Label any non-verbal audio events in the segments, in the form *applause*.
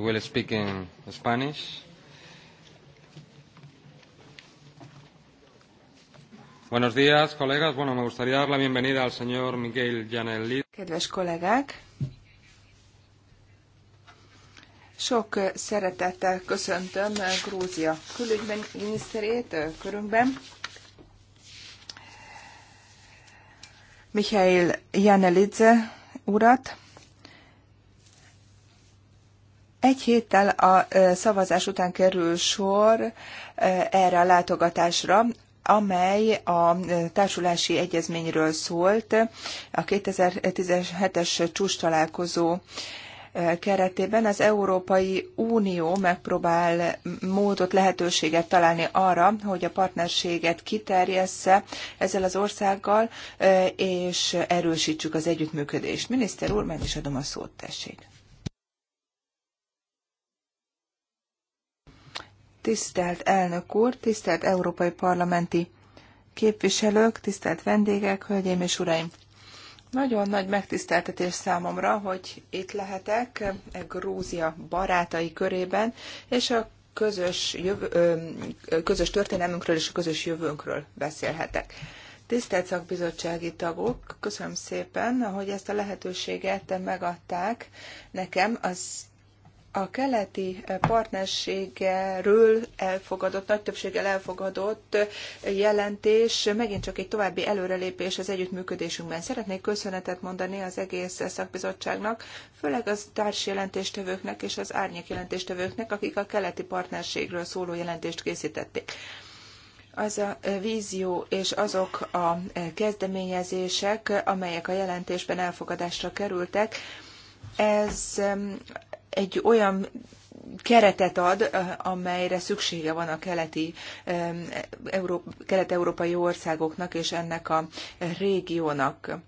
I will speak in Spanish. Buenos días, colegas. Bueno, me gustaría dar la bienvenida al señor Miguel Janelli. Kedves kollégák! Sok szeretettel köszöntöm Grúzia külügyminiszterét körünkben. Mihály Janelidze urat, egy héttel a szavazás után kerül sor erre a látogatásra, amely a társulási egyezményről szólt a 2017-es csúcs találkozó keretében az Európai Unió megpróbál módot, lehetőséget találni arra, hogy a partnerséget kiterjessze ezzel az országgal, és erősítsük az együttműködést. Miniszter úr, meg is adom a szót, tessék. Tisztelt elnök úr, tisztelt európai parlamenti képviselők, tisztelt vendégek, hölgyeim és uraim! Nagyon nagy megtiszteltetés számomra, hogy itt lehetek e Grúzia barátai körében, és a közös, jövő, közös történelmünkről és a közös jövőnkről beszélhetek. Tisztelt szakbizottsági tagok, köszönöm szépen, hogy ezt a lehetőséget megadták nekem az a keleti eh, partnerségről elfogadott, nagy többséggel elfogadott eh, jelentés megint csak egy további előrelépés az együttműködésünkben. Szeretnék köszönetet mondani az egész szakbizottságnak, főleg az társjelentéstevőknek és az árnyék jelentéstevőknek, akik a keleti partnerségről szóló jelentést készítették az a eh, vízió és azok a kezdeményezések, amelyek a jelentésben elfogadásra kerültek, ez egy olyan keretet ad, eh, amelyre szüksége van a keleti, Európa, kelet-európai országoknak és ennek a régiónak.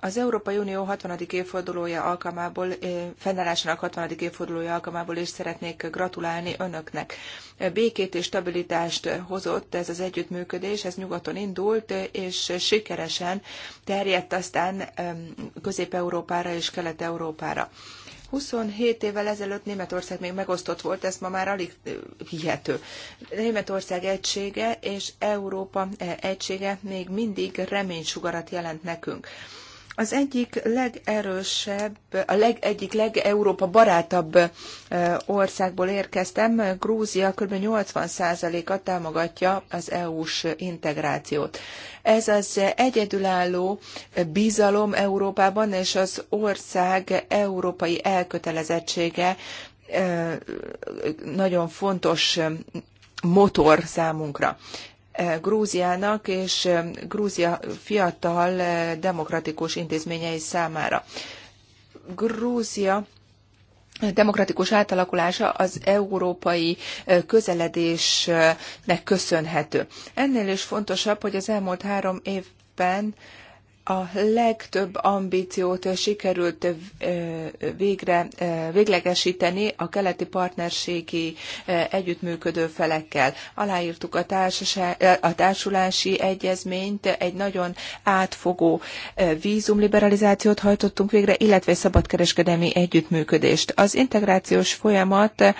Az Európai Unió 60. évfordulója alkalmából, eh, fennállásának 60. évfordulója alkalmából is szeretnék gratulálni önöknek. Békét és stabilitást hozott ez az együttműködés, ez nyugaton indult, és sikeresen terjedt aztán Közép-Európára és Kelet-Európára. 27 évvel ezelőtt Németország még megosztott volt, ez ma már alig hihető. Németország egysége és Európa egysége még mindig reménysugarat jelent nekünk. Az egyik legerősebb, a leg, egyik legeurópa barátabb e, országból érkeztem. Grúzia kb. 80%-a támogatja az EU-s integrációt. Ez az egyedülálló bizalom Európában és az ország európai elkötelezettsége e, nagyon fontos motor számunkra. Eh, Grúziának és eh, Grúzia fiatal eh, demokratikus intézményei számára. Grúzia demokratikus átalakulása az európai közeledésnek köszönhető. Ennél is fontosabb, hogy az elmúlt három évben a legtöbb ambíciót sikerült végre véglegesíteni a keleti partnerségi együttműködő felekkel. Aláírtuk a, a társulási egyezményt, egy nagyon átfogó vízumliberalizációt hajtottunk végre, illetve egy szabadkereskedelmi együttműködést. Az integrációs folyamat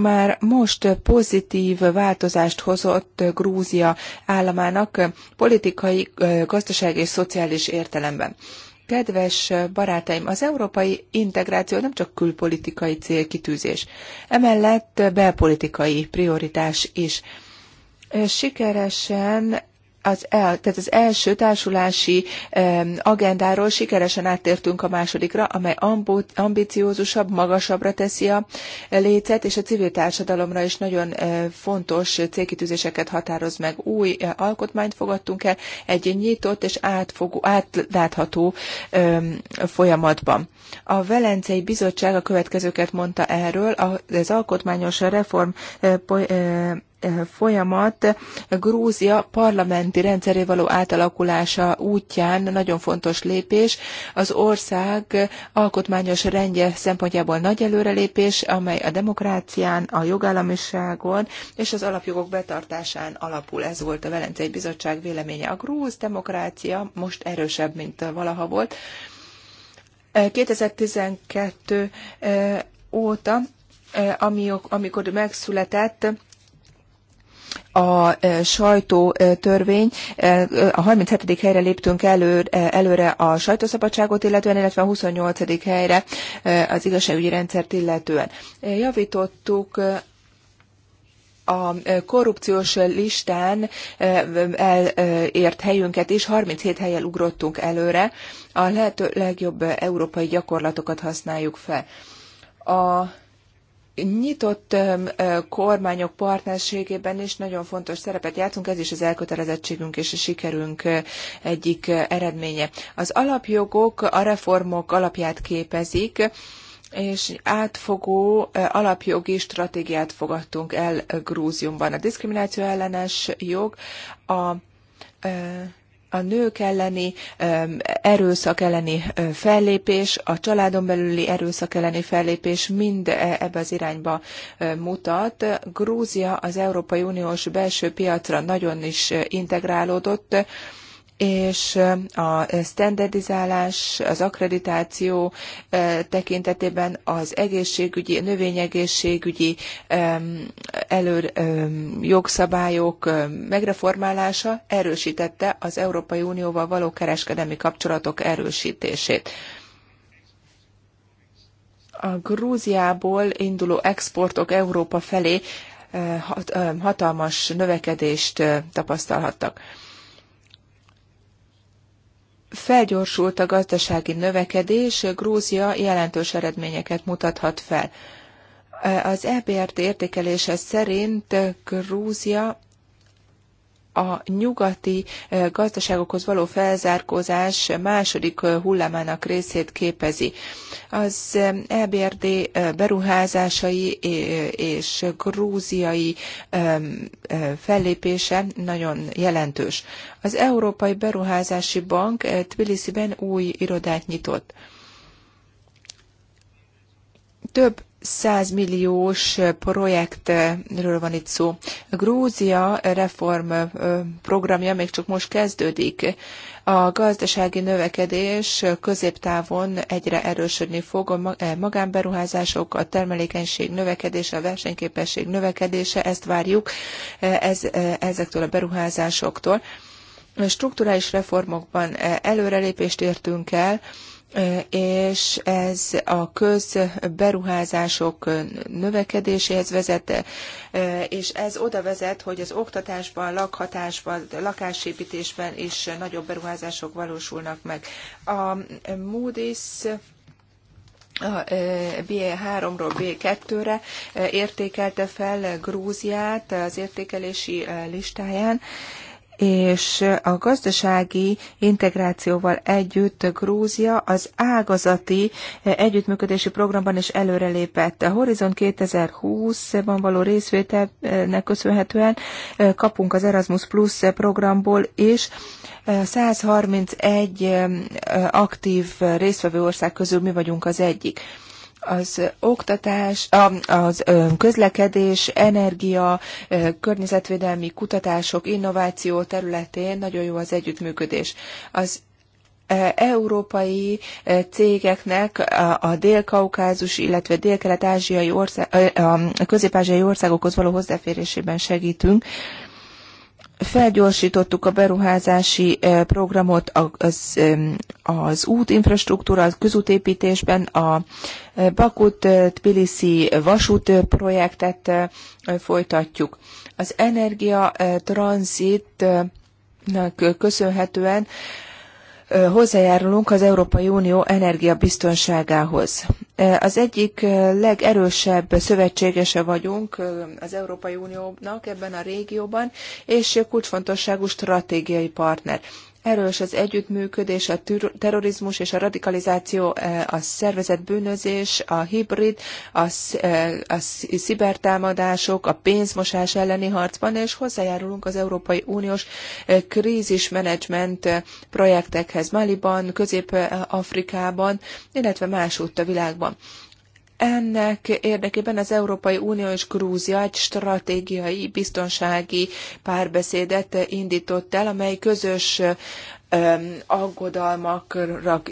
már most pozitív változást hozott Grúzia államának politikai, gazdasági és szociális értelemben. Kedves barátaim, az európai integráció nem csak külpolitikai célkitűzés, emellett belpolitikai prioritás is. Sikeresen az, el, tehát az első társulási agendáról sikeresen áttértünk a másodikra, amely ambiciózusabb, magasabbra teszi a lécet, és a civil társadalomra is nagyon fontos célkitűzéseket határoz meg. Új e, alkotmányt fogadtunk el egy nyitott és átfogó, átlátható folyamatban. A Velencei Bizottság a következőket mondta erről, az alkotmányos reform e, e, Eh, folyamat Grúzia parlamenti rendszeré való átalakulása útján nagyon fontos lépés. Az ország alkotmányos rendje szempontjából nagy előrelépés, amely a demokrácián, a jogállamiságon és az alapjogok betartásán alapul. Ez volt a Velencei Bizottság véleménye. A grúz demokrácia most erősebb, mint valaha volt. 2012 eh, eh, óta, amikor megszületett, a e, sajtótörvény, e, e, a 37. helyre léptünk elő, előre a sajtószabadságot illetően, illetve a 28. helyre az igazságügyi rendszert illetően. Javítottuk a korrupciós listán elért helyünket is, 37 helyen ugrottunk előre, a lehető legjobb európai gyakorlatokat használjuk fel. A nyitott kormányok partnerségében is nagyon fontos szerepet játszunk, ez is az elkötelezettségünk és a sikerünk egyik eredménye. Az alapjogok a reformok alapját képezik, és átfogó alapjogi stratégiát fogadtunk el Grúziumban. A diszkrimináció ellenes jog a a nők elleni erőszak elleni fellépés, a családon belüli erőszak elleni fellépés mind e, ebbe az irányba mutat. Grúzia az Európai Uniós belső piacra nagyon is integrálódott és a standardizálás, az akkreditáció tekintetében az egészségügyi, növényegészségügyi előr jogszabályok megreformálása erősítette az Európai Unióval való kereskedelmi kapcsolatok erősítését a Grúziából induló exportok Európa felé hatalmas növekedést tapasztalhattak felgyorsult a gazdasági növekedés, Grúzia jelentős eredményeket mutathat fel. Az EBRD értékelése szerint Grúzia a nyugati gazdaságokhoz való felzárkózás második hullámának részét képezi. Az EBRD beruházásai és grúziai fellépése nagyon jelentős. Az Európai Beruházási Bank Tbilisiben új irodát nyitott. Több 100 milliós projektről van itt szó. A Grúzia reform programja még csak most kezdődik. A gazdasági növekedés középtávon egyre erősödni fog a eh, magánberuházások, a termelékenység növekedése, a versenyképesség növekedése, ezt várjuk eh, ez, eh, ezektől a beruházásoktól. Strukturális reformokban előrelépést értünk el, és ez a közberuházások növekedéséhez vezet, és ez oda vezet, hogy az oktatásban, lakhatásban, lakásépítésben is nagyobb beruházások valósulnak meg. A Moody's a B3-ról e B2-re értékelte fel Grúziát az értékelési listáján, és a gazdasági integrációval együtt Grúzia az ágazati eh, együttműködési programban is előrelépett. A Horizon 2020-ban való részvételnek köszönhetően eh, kapunk az Erasmus Plus programból is 131 eh, aktív résztvevő ország közül mi vagyunk az egyik az oktatás, az közlekedés, energia, környezetvédelmi kutatások, innováció területén nagyon jó az együttműködés. Az európai cégeknek a dél-kaukázus, illetve dél-kelet-ázsiai ország, a közép-ázsiai országokhoz való hozzáférésében segítünk felgyorsítottuk a beruházási programot az, az útinfrastruktúra, a közútépítésben, a Bakut Tbilisi vasút projektet folytatjuk. Az energia tranzitnak köszönhetően hozzájárulunk az Európai Unió energiabiztonságához. Az egyik legerősebb szövetségese vagyunk az Európai Uniónak ebben a régióban, és kulcsfontosságú stratégiai partner. Erős az együttműködés, a terrorizmus és a radikalizáció, eh, a szervezett bűnözés, a hibrid, a, eh, a szibertámadások, a pénzmosás elleni harcban, és hozzájárulunk az Európai Uniós eh, krízismenedzsment projektekhez Maliban, Közép-Afrikában, illetve másutt a világban. Ennek érdekében az Európai Unió és Grúzia egy stratégiai biztonsági párbeszédet indított el, amely közös aggodalmakra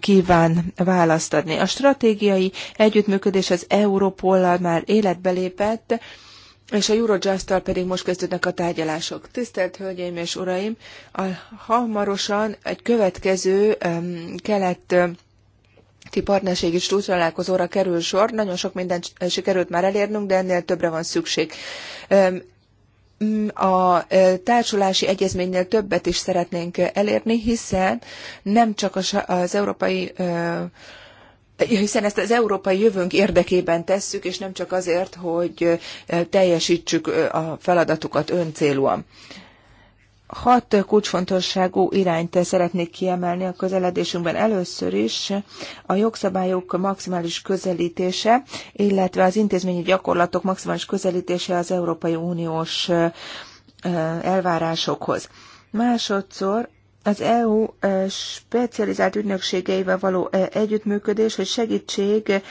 kíván választ adni. A stratégiai együttműködés az Európollal már életbe lépett, és a Eurojust-tal pedig most kezdődnek a tárgyalások. Tisztelt Hölgyeim és Uraim, a, hamarosan egy következő um, kelet um, ti partnerségi csúcsalálkozóra kerül sor. Nagyon sok mindent sikerült már elérnünk, de ennél többre van szükség. A társulási egyezménynél többet is szeretnénk elérni, hiszen nem csak az európai hiszen ezt az európai jövőnk érdekében tesszük, és nem csak azért, hogy teljesítsük a feladatukat öncélúan hat kulcsfontosságú irányt szeretnék kiemelni a közeledésünkben. Először is a jogszabályok maximális közelítése, illetve az intézményi gyakorlatok maximális közelítése az Európai Uniós elvárásokhoz. Másodszor az EU specializált ügynökségeivel való együttműködés, hogy segítség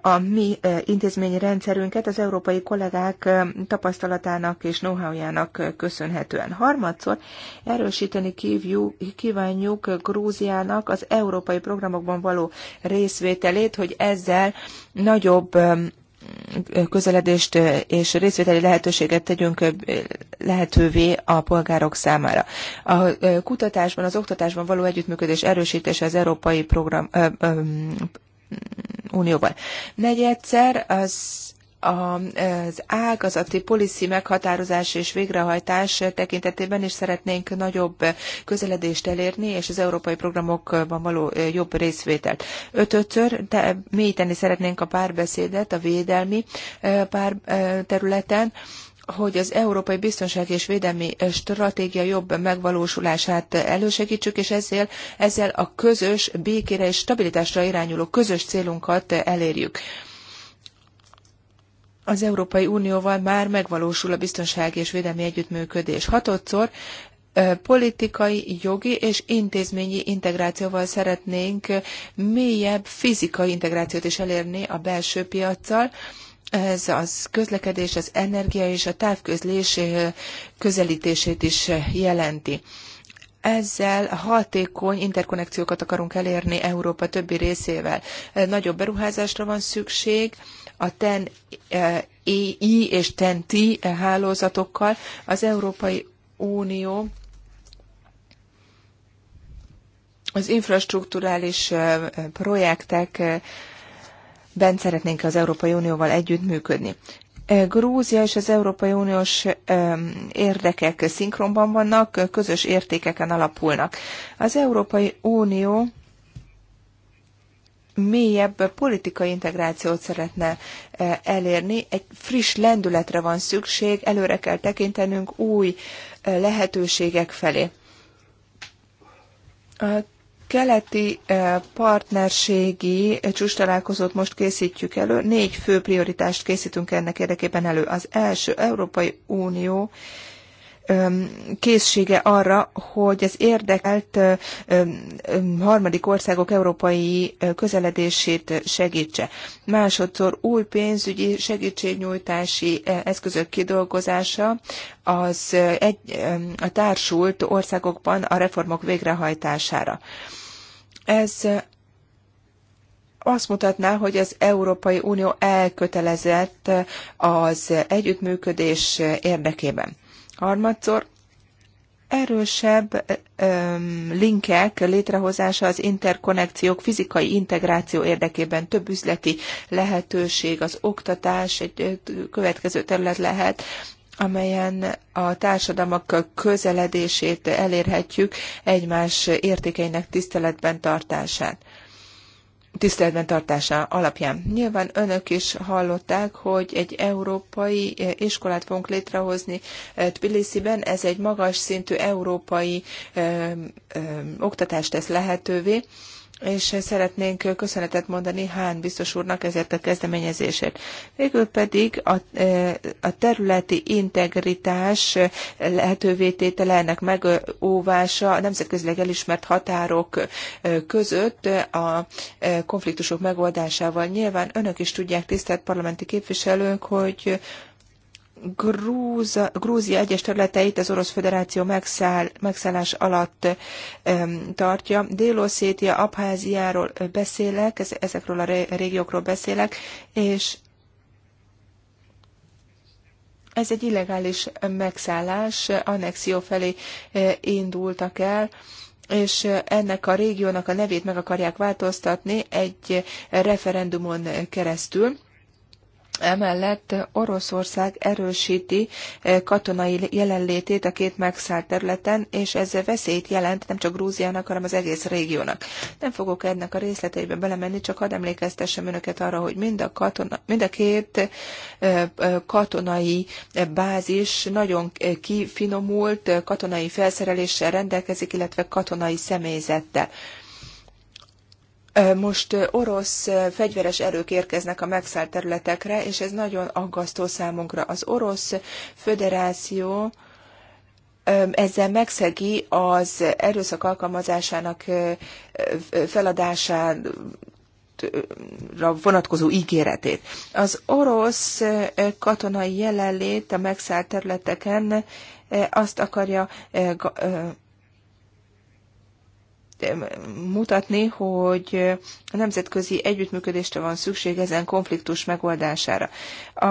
a mi intézményi rendszerünket az európai kollégák tapasztalatának és know-howjának köszönhetően. Harmadszor erősíteni kívjuk, kívánjuk Grúziának az európai programokban való részvételét, hogy ezzel nagyobb közeledést és részvételi lehetőséget tegyünk lehetővé a polgárok számára. A kutatásban, az oktatásban való együttműködés erősítése az európai program, ö, ö, Unióban. Negyedszer az az ágazati policy meghatározás és végrehajtás tekintetében is szeretnénk nagyobb közeledést elérni, és az európai programokban való jobb részvételt. Ötötször te, mélyíteni szeretnénk a párbeszédet a védelmi pár területen, hogy az Európai Biztonság és Védelmi Stratégia jobb megvalósulását elősegítsük, és ezzel, ezzel a közös békére és stabilitásra irányuló közös célunkat elérjük az Európai Unióval már megvalósul a biztonsági és védelmi együttműködés. Hatodszor politikai, jogi és intézményi integrációval szeretnénk mélyebb fizikai integrációt is elérni a belső piaccal. Ez az közlekedés, az energia és a távközlés közelítését is jelenti. Ezzel hatékony interkonnekciókat akarunk elérni Európa többi részével. Nagyobb beruházásra van szükség, a TEN EI és TEN-T hálózatokkal az Európai Unió az infrastruktúrális e, projektekben szeretnénk az Európai Unióval együttműködni. E, Grúzia és az Európai Uniós e, érdekek szinkronban vannak, közös értékeken alapulnak. Az Európai Unió mélyebb politikai integrációt szeretne e, elérni. Egy friss lendületre van szükség, előre kell tekintenünk új e, lehetőségek felé. A keleti e, partnerségi csúcstalálkozót most készítjük elő. Négy fő prioritást készítünk ennek érdekében elő. Az első Európai Unió készsége arra, hogy az érdekelt harmadik országok európai közeledését segítse. Másodszor új pénzügyi segítségnyújtási eszközök kidolgozása az egy, a társult országokban a reformok végrehajtására. Ez azt mutatná, hogy az Európai Unió elkötelezett az együttműködés érdekében. Harmadszor erősebb ö, linkek létrehozása az interkonnekciók fizikai integráció érdekében több üzleti lehetőség, az oktatás egy következő terület lehet, amelyen a társadalmak közeledését elérhetjük, egymás értékeinek tiszteletben tartását tiszteletben tartása alapján. Nyilván önök is hallották, hogy egy európai e, iskolát fogunk létrehozni e, Tbilisiben. Ez egy magas szintű európai ö, e, ö, oktatást tesz lehetővé és szeretnénk köszönetet mondani Hán biztos úrnak ezért a kezdeményezésért. Végül pedig a, e, a területi integritás lehetővé tétele ennek megóvása a nemzetközileg elismert határok e, között a e, konfliktusok megoldásával. Nyilván önök is tudják, tisztelt parlamenti képviselők, hogy Grúza, Grúzia egyes területeit az Orosz Föderáció megszáll, megszállás alatt öm, tartja. Dél-Oszétia, Abháziáról beszélek, ezekről a régiókról beszélek, és ez egy illegális megszállás, annexió felé indultak el, és ennek a régiónak a nevét meg akarják változtatni egy referendumon keresztül Emellett Oroszország erősíti eh, katonai jelenlétét a két megszállt területen, és ez veszélyt jelent nem csak Grúziának, hanem az egész régiónak. Nem fogok ennek a részleteibe belemenni, csak hadd emlékeztessem önöket arra, hogy mind a, katona, mind a két eh, eh, katonai bázis nagyon kifinomult katonai felszereléssel rendelkezik, illetve katonai személyzettel. Most orosz fegyveres erők érkeznek a megszállt területekre, és ez nagyon aggasztó számunkra. Az orosz föderáció ezzel megszegi az erőszak alkalmazásának feladására vonatkozó ígéretét. Az orosz katonai jelenlét a megszállt területeken azt akarja mutatni, hogy a nemzetközi együttműködésre van szükség ezen konfliktus megoldására. A,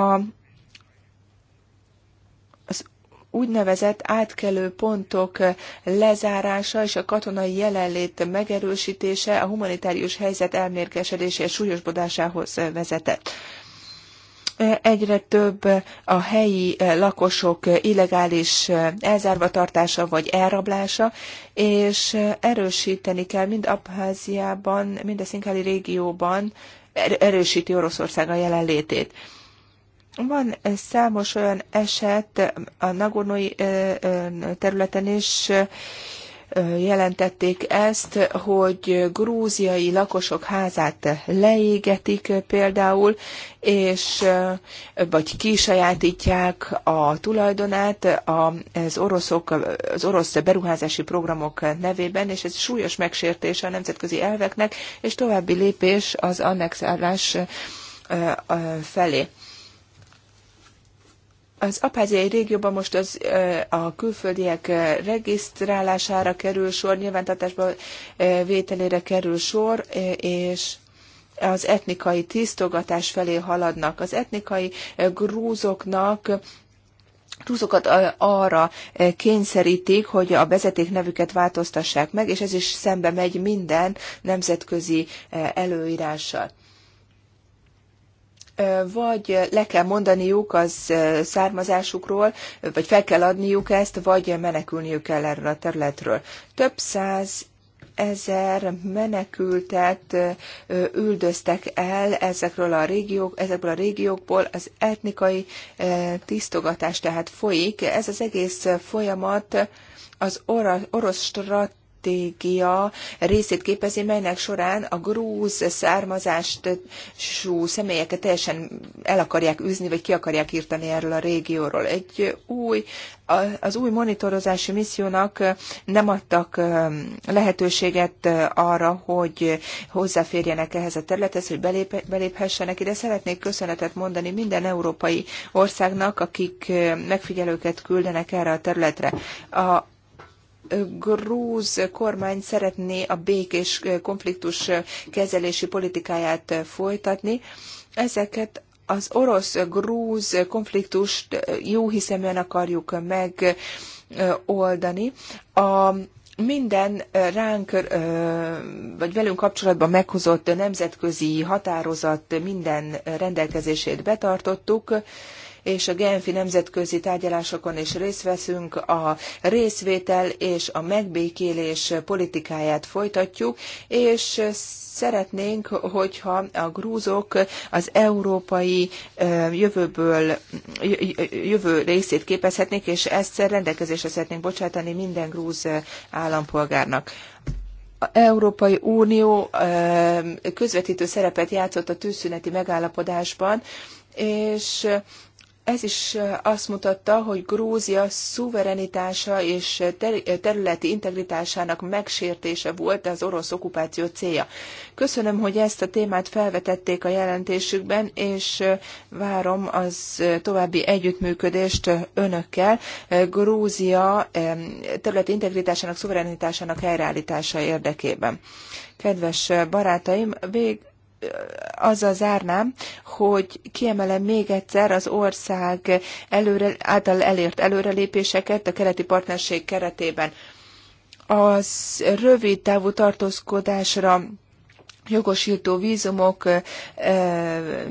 az úgynevezett átkelő pontok lezárása és a katonai jelenlét megerősítése a humanitárius helyzet elmérkesedése és súlyosbodásához vezetett egyre több a helyi lakosok illegális tartása vagy elrablása, és erősíteni kell mind Abháziában, mind a szinkáli régióban, er-, erősíti Oroszország a jelenlétét. Van számos olyan eset a Nagornói területen is, jelentették ezt, hogy grúziai lakosok házát leégetik például, és vagy kisajátítják a tulajdonát az, oroszok, az orosz beruházási programok nevében, és ez súlyos megsértése a nemzetközi elveknek, és további lépés az annexálás felé. Az apáziai régióban most az, a külföldiek regisztrálására kerül sor, nyilvántartásba vételére kerül sor, és az etnikai tisztogatás felé haladnak. Az etnikai grúzoknak Rusokat arra kényszerítik, hogy a vezeték nevüket változtassák meg, és ez is szembe megy minden nemzetközi előírással vagy le kell mondaniuk az származásukról, vagy fel kell adniuk ezt, vagy menekülniük kell erről a területről. Több száz ezer menekültet üldöztek el ezekről a régiók, ezekből a régiókból, az etnikai tisztogatás tehát folyik. Ez az egész folyamat az orosz stratégia stratégia részét képezi, melynek során a grúz sú személyeket teljesen el akarják űzni, vagy ki akarják írtani erről a régióról. Egy új, az új monitorozási missziónak nem adtak lehetőséget arra, hogy hozzáférjenek ehhez a területhez, hogy belép, beléphessenek ide. Szeretnék köszönetet mondani minden európai országnak, akik megfigyelőket küldenek erre a területre. A grúz kormány szeretné a békés konfliktus kezelési politikáját folytatni. Ezeket az orosz-grúz konfliktust jó hiszeműen akarjuk megoldani. A minden ránk, vagy velünk kapcsolatban meghozott nemzetközi határozat minden rendelkezését betartottuk és a Genfi nemzetközi tárgyalásokon is részt veszünk, a részvétel és a megbékélés politikáját folytatjuk, és szeretnénk, hogyha a grúzok az európai jövőből, jövő részét képezhetnék, és ezt rendelkezésre szeretnénk bocsátani minden grúz állampolgárnak. az Európai Unió közvetítő szerepet játszott a tűzszüneti megállapodásban, és ez is azt mutatta, hogy Grúzia szuverenitása és területi integritásának megsértése volt az orosz okupáció célja. Köszönöm, hogy ezt a témát felvetették a jelentésükben, és várom az további együttműködést önökkel Grúzia területi integritásának, szuverenitásának helyreállítása érdekében. Kedves barátaim, vég, azzal zárnám, hogy kiemelem még egyszer az ország előre, által elért előrelépéseket a keleti partnerség keretében. Az rövid távú tartózkodásra jogosító vízumok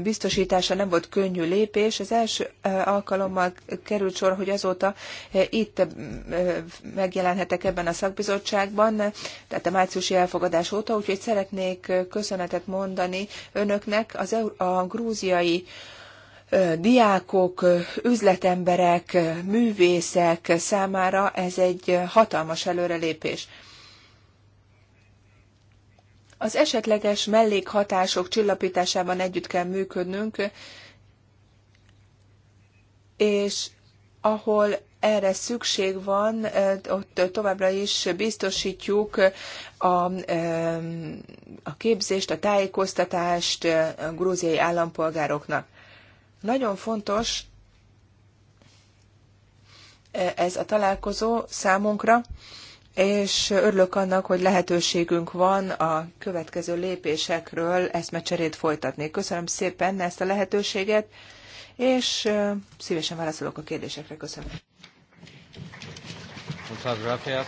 biztosítása nem volt könnyű lépés. Az első alkalommal került sor, hogy azóta itt megjelenhetek ebben a szakbizottságban, tehát a márciusi elfogadás óta, úgyhogy szeretnék köszönetet mondani önöknek az a grúziai diákok, üzletemberek, művészek számára ez egy hatalmas előrelépés. Az esetleges mellékhatások csillapításában együtt kell működnünk, és ahol erre szükség van, ott továbbra is biztosítjuk a, a képzést, a tájékoztatást a grúziai állampolgároknak. Nagyon fontos ez a találkozó számunkra, és örülök annak, hogy lehetőségünk van a következő lépésekről eszmecserét folytatni. Köszönöm szépen ezt a lehetőséget, és szívesen válaszolok a kérdésekre. Köszönöm. Muchas gracias.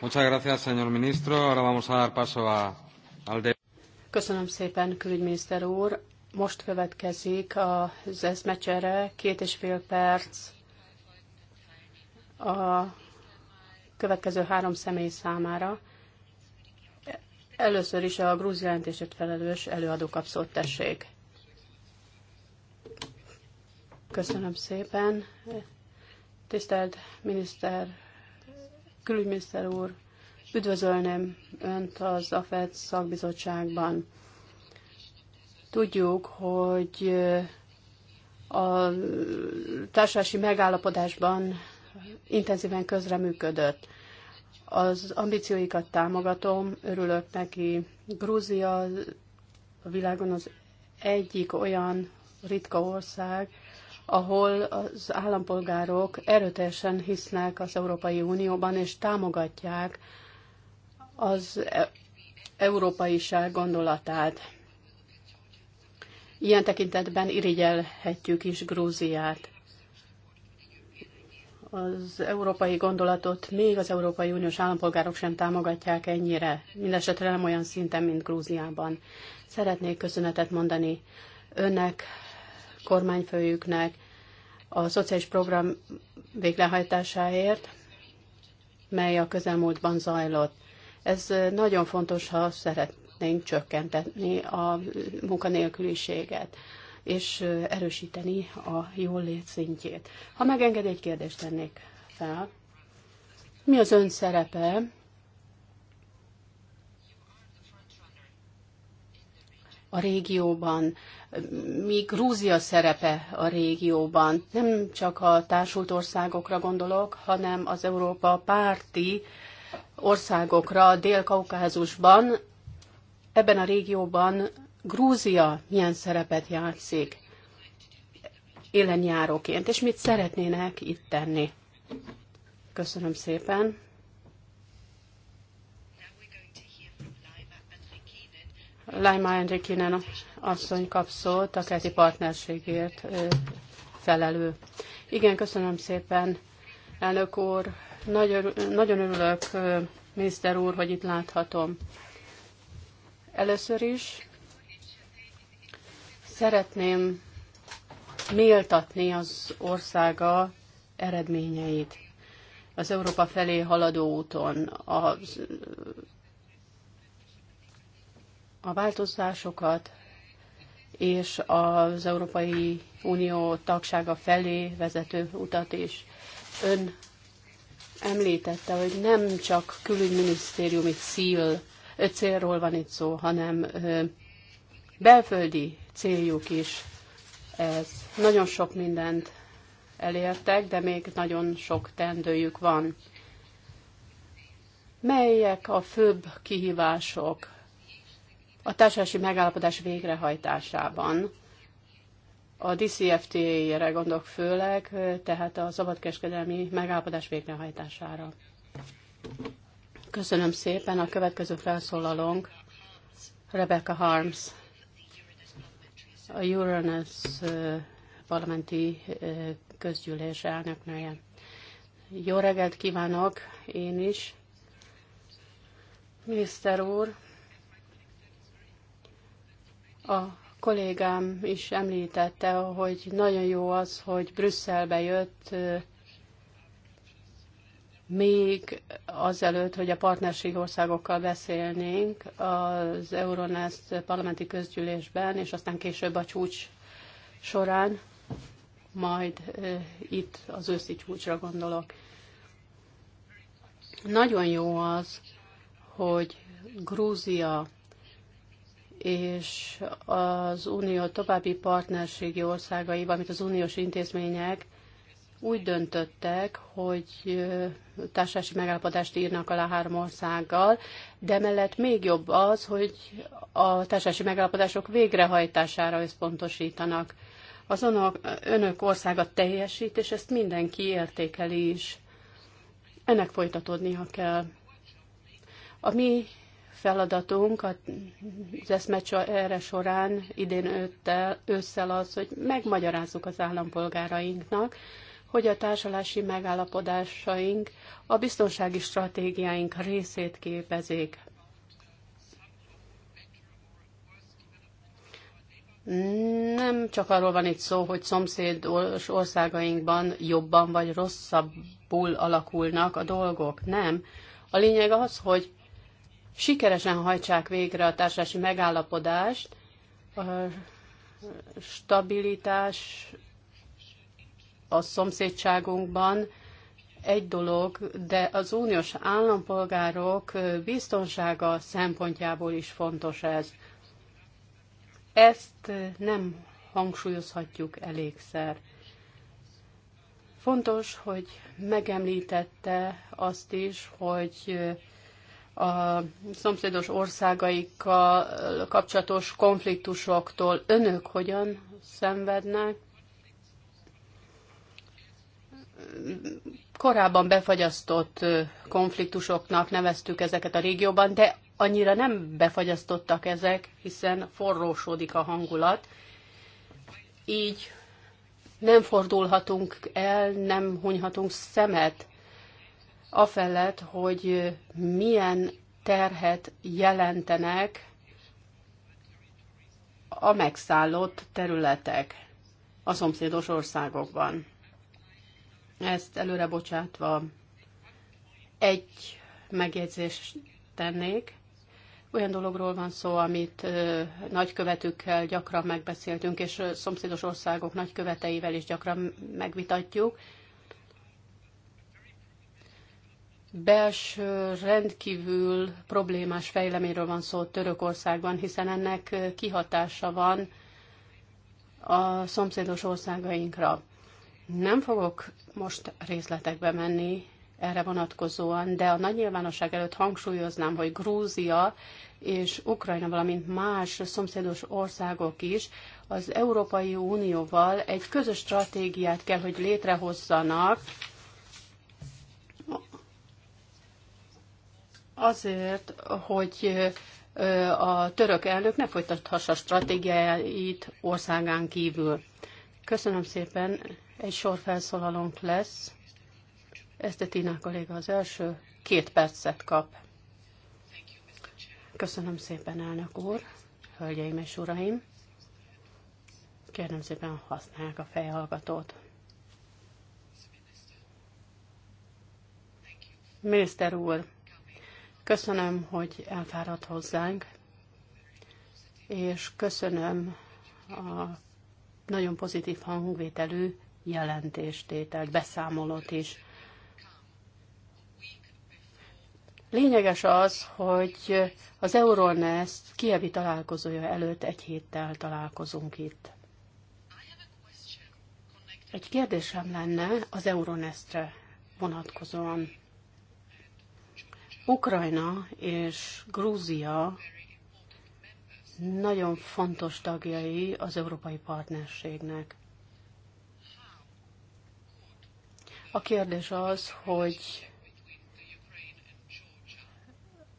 Muchas gracias, señor ministro. Ahora vamos a dar paso a, al de... Köszönöm szépen, külügyminiszter úr. Most következik az eszmecsere, két és fél perc a következő három személy számára. Először is a grúz jelentését felelős előadó kapszót tessék. Köszönöm szépen. Tisztelt miniszter, külügyminiszter úr, üdvözölném Önt az AFED szakbizottságban. Tudjuk, hogy a társasi megállapodásban intenzíven közreműködött. Az ambícióikat támogatom, örülök neki. Grúzia a világon az egyik olyan ritka ország, ahol az állampolgárok erőteljesen hisznek az Európai Unióban, és támogatják az e európaiság gondolatát. Ilyen tekintetben irigyelhetjük is Grúziát az európai gondolatot még az Európai Uniós állampolgárok sem támogatják ennyire, mindesetre nem olyan szinten, mint Grúziában. Szeretnék köszönetet mondani önnek, kormányfőjüknek, a szociális program végrehajtásáért, mely a közelmúltban zajlott. Ez nagyon fontos, ha szeretnénk csökkenteni a munkanélküliséget és erősíteni a jól lét szintjét. Ha megenged, egy kérdést tennék fel. Mi az ön szerepe a régióban, mi Grúzia szerepe a régióban. Nem csak a társult országokra gondolok, hanem az Európa párti országokra, Dél-Kaukázusban, ebben a régióban Grúzia milyen szerepet játszik élenjáróként, és mit szeretnének itt tenni. Köszönöm szépen. Laima Enrikinen asszony kap szót a keti partnerségért felelő. Igen, köszönöm szépen, elnök úr. Nagyon, nagyon örülök, miniszter úr, hogy itt láthatom. Először is Szeretném méltatni az országa eredményeit az Európa felé haladó úton. A, a változásokat és az Európai Unió tagsága felé vezető utat is. Ön említette, hogy nem csak külügyminisztériumi cél, célról van itt szó, hanem belföldi céljuk is ez. Nagyon sok mindent elértek, de még nagyon sok tendőjük van. Melyek a főbb kihívások a társadalmi megállapodás végrehajtásában? A DCFTA-re gondolok főleg, tehát a szabadkereskedelmi megállapodás végrehajtására. Köszönöm szépen. A következő felszólalónk Rebecca Harms a Uranus parlamenti közgyűlés elnöknője. Jó reggelt kívánok én is. Miniszter úr, a kollégám is említette, hogy nagyon jó az, hogy Brüsszelbe jött még azelőtt, hogy a partnerség országokkal beszélnénk az Euronest parlamenti közgyűlésben, és aztán később a csúcs során, majd itt az őszi csúcsra gondolok. Nagyon jó az, hogy Grúzia és az unió további partnerségi országai, amit az uniós intézmények úgy döntöttek, hogy társási megállapodást írnak alá három országgal, de mellett még jobb az, hogy a társási megállapodások végrehajtására összpontosítanak. Azon a, önök országa teljesít, és ezt mindenki értékeli is. Ennek folytatódnia kell. A mi feladatunk az erre során idén ősszel az, hogy megmagyarázzuk az állampolgárainknak, hogy a társalási megállapodásaink a biztonsági stratégiáink részét képezik. Nem csak arról van itt szó, hogy szomszédos országainkban jobban vagy rosszabbul alakulnak a dolgok, nem. A lényeg az, hogy sikeresen hajtsák végre a társadalmi megállapodást, a stabilitás a szomszédságunkban egy dolog, de az uniós állampolgárok biztonsága szempontjából is fontos ez. Ezt nem hangsúlyozhatjuk elégszer. Fontos, hogy megemlítette azt is, hogy a szomszédos országaikkal kapcsolatos konfliktusoktól önök hogyan szenvednek, korábban befagyasztott konfliktusoknak neveztük ezeket a régióban, de annyira nem befagyasztottak ezek, hiszen forrósodik a hangulat. Így nem fordulhatunk el, nem hunyhatunk szemet afellett, hogy milyen terhet jelentenek a megszállott területek a szomszédos országokban. Ezt előre bocsátva egy megjegyzést tennék. Olyan dologról van szó, amit nagykövetükkel gyakran megbeszéltünk, és szomszédos országok nagyköveteivel is gyakran megvitatjuk. Belső rendkívül problémás fejleményről van szó Törökországban, hiszen ennek kihatása van a szomszédos országainkra. Nem fogok most részletekbe menni erre vonatkozóan, de a nagy nyilvánosság előtt hangsúlyoznám, hogy Grúzia és Ukrajna, valamint más szomszédos országok is az Európai Unióval egy közös stratégiát kell, hogy létrehozzanak azért, hogy a török elnök ne folytathassa stratégiáit országán kívül. Köszönöm szépen, egy sor felszólalónk lesz. Tina kolléga az első. Két percet kap. Köszönöm szépen, elnök úr, hölgyeim és uraim. Kérem szépen használják a fejhallgatót. Miniszter úr, köszönöm, hogy elfáradt hozzánk, és köszönöm a nagyon pozitív hangvételű jelentéstételt, beszámolót is. Lényeges az, hogy az Euronest kievi találkozója előtt egy héttel találkozunk itt. Egy kérdésem lenne az Euronestre vonatkozóan. Ukrajna és Grúzia nagyon fontos tagjai az európai partnerségnek. A kérdés az, hogy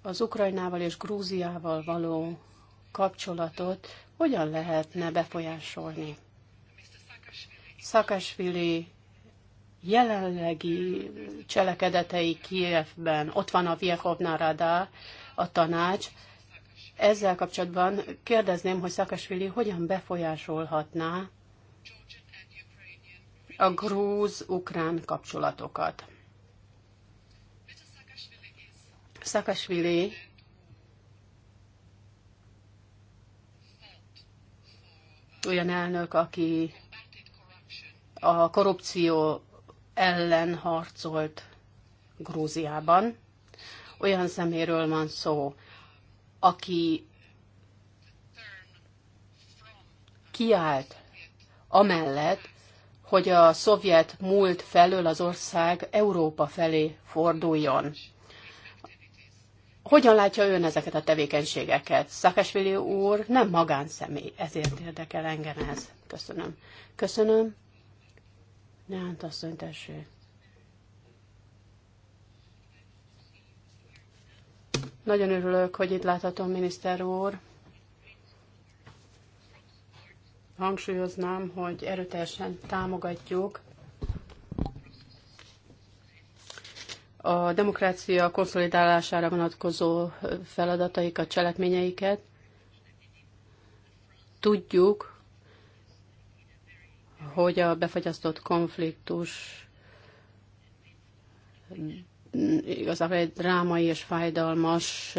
az Ukrajnával és Grúziával való kapcsolatot hogyan lehetne befolyásolni. Szakasvili jelenlegi cselekedetei Kijevben, ott van a Viehovna Rada, a tanács. Ezzel kapcsolatban kérdezném, hogy Szakasvili hogyan befolyásolhatná a grúz-ukrán kapcsolatokat. Szakasvili olyan elnök, aki a korrupció ellen harcolt Grúziában. Olyan szeméről van szó, aki kiállt amellett, hogy a szovjet múlt felől az ország Európa felé forduljon. Hogyan látja ön ezeket a tevékenységeket? Szakesvili úr nem magánszemély, ezért érdekel engem ez. Köszönöm. Köszönöm. Ne asszony, tessék. Nagyon örülök, hogy itt láthatom, miniszter úr hangsúlyoznám, hogy erőteljesen támogatjuk a demokrácia konszolidálására vonatkozó feladataikat, cselekményeiket. Tudjuk, hogy a befagyasztott konfliktus igazából egy drámai és fájdalmas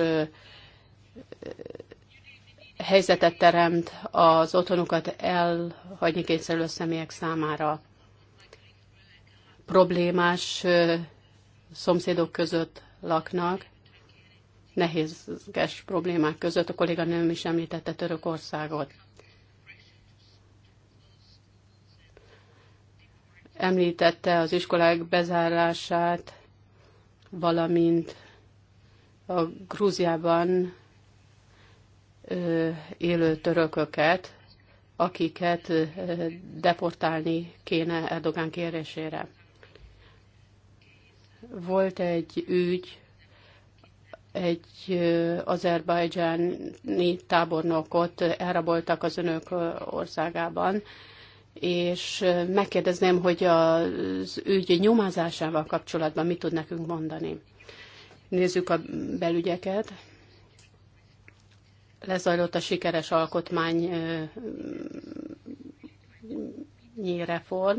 helyzetet teremt az otthonukat elhagyni kényszerülő személyek számára. Problémás szomszédok között laknak, nehézkes problémák között. A kolléganőm is említette Törökországot. Említette az iskolák bezárását, valamint a Grúziában élő törököket, akiket deportálni kéne Erdogán kérésére. Volt egy ügy, egy azerbajdzsáni tábornokot elraboltak az önök országában, és megkérdezném, hogy az ügy nyomázásával kapcsolatban mit tud nekünk mondani. Nézzük a belügyeket lezajlott a sikeres alkotmány reform.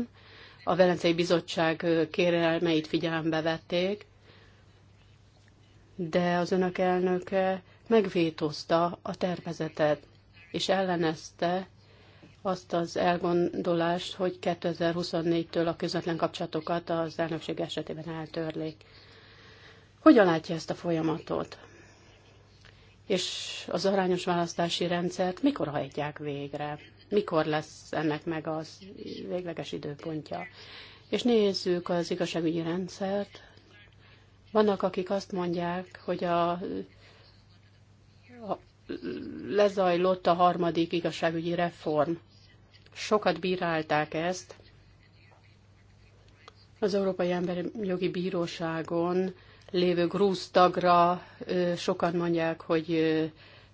A Velencei Bizottság kérelmeit figyelembe vették, de az önök elnöke megvétózta a tervezetet, és ellenezte azt az elgondolást, hogy 2024-től a közvetlen kapcsolatokat az elnökség esetében eltörlik. Hogyan látja ezt a folyamatot? és az arányos választási rendszert mikor hajtják végre? Mikor lesz ennek meg az végleges időpontja? És nézzük az igazságügyi rendszert. Vannak, akik azt mondják, hogy a, a lezajlott a harmadik igazságügyi reform. Sokat bírálták ezt. Az Európai Emberi Jogi Bíróságon lévő grúz tagra sokan mondják, hogy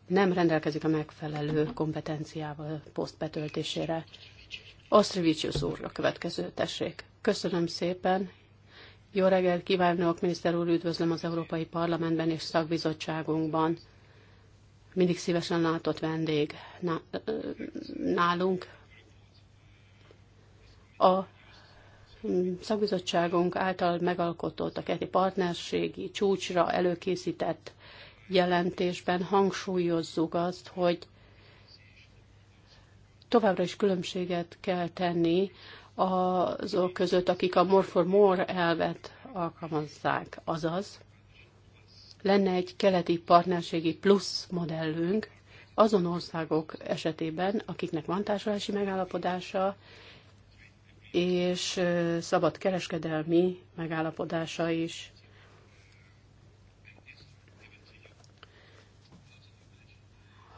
nem rendelkezik a megfelelő kompetenciával poszt betöltésére. Osztrivicius úr, a következő tessék. Köszönöm szépen. Jó reggel! kívánok, miniszter úr, üdvözlöm az Európai Parlamentben és szakbizottságunkban. Mindig szívesen látott vendég nálunk. A szakbizottságunk által megalkotott a keti partnerségi csúcsra előkészített jelentésben hangsúlyozzuk azt, hogy továbbra is különbséget kell tenni azok között, akik a more for more elvet alkalmazzák, azaz lenne egy keleti partnerségi plusz modellünk azon országok esetében, akiknek van társulási megállapodása, és szabad kereskedelmi megállapodása is.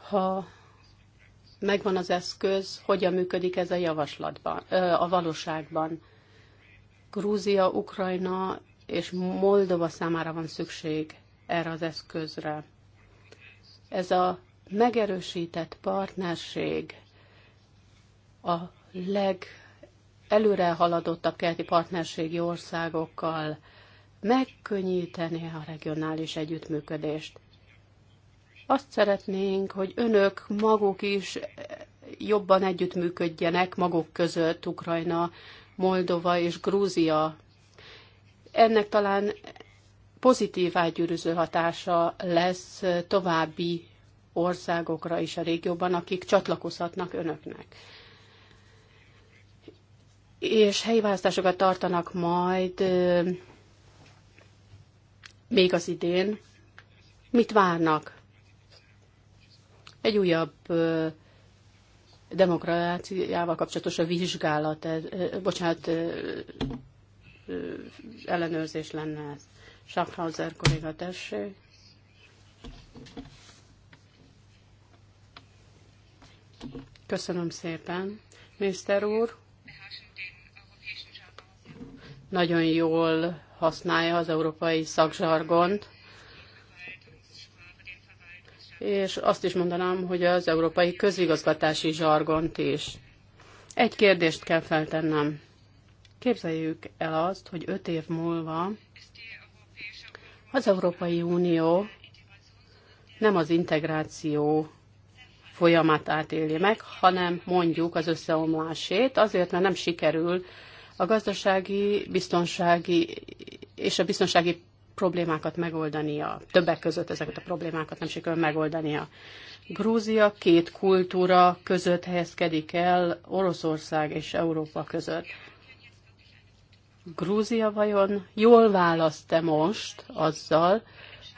Ha megvan az eszköz, hogyan működik ez a javaslatban, a valóságban. Grúzia, Ukrajna és Moldova számára van szükség erre az eszközre. Ez a megerősített partnerség a leg előre haladottabb keleti partnerségi országokkal megkönnyíteni a regionális együttműködést. Azt szeretnénk, hogy önök maguk is jobban együttműködjenek maguk között Ukrajna, Moldova és Grúzia. Ennek talán pozitív ágyűrűző hatása lesz további országokra is a régióban, akik csatlakozhatnak önöknek és helyi választásokat tartanak majd még az idén. Mit várnak? Egy újabb demokráciával kapcsolatos a vizsgálat, bocsánat, ellenőrzés lenne ez. Schaffhauser kolléga, tessék. Köszönöm szépen, Mr. úr nagyon jól használja az európai szakzsargont, és azt is mondanám, hogy az európai közigazgatási zsargont is. Egy kérdést kell feltennem. Képzeljük el azt, hogy öt év múlva az Európai Unió nem az integráció folyamatát átéli meg, hanem mondjuk az összeomlásét, azért, mert nem sikerül a gazdasági, biztonsági és a biztonsági problémákat megoldania. Többek között ezeket a problémákat nem sikerül megoldania. Grúzia két kultúra között helyezkedik el, Oroszország és Európa között. Grúzia vajon jól választ-e most azzal,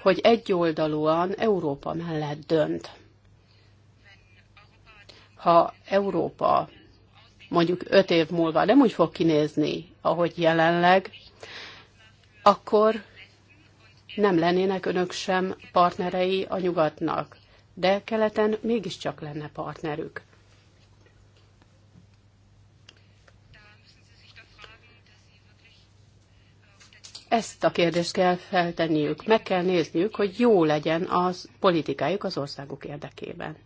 hogy egyoldalúan Európa mellett dönt? Ha Európa mondjuk öt év múlva nem úgy fog kinézni, ahogy jelenleg, akkor nem lennének önök sem partnerei a nyugatnak, de keleten mégiscsak lenne partnerük. Ezt a kérdést kell feltenniük, meg kell nézniük, hogy jó legyen az politikájuk az országuk érdekében.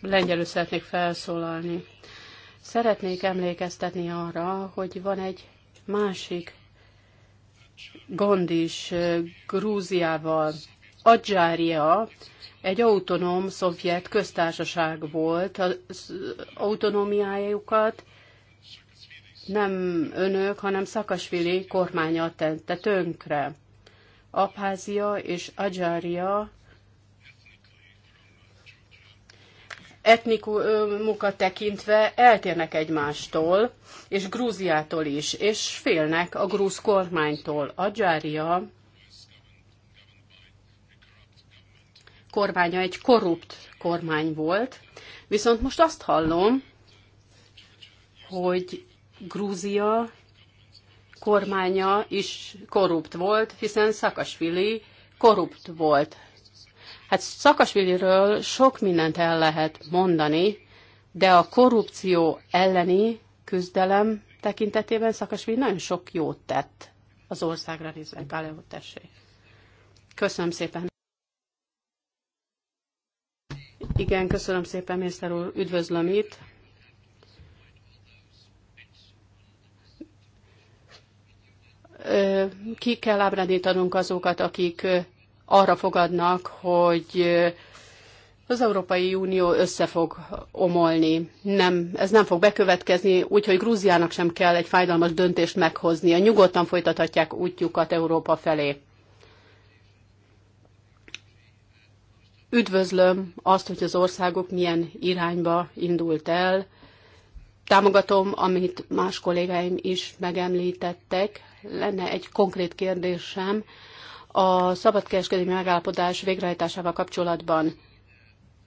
lengyelül szeretnék felszólalni. Szeretnék emlékeztetni arra, hogy van egy másik gond is Grúziával. Adzsária egy autonóm szovjet köztársaság volt, az autonómiájukat nem önök, hanem Szakasvili kormánya tette tönkre. Abházia és Adzsária etnikumukat tekintve eltérnek egymástól, és Grúziától is, és félnek a grúz kormánytól. Adzsária kormánya egy korrupt kormány volt, viszont most azt hallom, hogy Grúzia kormánya is korrupt volt, hiszen Szakasvili korrupt volt. Hát Szakasviliről sok mindent el lehet mondani, de a korrupció elleni küzdelem tekintetében Szakasvili nagyon sok jót tett az országra nézve. Gáleó, tessék. Köszönöm szépen. Igen, köszönöm szépen, miniszter úr, üdvözlöm itt. Ki kell ábrándítanunk azokat, akik arra fogadnak, hogy eh, az Európai Unió össze fog omolni. Nem, ez nem fog bekövetkezni, úgyhogy Grúziának sem kell egy fájdalmas döntést meghoznia. Nyugodtan folytathatják útjukat Európa felé. Üdvözlöm azt, hogy az országok milyen irányba indult el. Támogatom, amit más kollégáim is megemlítettek. Lenne egy konkrét kérdésem a szabadkereskedelmi megállapodás végrehajtásával kapcsolatban.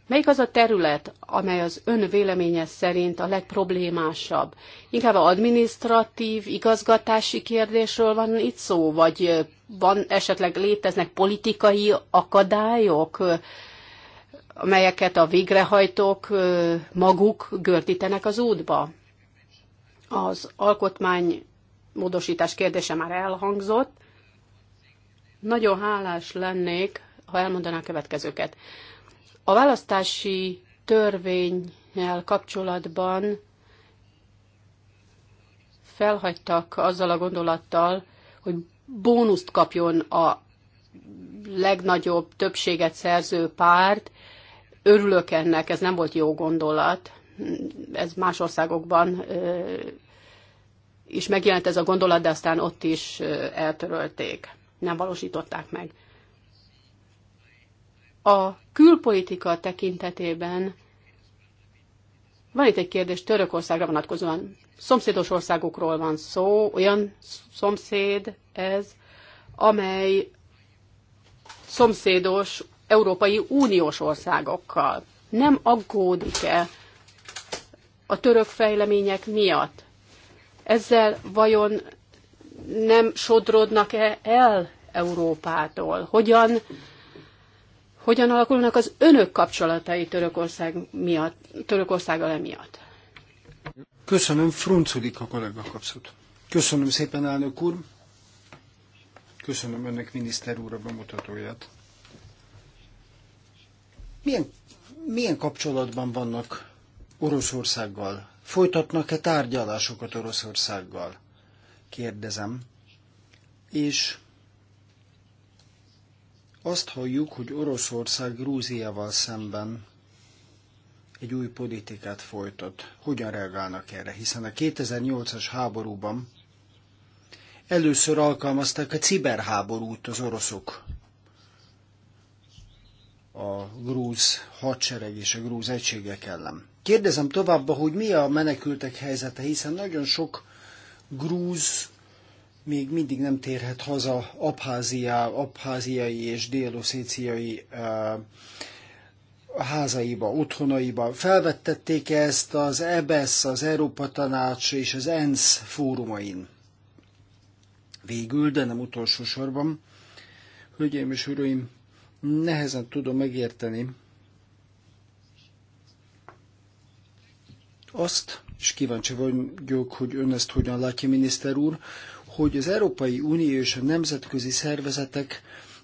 Melyik az a terület, amely az ön véleménye szerint a legproblémásabb? Inkább a administratív, igazgatási kérdésről van itt szó, vagy van esetleg léteznek politikai akadályok, amelyeket a végrehajtók maguk gördítenek az útba? Az alkotmány módosítás kérdése már elhangzott. Nagyon hálás lennék, ha elmondaná a következőket. A választási törvényel kapcsolatban felhagytak azzal a gondolattal, hogy bónuszt kapjon a legnagyobb többséget szerző párt. Örülök ennek, ez nem volt jó gondolat. Ez más országokban is megjelent ez a gondolat, de aztán ott is eltörölték nem valósították meg. A külpolitika tekintetében van itt egy kérdés Törökországra vonatkozóan. Szomszédos országokról van szó, olyan szomszéd ez, amely szomszédos Európai Uniós országokkal. Nem aggódik-e a török fejlemények miatt? Ezzel vajon nem sodrodnak-e el Európától? Hogyan, hogyan alakulnak az önök kapcsolatai Törökország miatt, Törökországgal emiatt? Köszönöm, Frunculik a kollega kapszót. Köszönöm szépen, elnök úr. Köszönöm önnek, miniszter úr, a bemutatóját. Milyen, milyen kapcsolatban vannak Oroszországgal? Folytatnak-e tárgyalásokat Oroszországgal? kérdezem, és azt halljuk, hogy Oroszország Grúziával szemben egy új politikát folytat. Hogyan reagálnak erre? Hiszen a 2008-as háborúban először alkalmazták a ciberháborút az oroszok. A grúz hadsereg és a grúz egységek ellen. Kérdezem továbbá, hogy mi a menekültek helyzete, hiszen nagyon sok grúz még mindig nem térhet haza Abházia, abháziai és déloszéciai eh, házaiba, otthonaiba. Felvettették ezt az EBSZ, e az Európa Tanács és az ENSZ fórumain. Végül, de nem utolsó sorban, hölgyeim és uraim, nehezen tudom megérteni azt, és kíváncsi vagyok, hogy ön ezt hogyan látja, miniszter úr, hogy az Európai Unió és a nemzetközi szervezetek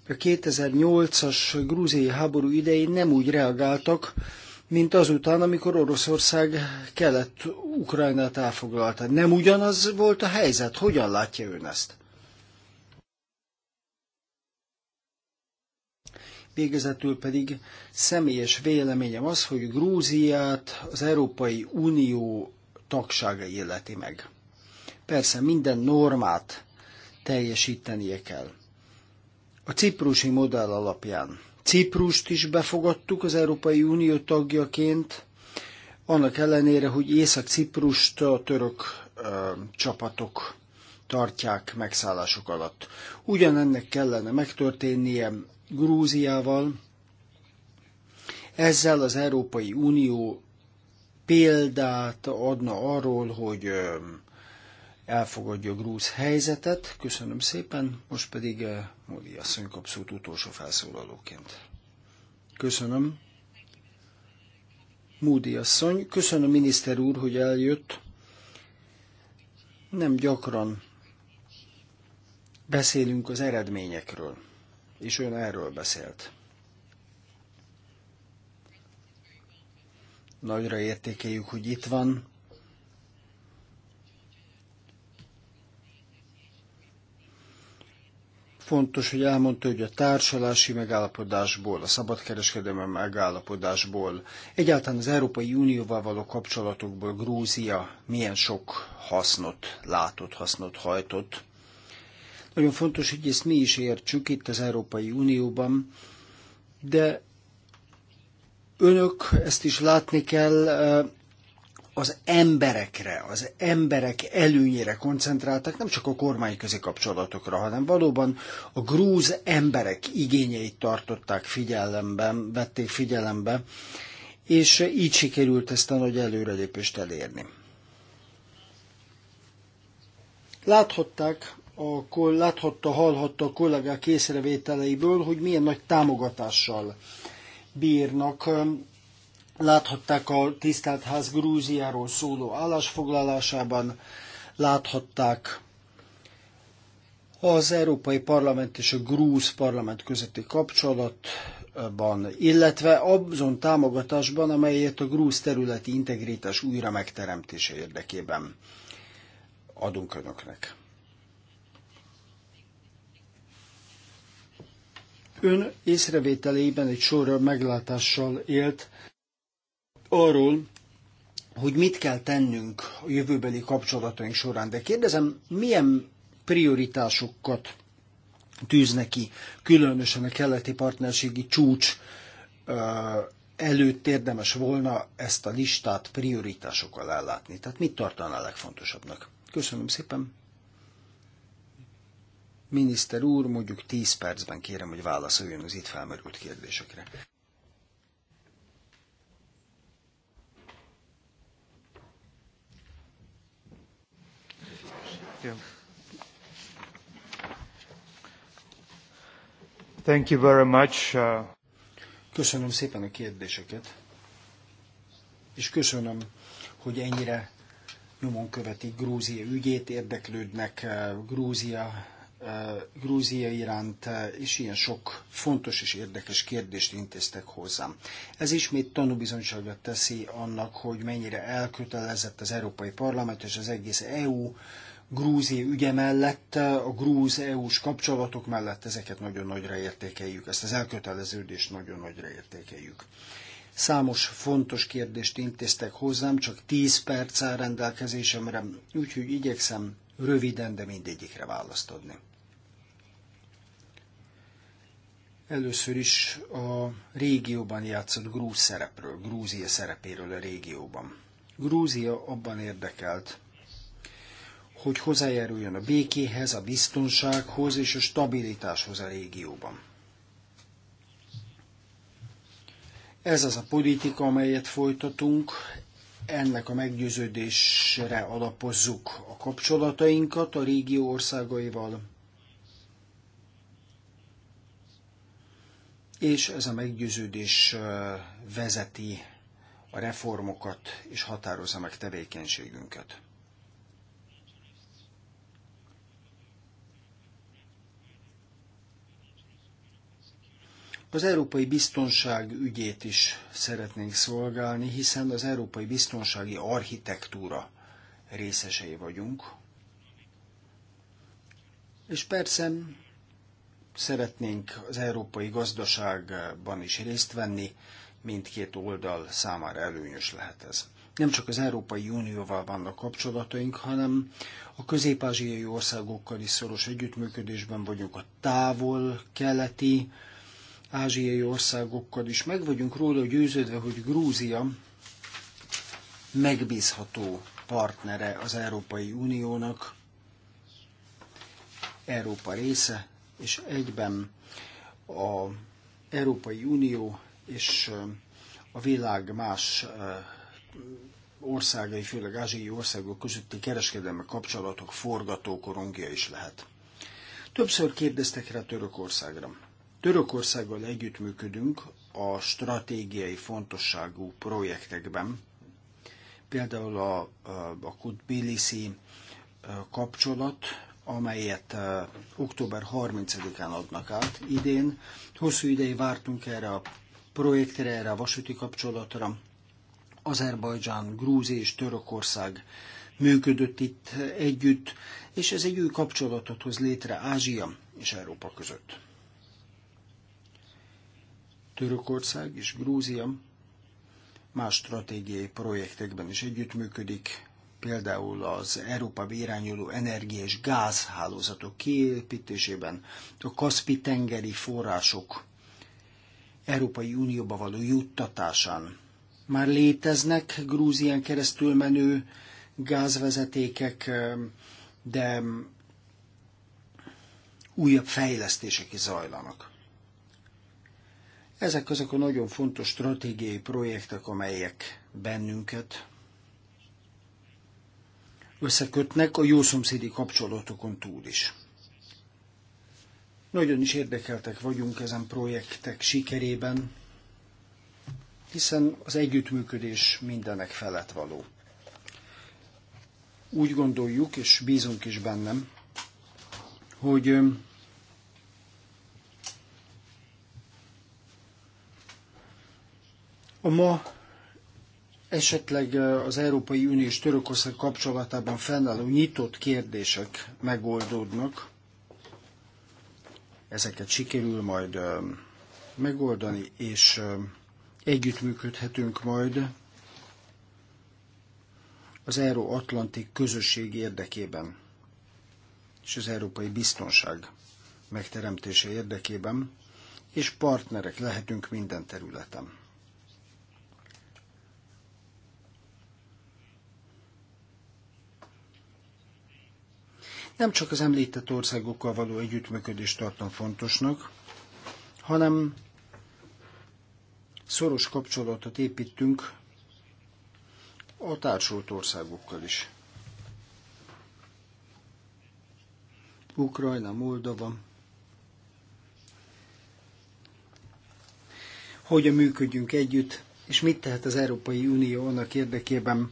a 2008-as grúziai háború idején nem úgy reagáltak, mint azután, amikor Oroszország kelet Ukrajnát elfoglalta. Nem ugyanaz volt a helyzet? Hogyan látja ön ezt? Végezetül pedig személyes véleményem az, hogy Grúziát az Európai Unió tagsága illeti meg. Persze minden normát teljesítenie kell. A ciprusi modell alapján Ciprust is befogadtuk az Európai Unió tagjaként, annak ellenére, hogy Észak-Ciprust a török ö, csapatok tartják megszállások alatt. Ugyanennek kellene megtörténnie Grúziával, ezzel az Európai Unió példát adna arról, hogy elfogadja a grúz helyzetet. Köszönöm szépen, most pedig eh, Módi asszony kapszót utolsó felszólalóként. Köszönöm. Módi asszony, köszönöm miniszter úr, hogy eljött. Nem gyakran beszélünk az eredményekről, és ön erről beszélt. Nagyra értékeljük, hogy itt van. Fontos, hogy elmondta, hogy a társalási megállapodásból, a szabadkereskedelmi megállapodásból, egyáltalán az Európai Unióval való kapcsolatokból Grúzia milyen sok hasznot látott, hasznot hajtott. Nagyon fontos, hogy ezt mi is értsük itt az Európai Unióban, de Önök ezt is látni kell, az emberekre, az emberek előnyére koncentráltak, nem csak a kormányközi kapcsolatokra, hanem valóban a grúz emberek igényeit tartották figyelemben, vették figyelembe, és így sikerült ezt a nagy előrelépést elérni. Láthatták, a, láthatta, hallhatta a kollégák észrevételeiből, hogy milyen nagy támogatással bírnak. Láthatták a tisztelt ház Grúziáról szóló állásfoglalásában, láthatták az Európai Parlament és a Grúz Parlament közötti kapcsolatban, illetve azon támogatásban, amelyet a grúz területi integritás újra megteremtése érdekében adunk önöknek. Ön észrevételében egy sor meglátással élt arról, hogy mit kell tennünk a jövőbeli kapcsolataink során. De kérdezem, milyen prioritásokat tűz neki, különösen a keleti partnerségi csúcs előtt érdemes volna ezt a listát prioritásokkal ellátni. Tehát mit tartaná a legfontosabbnak? Köszönöm szépen, Miniszter úr, mondjuk 10 percben kérem, hogy válaszoljon az itt felmerült kérdésekre. Thank you very much. Uh, köszönöm szépen a kérdéseket, és köszönöm, hogy ennyire nyomon követik Grúzia ügyét, érdeklődnek uh, Grúzia Grúzia iránt, és ilyen sok fontos és érdekes kérdést intéztek hozzám. Ez ismét tanúbizonyságot teszi annak, hogy mennyire elkötelezett az Európai Parlament és az egész EU Grúzia ügye mellett, a grúz-EU-s kapcsolatok mellett ezeket nagyon nagyra értékeljük, ezt az elköteleződést nagyon nagyra értékeljük. Számos fontos kérdést intéztek hozzám, csak 10 perc áll rendelkezésemre, úgyhogy igyekszem röviden, de mindegyikre választ adni. Először is a régióban játszott grúz szerepről, Grúzia szerepéről a régióban. Grúzia abban érdekelt, hogy hozzájáruljon a békéhez, a biztonsághoz és a stabilitáshoz a régióban. Ez az a politika, amelyet folytatunk, ennek a meggyőződésre alapozzuk a kapcsolatainkat a régió országaival, és ez a meggyőződés vezeti a reformokat és határozza meg tevékenységünket. Az európai biztonság ügyét is szeretnénk szolgálni, hiszen az európai biztonsági architektúra részesei vagyunk. És persze szeretnénk az európai gazdaságban is részt venni, mindkét oldal számára előnyös lehet ez. Nem csak az Európai Unióval vannak kapcsolataink, hanem a közép-ázsiai országokkal is szoros együttműködésben vagyunk, a távol-keleti ázsiai országokkal is. Meg vagyunk róla győződve, hogy Grúzia megbízható partnere az Európai Uniónak, Európa része, és egyben a Európai Unió és a világ más országai, főleg ázsiai országok közötti kereskedelmi kapcsolatok forgatókorongja is lehet. Többször kérdeztek rá Törökországra. Törökországgal együttműködünk a stratégiai fontosságú projektekben, például a, a Kutbilisi kapcsolat amelyet uh, október 30-án adnak át idén. Hosszú ideig vártunk erre a projektre, erre a vasúti kapcsolatra. Azerbajdzsán, Grúzia és Törökország működött itt együtt, és ez egy új kapcsolatot hoz létre Ázsia és Európa között. Törökország és Grúzia más stratégiai projektekben is együttműködik, például az Európa irányuló energia és gázhálózatok kiépítésében, a Kaszpi tengeri források Európai Unióba való juttatásán. Már léteznek Grúzián keresztül menő gázvezetékek, de újabb fejlesztések is zajlanak. Ezek azok a nagyon fontos stratégiai projektek, amelyek bennünket, összekötnek a jószomszédi kapcsolatokon túl is. Nagyon is érdekeltek vagyunk ezen projektek sikerében, hiszen az együttműködés mindenek felett való. Úgy gondoljuk, és bízunk is bennem, hogy a ma esetleg az Európai Unió és Törökország kapcsolatában fennálló nyitott kérdések megoldódnak, ezeket sikerül majd megoldani, és együttműködhetünk majd az Euró-Atlantik közösség érdekében és az európai biztonság megteremtése érdekében, és partnerek lehetünk minden területen. nem csak az említett országokkal való együttműködést tartom fontosnak, hanem szoros kapcsolatot építünk a társult országokkal is. Ukrajna, Moldova. Hogyan működjünk együtt, és mit tehet az Európai Unió annak érdekében,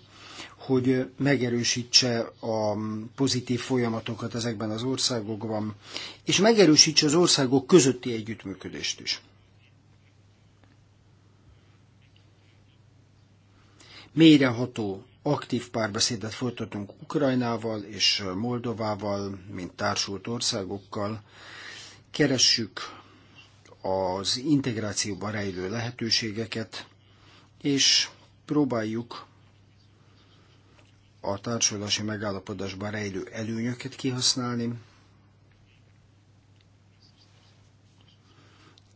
hogy megerősítse a pozitív folyamatokat ezekben az országokban, és megerősítse az országok közötti együttműködést is. Mélyreható, aktív párbeszédet folytatunk Ukrajnával és Moldovával, mint társult országokkal. Keressük az integrációban rejlő lehetőségeket, és próbáljuk a társulási megállapodásban rejlő előnyöket kihasználni,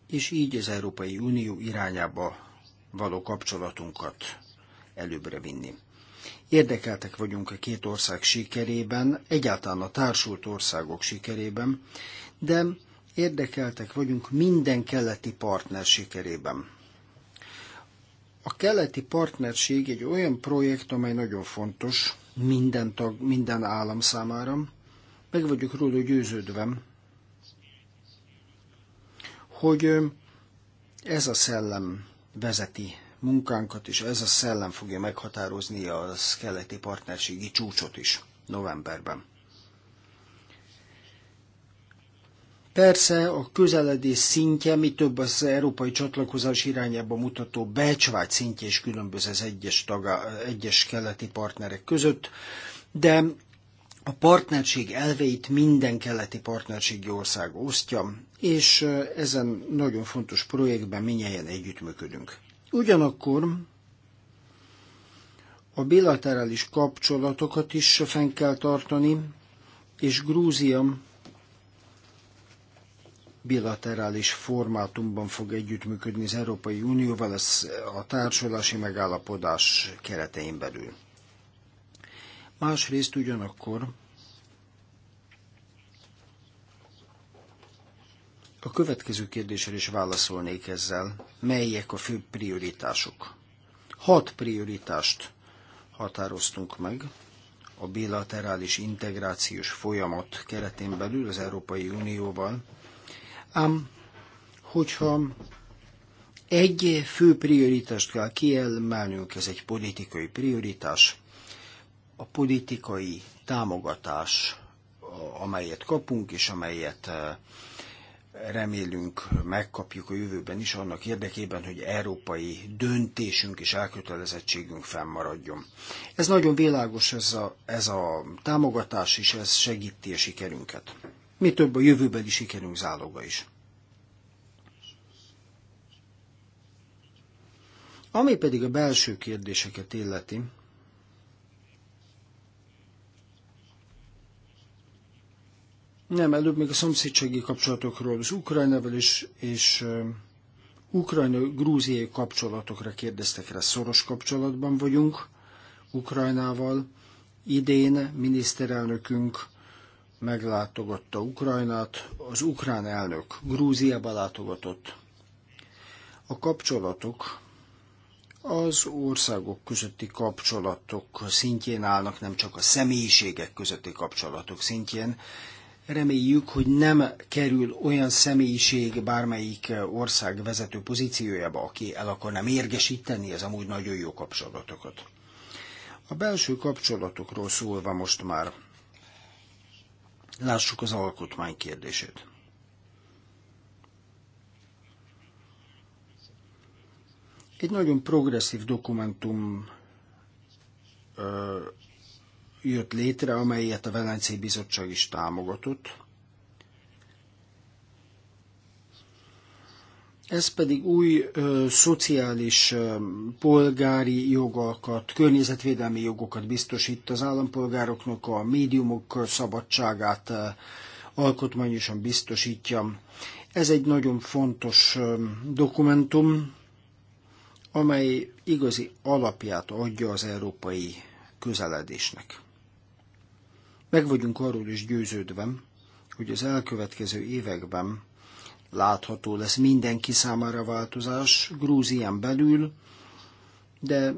és így az Európai Unió irányába való kapcsolatunkat előbbre vinni. Érdekeltek vagyunk a két ország sikerében, egyáltalán a társult országok sikerében, de érdekeltek vagyunk minden keleti partner sikerében. A keleti partnerség egy olyan projekt, amely nagyon fontos minden, tag, minden állam számára. Meg vagyok róla győződve, hogy ez a szellem vezeti munkánkat, és ez a szellem fogja meghatározni a keleti partnerségi csúcsot is novemberben. Persze a közeledés szintje, mi több az európai csatlakozás irányába mutató Becsvágy szintje is különböz az egyes, taga, egyes keleti partnerek között, de a partnerség elveit minden keleti partnerségi ország osztja, és ezen nagyon fontos projektben minnyáján együttműködünk. Ugyanakkor a bilaterális kapcsolatokat is fenn kell tartani, és Grúzia bilaterális formátumban fog együttműködni az Európai Unióval, ez a társulási megállapodás keretein belül. Másrészt ugyanakkor a következő kérdésre is válaszolnék ezzel, melyek a fő prioritások. Hat prioritást határoztunk meg a bilaterális integrációs folyamat keretén belül az Európai Unióval, Ám, hogyha egy fő prioritást kell kiemelnünk, ez egy politikai prioritás, a politikai támogatás, amelyet kapunk, és amelyet eh, remélünk megkapjuk a jövőben is, annak érdekében, hogy európai döntésünk és elkötelezettségünk fennmaradjon. Ez nagyon világos, ez a, ez a támogatás, és ez segíti a sikerünket mi több a jövőbeli sikerünk záloga is. Ami pedig a belső kérdéseket illeti, nem, előbb még a szomszédsági kapcsolatokról, az Ukrajnával és, és Ukrajna-grúziai kapcsolatokra kérdeztek rá, szoros kapcsolatban vagyunk Ukrajnával. Idén miniszterelnökünk meglátogatta Ukrajnát, az ukrán elnök Grúziába látogatott. A kapcsolatok az országok közötti kapcsolatok szintjén állnak, nem csak a személyiségek közötti kapcsolatok szintjén. Reméljük, hogy nem kerül olyan személyiség bármelyik ország vezető pozíciójába, aki el akarna mérgesíteni az amúgy nagyon jó kapcsolatokat. A belső kapcsolatokról szólva most már Lássuk az alkotmány kérdését. Egy nagyon progresszív dokumentum ö, jött létre, amelyet a Velencei Bizottság is támogatott. Ez pedig új ö, szociális ö, polgári jogokat, környezetvédelmi jogokat biztosít az állampolgároknak, a médiumok szabadságát ö, alkotmányosan biztosítja. Ez egy nagyon fontos ö, dokumentum, amely igazi alapját adja az európai közeledésnek. Meg vagyunk arról is győződve, hogy az elkövetkező években látható lesz mindenki számára változás, Grúzián belül, de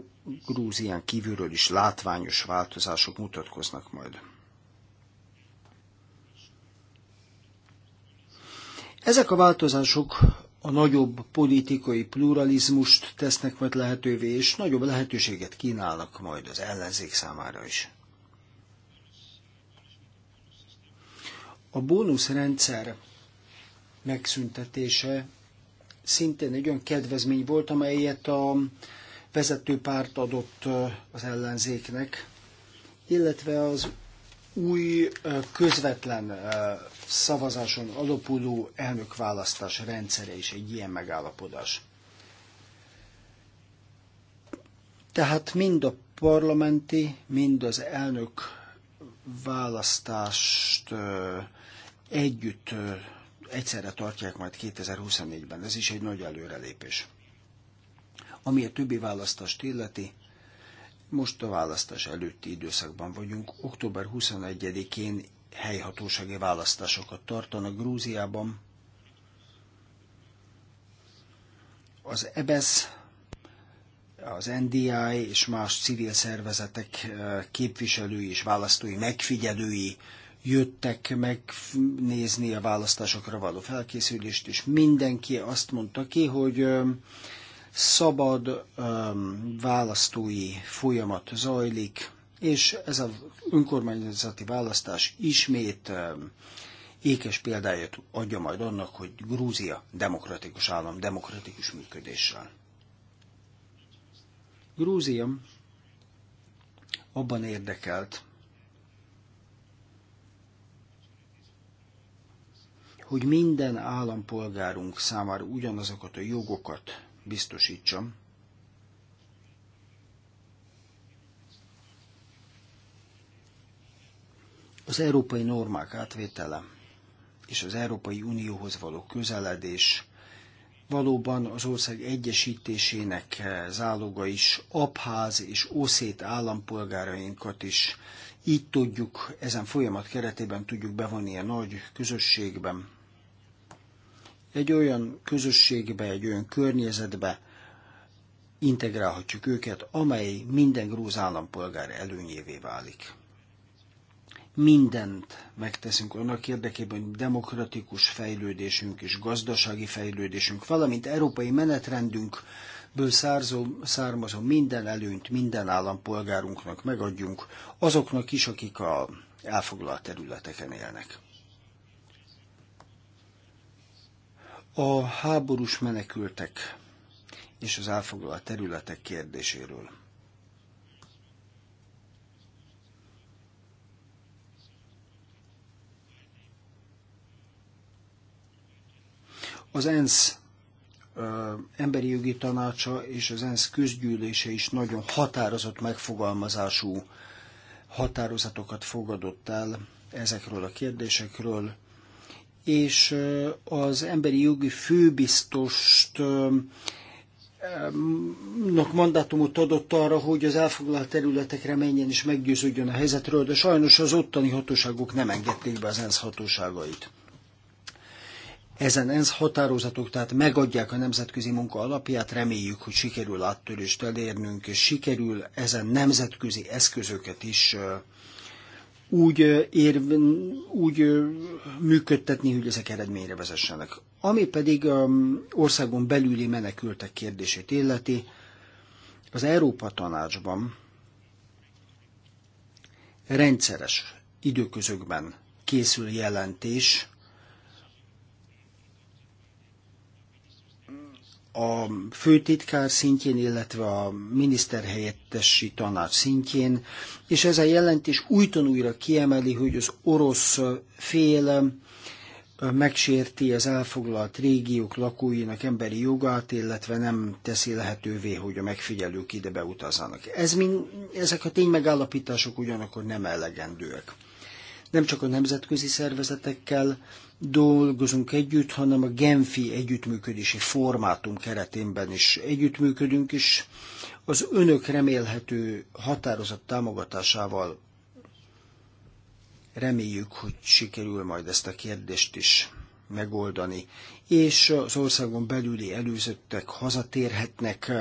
Grúzián kívülről is látványos változások mutatkoznak majd. Ezek a változások a nagyobb politikai pluralizmust tesznek majd lehetővé, és nagyobb lehetőséget kínálnak majd az ellenzék számára is. A bónuszrendszer megszüntetése szintén egy olyan kedvezmény volt, amelyet a vezető párt adott az ellenzéknek, illetve az új közvetlen szavazáson alapuló elnökválasztás rendszere is egy ilyen megállapodás. Tehát mind a parlamenti, mind az elnök választást együtt egyszerre tartják majd 2024-ben. Ez is egy nagy előrelépés. Ami a többi választást illeti, most a választás előtti időszakban vagyunk. Október 21-én helyhatósági választásokat tartanak Grúziában. Az EBESZ, az NDI és más civil szervezetek eh, képviselői és választói megfigyelői jöttek megnézni a választásokra való felkészülést, és mindenki azt mondta ki, hogy szabad választói folyamat zajlik, és ez az önkormányzati választás ismét ékes példáját adja majd annak, hogy Grúzia demokratikus állam, demokratikus működéssel. Grúzia abban érdekelt, hogy minden állampolgárunk számára ugyanazokat a jogokat biztosítsam, Az európai normák átvétele és az Európai Unióhoz való közeledés valóban az ország egyesítésének eh, záloga is, abház és oszét állampolgárainkat is így tudjuk, ezen folyamat keretében tudjuk bevonni a nagy közösségben, egy olyan közösségbe, egy olyan környezetbe integrálhatjuk őket, amely minden grúz állampolgár előnyévé válik. Mindent megteszünk annak érdekében, hogy demokratikus fejlődésünk és gazdasági fejlődésünk, valamint európai menetrendünkből szárzó, származó minden előnyt minden állampolgárunknak megadjunk, azoknak is, akik a elfoglalt területeken élnek. a háborús menekültek és az elfoglalt területek kérdéséről. Az ENSZ ö, emberi jogi tanácsa és az ENSZ közgyűlése is nagyon határozott megfogalmazású határozatokat fogadott el ezekről a kérdésekről, és az emberi jogi főbiztost mandátumot adott arra, hogy az elfoglalt területekre menjen és meggyőződjön a helyzetről, de sajnos az ottani hatóságok nem engedték be az ENSZ hatóságait. Ezen ENSZ határozatok tehát megadják a nemzetközi munka alapját, reméljük, hogy sikerül áttörést elérnünk, és sikerül ezen nemzetközi eszközöket is úgy, ér, úgy működtetni, hogy ezek eredményre vezessenek. Ami pedig um, országon belüli menekültek kérdését illeti, az Európa Tanácsban rendszeres időközökben készül jelentés a főtitkár szintjén, illetve a miniszterhelyettesi tanács szintjén, és ez a jelentés új újra kiemeli, hogy az orosz fél megsérti az elfoglalt régiók lakóinak emberi jogát, illetve nem teszi lehetővé, hogy a megfigyelők ide beutazzanak. Ez min, ezek a ténymegállapítások ugyanakkor nem elegendőek. Nem csak a nemzetközi szervezetekkel, dolgozunk együtt, hanem a Genfi együttműködési formátum keretében is együttműködünk, és az önök remélhető határozott támogatásával reméljük, hogy sikerül majd ezt a kérdést is megoldani, és az országon belüli előzöttek hazatérhetnek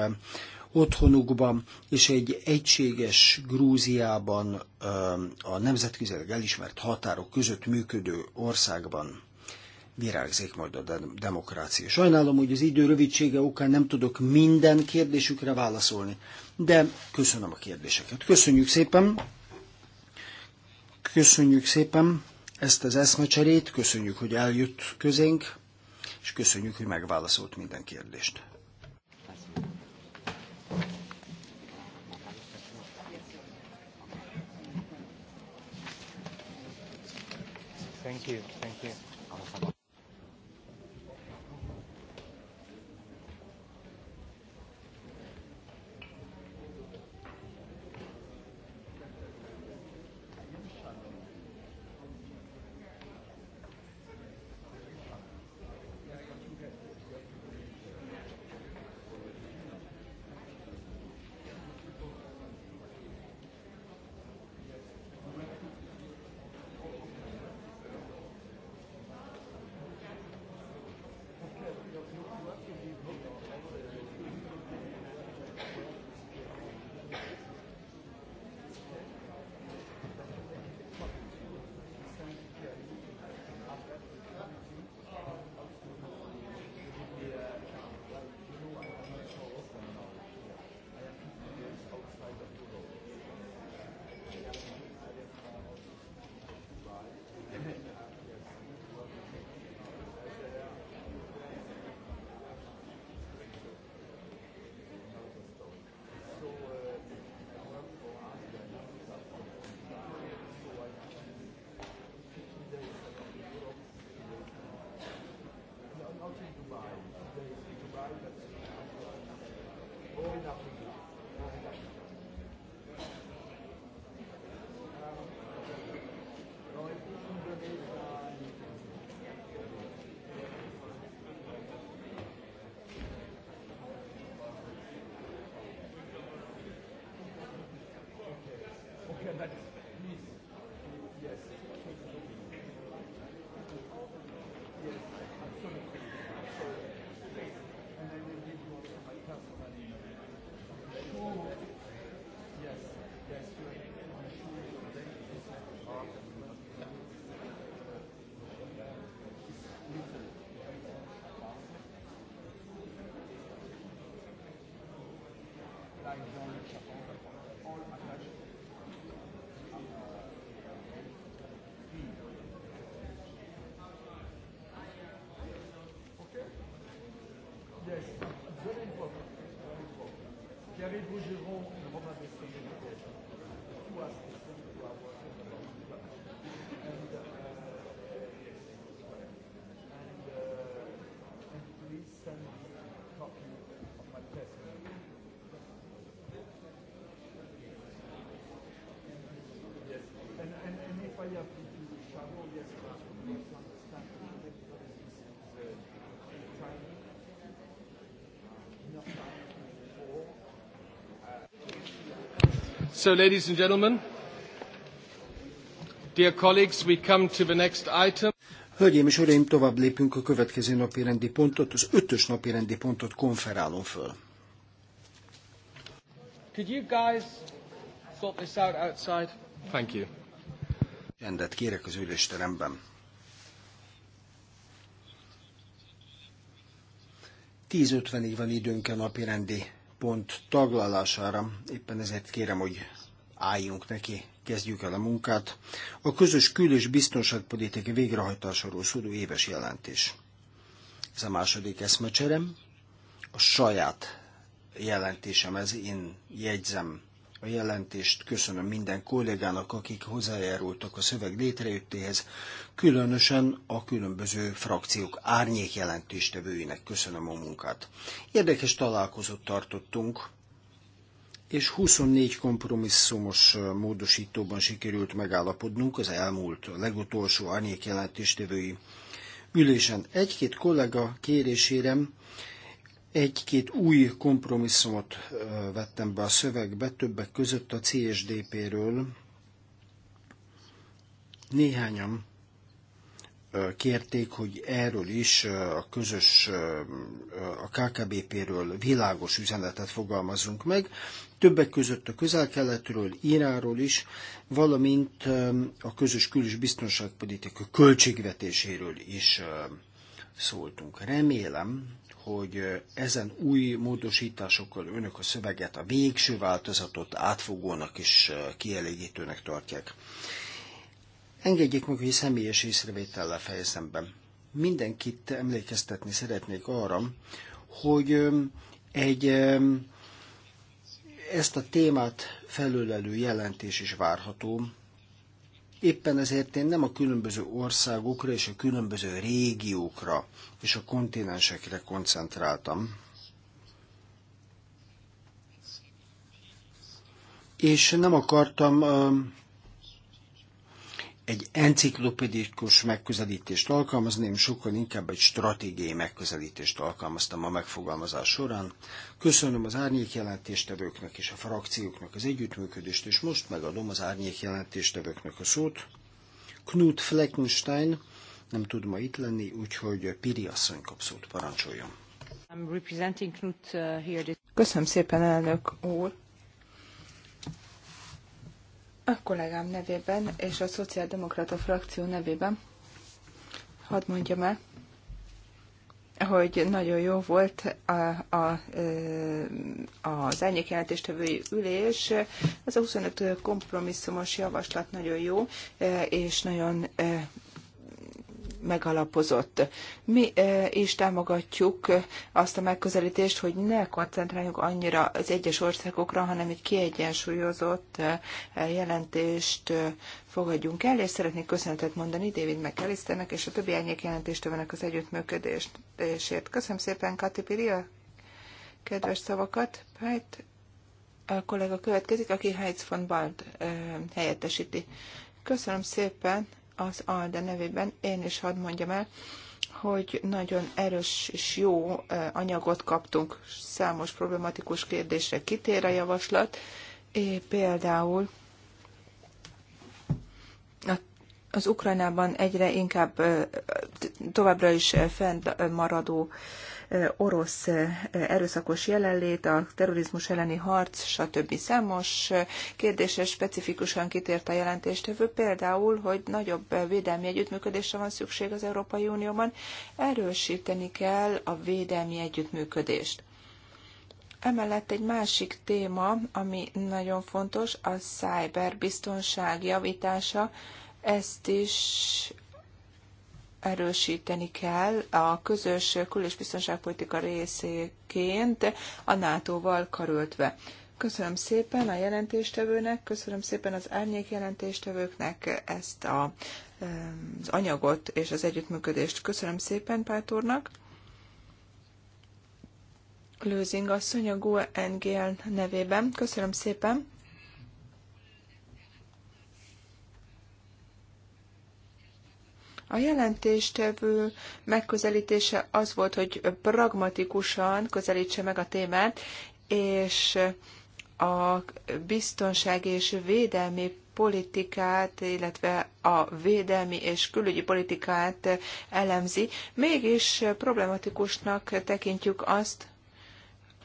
otthonukban, és egy egységes Grúziában, a nemzetközileg elismert határok között működő országban virágzik majd a demokrácia. Sajnálom, hogy az idő rövidsége okán nem tudok minden kérdésükre válaszolni, de köszönöm a kérdéseket. Köszönjük szépen! Köszönjük szépen ezt az eszmecserét, köszönjük, hogy eljött közénk, és köszönjük, hogy megválaszolt minden kérdést. Thank you. Thank you. Thierry Bougeron So, ladies and gentlemen, dear colleagues, we come to the next item. Hölgyeim és uraim, tovább lépünk a következő napi rendi pontot, az ötös napi rendi pontot konferálom föl. Could you guys sort this out outside? Thank you. Rendet kérek az ülésteremben. 10.54 van időnk a napi rendi pont taglalására. Éppen ezért kérem, hogy álljunk neki, kezdjük el a munkát. A közös kül- és biztonságpolitikai végrehajtásáról szóló éves jelentés. Ez a második eszmecserem. A saját jelentésem, ez én jegyzem a jelentést. Köszönöm minden kollégának, akik hozzájárultak a szöveg létrejöttéhez, különösen a különböző frakciók árnyék jelentéstevőinek köszönöm a munkát. Érdekes találkozót tartottunk, és 24 kompromisszumos módosítóban sikerült megállapodnunk az elmúlt, legutolsó árnyék jelentéstevői ülésen. Egy-két kollega kérésére egy-két új kompromisszumot vettem be a szövegbe, többek között a CSDP-ről. Néhányan kérték, hogy erről is a közös, a KKBP-ről világos üzenetet fogalmazunk meg, többek között a közel-keletről, Iránról is, valamint a közös külös biztonságpolitika költségvetéséről is szóltunk. Remélem, hogy ezen új módosításokkal önök a szöveget, a végső változatot átfogónak és kielégítőnek tartják. Engedjék meg, hogy személyes észrevétellel fejezem be. Mindenkit emlékeztetni szeretnék arra, hogy egy ezt a témát felölelő jelentés is várható, Éppen ezért én nem a különböző országokra és a különböző régiókra és a kontinensekre koncentráltam. És nem akartam egy enciklopédikus megközelítést alkalmazni, én sokkal inkább egy stratégiai megközelítést alkalmaztam a megfogalmazás során. Köszönöm az árnyékjelentéstevőknek és a frakcióknak az együttműködést, és most megadom az árnyékjelentéstevőknek a szót. Knut Fleckenstein nem tud ma itt lenni, úgyhogy Piri asszony kap szót, parancsoljon. Uh, Köszönöm szépen, elnök úr. A kollégám nevében és a Szociáldemokrata frakció nevében hadd mondjam el, hogy nagyon jó volt a, a, az jelentéstevői ülés. Ez a 25 kompromisszumos javaslat nagyon jó, és nagyon megalapozott. Mi eh, is támogatjuk eh, azt a megközelítést, hogy ne koncentráljunk annyira az egyes országokra, hanem egy kiegyensúlyozott eh, jelentést fogadjunk el, és szeretnék köszönetet mondani David McAllisternek és a többi árnyék jelentéstővenek az együttműködésért. Köszönöm szépen, Kati Piria, kedves szavakat. Hát a kollega következik, aki Heitz von Bald helyettesíti. Köszönöm szépen, az ALDE nevében én is hadd mondjam el, hogy nagyon erős és jó anyagot kaptunk, számos problematikus kérdésre kitér a javaslat, például az Ukrajnában egyre inkább továbbra is fennmaradó maradó orosz eh, erőszakos jelenlét, a terrorizmus elleni harc, stb. Számos eh, kérdésre specifikusan kitért a jelentéstevő, például, hogy nagyobb védelmi együttműködésre van szükség az Európai Unióban, erősíteni kell a védelmi együttműködést. Emellett egy másik téma, ami nagyon fontos, a cyberbiztonság javítása. Ezt is erősíteni kell a közös kül- és biztonságpolitika részéként a NATO-val karöltve. Köszönöm szépen a jelentéstevőnek, köszönöm szépen az árnyék jelentéstevőknek ezt a, az anyagot és az együttműködést. Köszönöm szépen Pátornak. Lőzing asszony a GUNGL nevében. Köszönöm szépen. A jelentéstevő megközelítése az volt, hogy pragmatikusan közelítse meg a témát, és a biztonság és védelmi politikát, illetve a védelmi és külügyi politikát elemzi. Mégis problematikusnak tekintjük azt,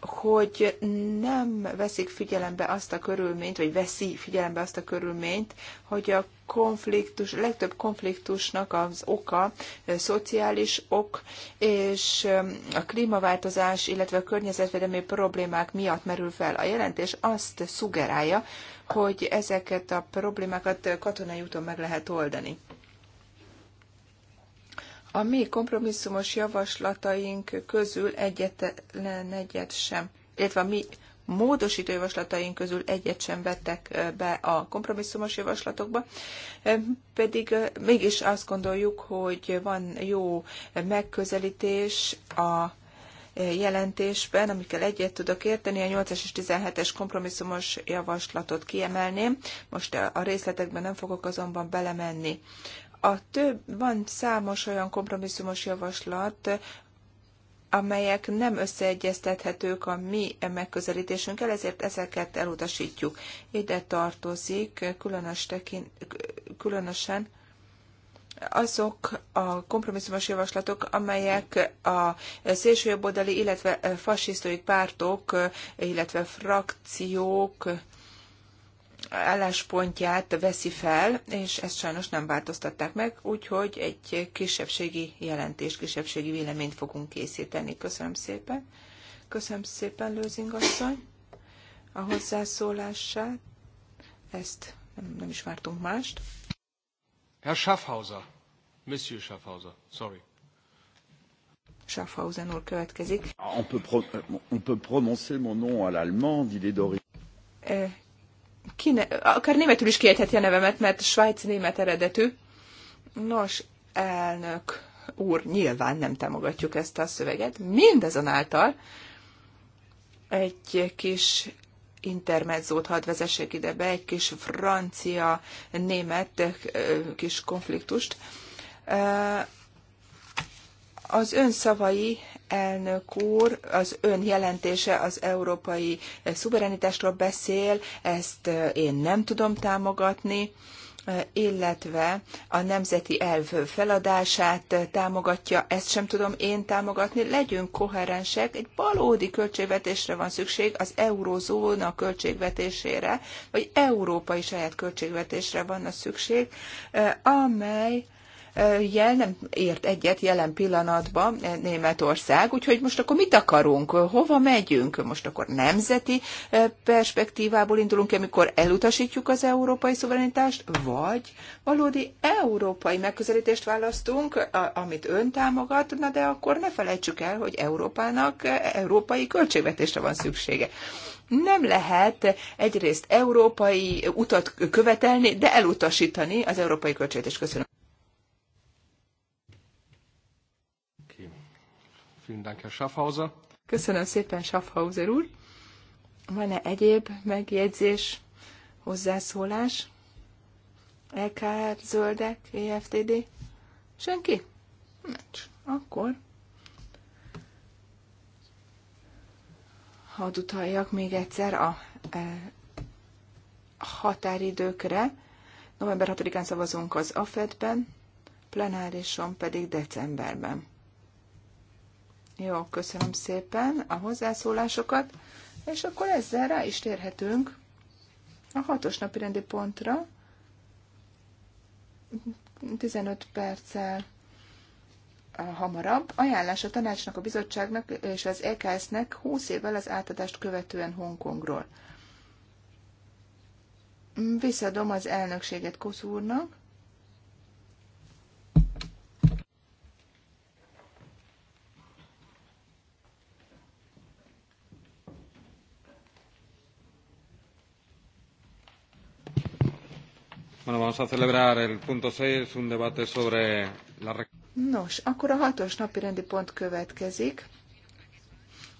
hogy nem veszik figyelembe azt a körülményt, vagy veszi figyelembe azt a körülményt, hogy a konfliktus, a legtöbb konfliktusnak az oka a szociális ok, és a klímaváltozás, illetve a környezetvédelmi problémák miatt merül fel. A jelentés azt szugerálja, hogy ezeket a problémákat katonai úton meg lehet oldani. A mi kompromisszumos javaslataink közül egyetlen egyet sem, illetve a mi módosító javaslataink közül egyet sem vettek be a kompromisszumos javaslatokba, pedig mégis azt gondoljuk, hogy van jó megközelítés a jelentésben, amikkel egyet tudok érteni, a 8-as és 17-es kompromisszumos javaslatot kiemelném. Most a részletekben nem fogok azonban belemenni. A több, van számos olyan kompromisszumos javaslat, amelyek nem összeegyeztethetők a mi megközelítésünkkel, ezért ezeket elutasítjuk. Ide tartozik különös tekin, különösen azok a kompromisszumos javaslatok, amelyek a szélsőjobboldali, illetve fasisztói pártok, illetve frakciók álláspontját veszi fel, és ezt sajnos nem változtatták meg, úgyhogy egy kisebbségi jelentés, kisebbségi véleményt fogunk készíteni. Köszönöm szépen. Köszönöm szépen, Lőzing asszony, a hozzászólását. Ezt nem, nem is vártunk mást. Herr Schaffhauser, Monsieur Schaffhauser, sorry. Schaffhausen úr következik. On peut, on peut prononcer mon nom à l'allemand, il est d'origine eh, kine, akár németül is kiejtheti a nevemet, mert svájci német eredetű. Nos, elnök úr, nyilván nem támogatjuk ezt a szöveget. Mindazonáltal egy kis intermezzót hadd vezessék ide be, egy kis francia-német kis konfliktust. Az ön szavai elnök úr, az ön jelentése az európai szuverenitásról beszél, ezt én nem tudom támogatni illetve a nemzeti elv feladását támogatja, ezt sem tudom én támogatni. Legyünk koherensek, egy valódi költségvetésre van szükség, az eurózóna költségvetésére, vagy európai saját költségvetésre van a szükség, amely jel nem ért egyet jelen pillanatban Németország, úgyhogy most akkor mit akarunk, hova megyünk, most akkor nemzeti eh, perspektívából indulunk, amikor elutasítjuk az európai szuverenitást, vagy valódi európai megközelítést választunk, amit ön támogat, na de akkor ne felejtsük el, hogy Európának eh, európai költségvetésre van szüksége nem lehet egyrészt európai utat követelni, de elutasítani az európai költségvetést. Köszönöm. Köszönöm szépen, Schaffhauser úr. Van-e egyéb megjegyzés, hozzászólás? LKR, zöldek, EFTD? Senki? Nincs. Akkor hadd utaljak még egyszer a e, határidőkre. November 6-án szavazunk az AFED-ben, plenárison pedig decemberben. Jó, köszönöm szépen a hozzászólásokat, és akkor ezzel rá is térhetünk a hatos napi rendi pontra. 15 perccel hamarabb. Ajánlás a tanácsnak, a bizottságnak és az EKS-nek 20 évvel az átadást követően Hongkongról. Visszadom az elnökséget Kosz úrnak. Bueno, vamos a celebrar el punto 6, un debate sobre la... Nos, akkor a hatos napi rendi pont következik.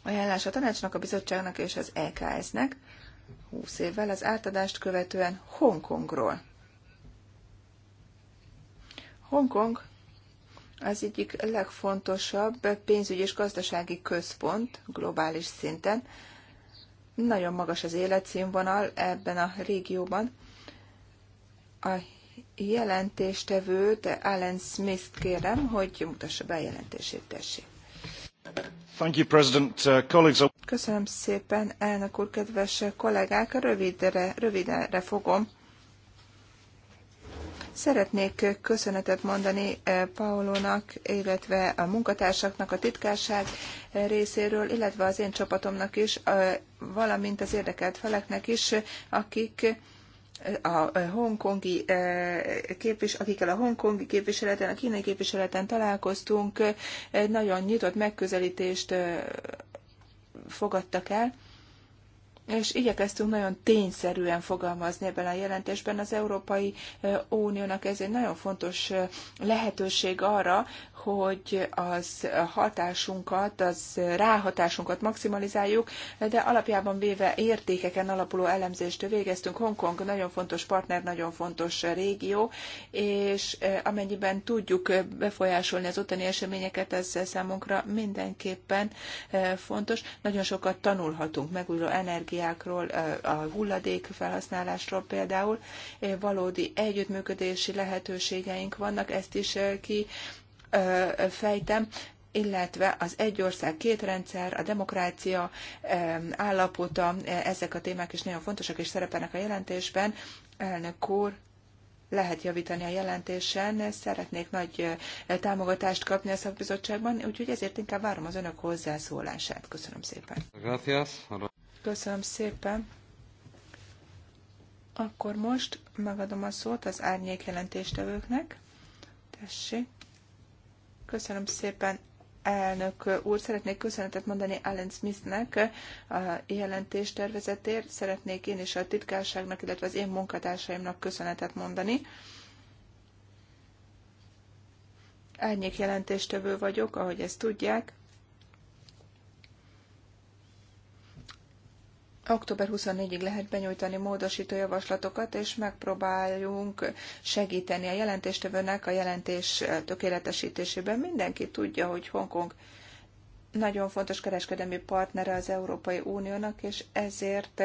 Ajánlás a tanácsnak, a bizottságnak és az EKS-nek 20 évvel az átadást követően Hongkongról. Hongkong az egyik legfontosabb pénzügyi és gazdasági központ globális szinten. Nagyon magas az életszínvonal ebben a régióban a jelentéstevőt, Alan Smith-t kérem, hogy mutassa be a jelentését, tessék. Thank you, President. Uh, colleagues... Köszönöm szépen, elnök úr, kedves kollégák, rövidre, rövidre fogom. Szeretnék köszönetet mondani eh, Paolónak, illetve a munkatársaknak a titkárság eh, részéről, illetve az én csapatomnak is, eh, valamint az érdekelt feleknek is, akik a hongkongi e, képvis, akikkel a hongkongi képviseleten, a kínai képviseleten találkoztunk, nagyon nyitott megközelítést e, fogadtak el és igyekeztünk nagyon tényszerűen fogalmazni ebben a jelentésben. Az Európai Uniónak ez egy nagyon fontos lehetőség arra, hogy az hatásunkat, az ráhatásunkat maximalizáljuk, de alapjában véve értékeken alapuló elemzést végeztünk. Hongkong nagyon fontos partner, nagyon fontos régió, és amennyiben tudjuk befolyásolni az ottani eseményeket, ez számunkra mindenképpen fontos. Nagyon sokat tanulhatunk megújuló energiát, energiákról, a hulladék felhasználásról például. Valódi együttműködési lehetőségeink vannak, ezt is kifejtem fejtem, illetve az egy ország, két rendszer, a demokrácia állapota, ezek a témák is nagyon fontosak és szerepelnek a jelentésben. Elnök úr, lehet javítani a jelentésen, szeretnék nagy támogatást kapni a szakbizottságban, úgyhogy ezért inkább várom az önök hozzászólását. Köszönöm szépen. Gracias. Köszönöm szépen. Akkor most megadom a szót az árnyék jelentéstevőknek. Tessék. Köszönöm szépen, elnök úr. Szeretnék köszönetet mondani Allen Smithnek a jelentés Szeretnék én is a titkárságnak, illetve az én munkatársaimnak köszönetet mondani. Árnyék jelentéstevő vagyok, ahogy ezt tudják. Október 24-ig lehet benyújtani módosító javaslatokat, és megpróbáljunk segíteni a jelentéstevőnek a jelentés tökéletesítésében. Mindenki tudja, hogy Hongkong nagyon fontos kereskedelmi partnere az Európai Uniónak, és ezért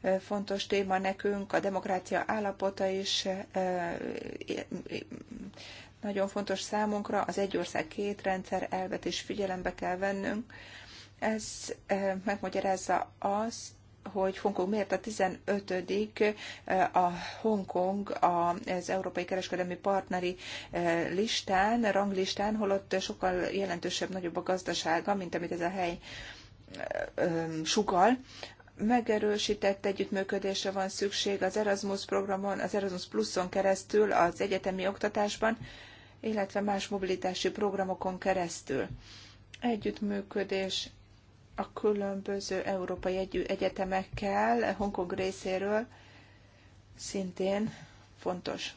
e, fontos téma nekünk a demokrácia állapota is e, e, nagyon fontos számunkra, az egy ország két rendszer elvet is figyelembe kell vennünk. Ez megmagyarázza azt, hogy Hongkong miért a 15 eh, a Hongkong az Európai Kereskedelmi Partneri eh, listán, ranglistán, holott sokkal jelentősebb, nagyobb a gazdasága, mint amit ez a hely eh, sugal megerősített együttműködésre van szükség az Erasmus programon, az Erasmus Pluson keresztül, az egyetemi oktatásban, illetve más mobilitási programokon keresztül. Együttműködés a különböző európai egyetemekkel, Hongkong részéről szintén fontos.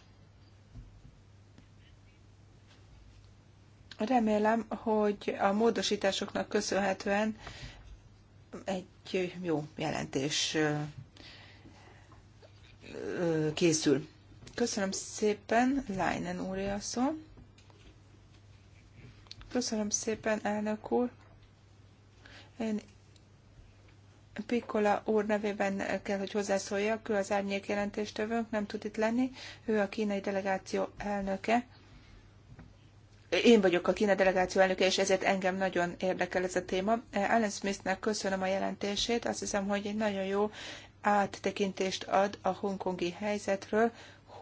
Remélem, hogy a módosításoknak köszönhetően egy jó jelentés készül. Köszönöm szépen, Leinen úr Köszönöm szépen, elnök úr. Én Piccola úr nevében kell, hogy hozzászóljak, ő az árnyék jelentéstövőnk, nem tud itt lenni, ő a kínai delegáció elnöke. Én vagyok a Kína delegáció elnöke, és ezért engem nagyon érdekel ez a téma. Alan Smithnek köszönöm a jelentését, azt hiszem, hogy egy nagyon jó áttekintést ad a hongkongi helyzetről.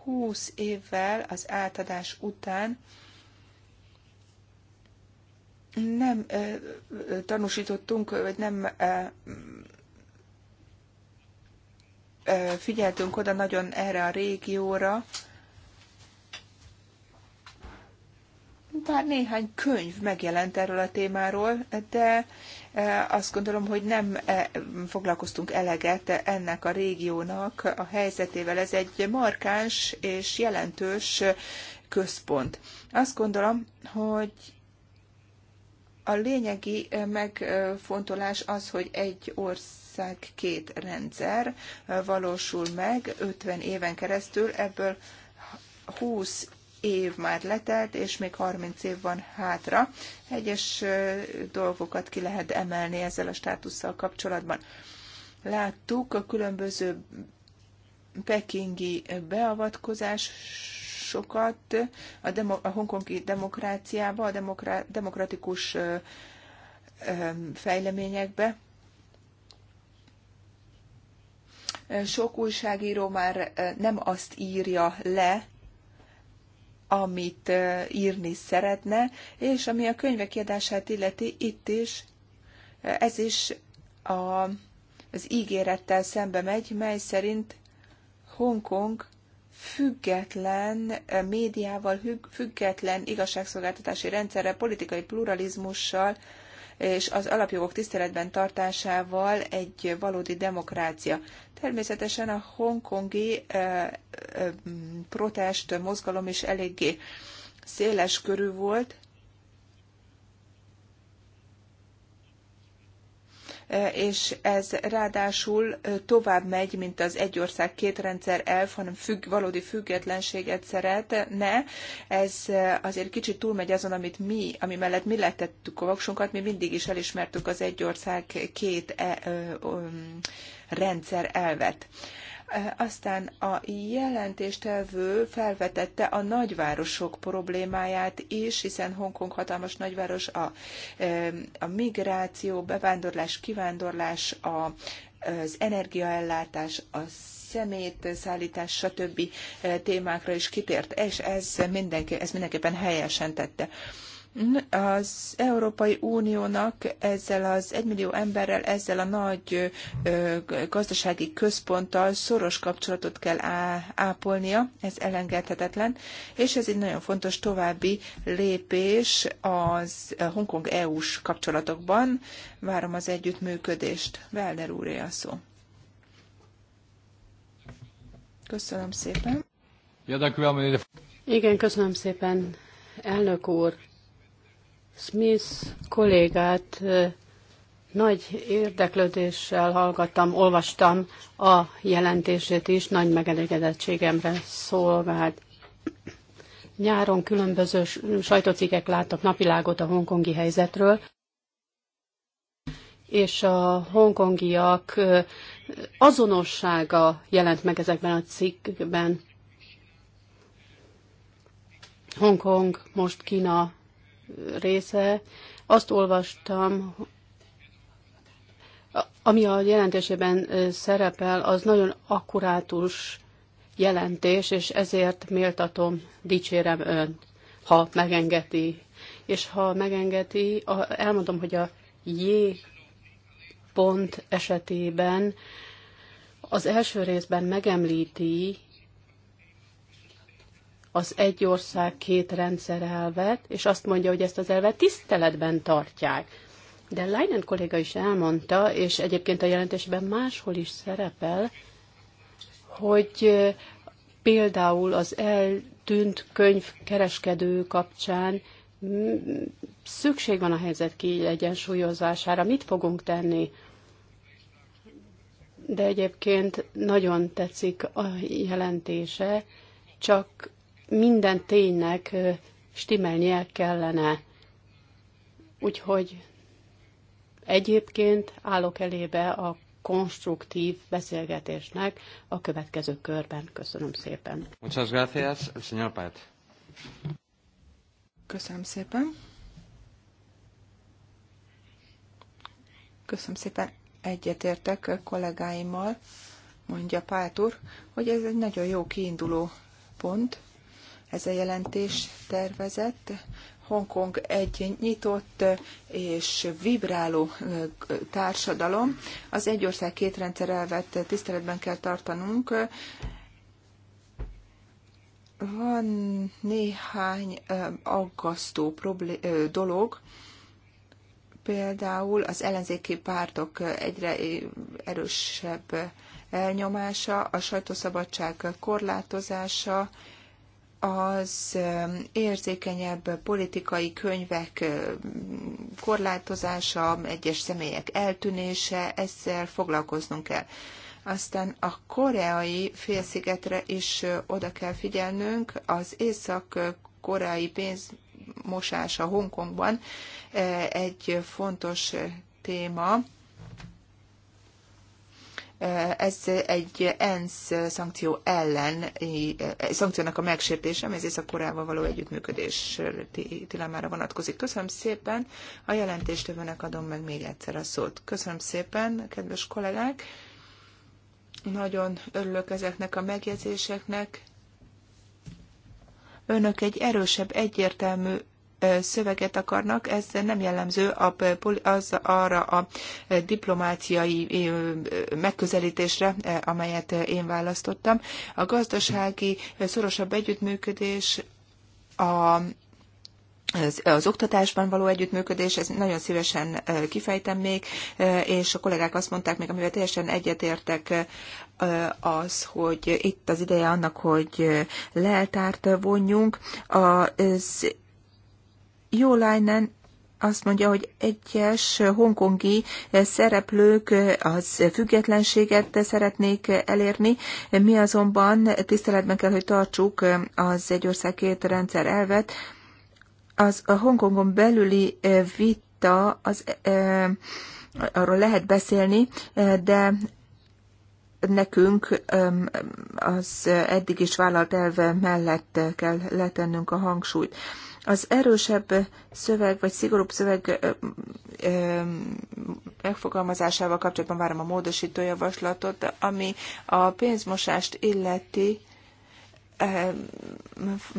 20 évvel az átadás után nem tanúsítottunk, vagy nem figyeltünk oda nagyon erre a régióra, bár néhány könyv megjelent erről a témáról, de azt gondolom, hogy nem foglalkoztunk eleget ennek a régiónak a helyzetével. Ez egy markáns és jelentős központ. Azt gondolom, hogy a lényegi megfontolás az, hogy egy ország két rendszer valósul meg 50 éven keresztül, ebből 20 év már letelt, és még 30 év van hátra. Egyes dolgokat ki lehet emelni ezzel a státusszal kapcsolatban. Láttuk a különböző pekingi beavatkozás Sokat a, demo, a hongkongi demokráciába, a demokra, demokratikus ö, ö, fejleményekbe. Sok újságíró már nem azt írja le, amit írni szeretne, és ami a könyvek kiadását illeti, itt is ez is a, az ígérettel szembe megy, mely szerint Hongkong független eh, médiával, független igazságszolgáltatási rendszerrel, politikai pluralizmussal és az alapjogok tiszteletben tartásával egy valódi demokrácia. Természetesen a hongkongi eh, eh, protest mozgalom is eléggé széles körű volt, és ez ráadásul tovább megy, mint az egy ország, két rendszer elf, hanem függ, valódi függetlenséget szeretne. Ez azért kicsit túlmegy azon, amit mi, ami mellett mi letettük a voksunkat, mi mindig is elismertük az egy ország, két e, ö, ö, rendszer elvet. E, aztán a jelentéstevő felvetette a nagyvárosok problémáját is, hiszen Hongkong hatalmas nagyváros, a, e, a migráció, bevándorlás, kivándorlás, a, az energiaellátás, a szemétszállítás, stb. E, témákra is kitért, és ez, mindenki, ez mindenképpen helyesen tette az Európai Uniónak ezzel az egymillió emberrel, ezzel a nagy gazdasági központtal szoros kapcsolatot kell ápolnia, ez elengedhetetlen, és ez egy nagyon fontos további lépés az Hongkong EU-s kapcsolatokban. Várom az együttműködést. Velder úré a szó. Köszönöm szépen. Igen, köszönöm szépen, elnök úr. Smith kollégát nagy érdeklődéssel hallgattam, olvastam a jelentését is, nagy megelégedettségemre szolgált. Nyáron különböző sajtócikek láttak napvilágot a hongkongi helyzetről, és a hongkongiak azonossága jelent meg ezekben a cikkben. Hongkong most Kína része, azt olvastam, ami a jelentésében szerepel, az nagyon akkurátus jelentés, és ezért méltatom, dicsérem önt, ha megengedi. És ha megengedi, elmondom, hogy a J pont esetében az első részben megemlíti az egy ország két rendszer elvet, és azt mondja, hogy ezt az elvet tiszteletben tartják. De Leinen kolléga is elmondta, és egyébként a jelentésben máshol is szerepel, hogy például az eltűnt könyvkereskedő kapcsán szükség van a helyzet kiegyensúlyozására. Mit fogunk tenni? De egyébként nagyon tetszik a jelentése, csak minden ténynek stimelnie kellene. Úgyhogy egyébként állok elébe a konstruktív beszélgetésnek a következő körben. Köszönöm szépen. Muchas gracias, señor Párt. Köszönöm szépen. Köszönöm szépen. Egyetértek kollégáimmal, mondja Pált úr, hogy ez egy nagyon jó kiinduló pont, ez a jelentés tervezett. Hongkong egy nyitott és vibráló társadalom. Az egy ország két rendszer elvet tiszteletben kell tartanunk. Van néhány aggasztó problé- dolog, például az ellenzéki pártok egyre erősebb elnyomása, a sajtószabadság korlátozása, az um, érzékenyebb politikai könyvek um, korlátozása, egyes személyek eltűnése, ezzel foglalkoznunk kell. Aztán a koreai félszigetre is oda kell figyelnünk, az észak-koreai pénzmosása Hongkongban egy fontos téma ez egy ENSZ szankció ellen, eh, szankciónak a megsértése, ez Észak-Koreával való együttműködés tilalmára vonatkozik. Köszönöm szépen, a jelentéstevőnek adom meg még egyszer a szót. Köszönöm szépen, kedves kollégák! Nagyon örülök ezeknek a megjegyzéseknek. Önök egy erősebb, egyértelmű szöveget akarnak, ez nem jellemző az arra a diplomáciai megközelítésre, amelyet én választottam. A gazdasági szorosabb együttműködés a az, az oktatásban való együttműködés, ez nagyon szívesen kifejtem még, és a kollégák azt mondták még, amivel teljesen egyetértek, az, hogy itt az ideje annak, hogy leltárt vonjunk. Az jó Lájnen azt mondja, hogy egyes hongkongi szereplők az függetlenséget szeretnék elérni, mi azonban tiszteletben kell, hogy tartsuk az egy ország két rendszer elvet. Az a Hongkongon belüli vita, az, e, arról lehet beszélni, de nekünk e, az eddig is vállalt elve mellett kell letennünk a hangsúlyt. Az erősebb szöveg, vagy szigorúbb szöveg megfogalmazásával kapcsolatban várom a módosító javaslatot, ami a pénzmosást illeti,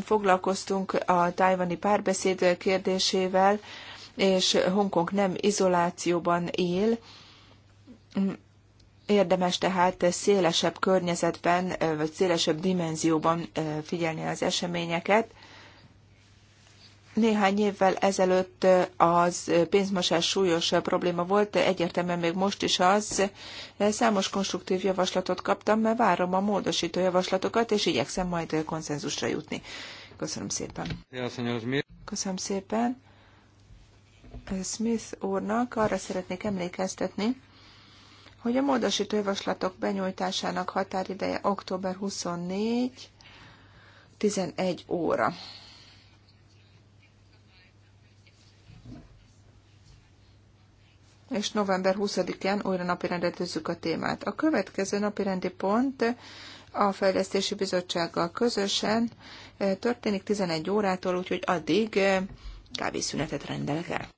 foglalkoztunk a tájvani párbeszéd kérdésével, és Hongkong nem izolációban él, Érdemes tehát szélesebb környezetben, vagy szélesebb dimenzióban figyelni az eseményeket. Néhány évvel ezelőtt az pénzmosás súlyos probléma volt, egyértelműen még most is az. Számos konstruktív javaslatot kaptam, mert várom a módosító javaslatokat, és igyekszem majd konszenzusra jutni. Köszönöm szépen. Köszönöm szépen. Smith úrnak arra szeretnék emlékeztetni, hogy a módosító javaslatok benyújtásának határideje október 24, 11 óra. és november 20-án újra napirendre tűzzük a témát. A következő napirendi pont a Fejlesztési Bizottsággal közösen eh, történik 11 órától, úgyhogy addig eh, kávészünetet rendelek el.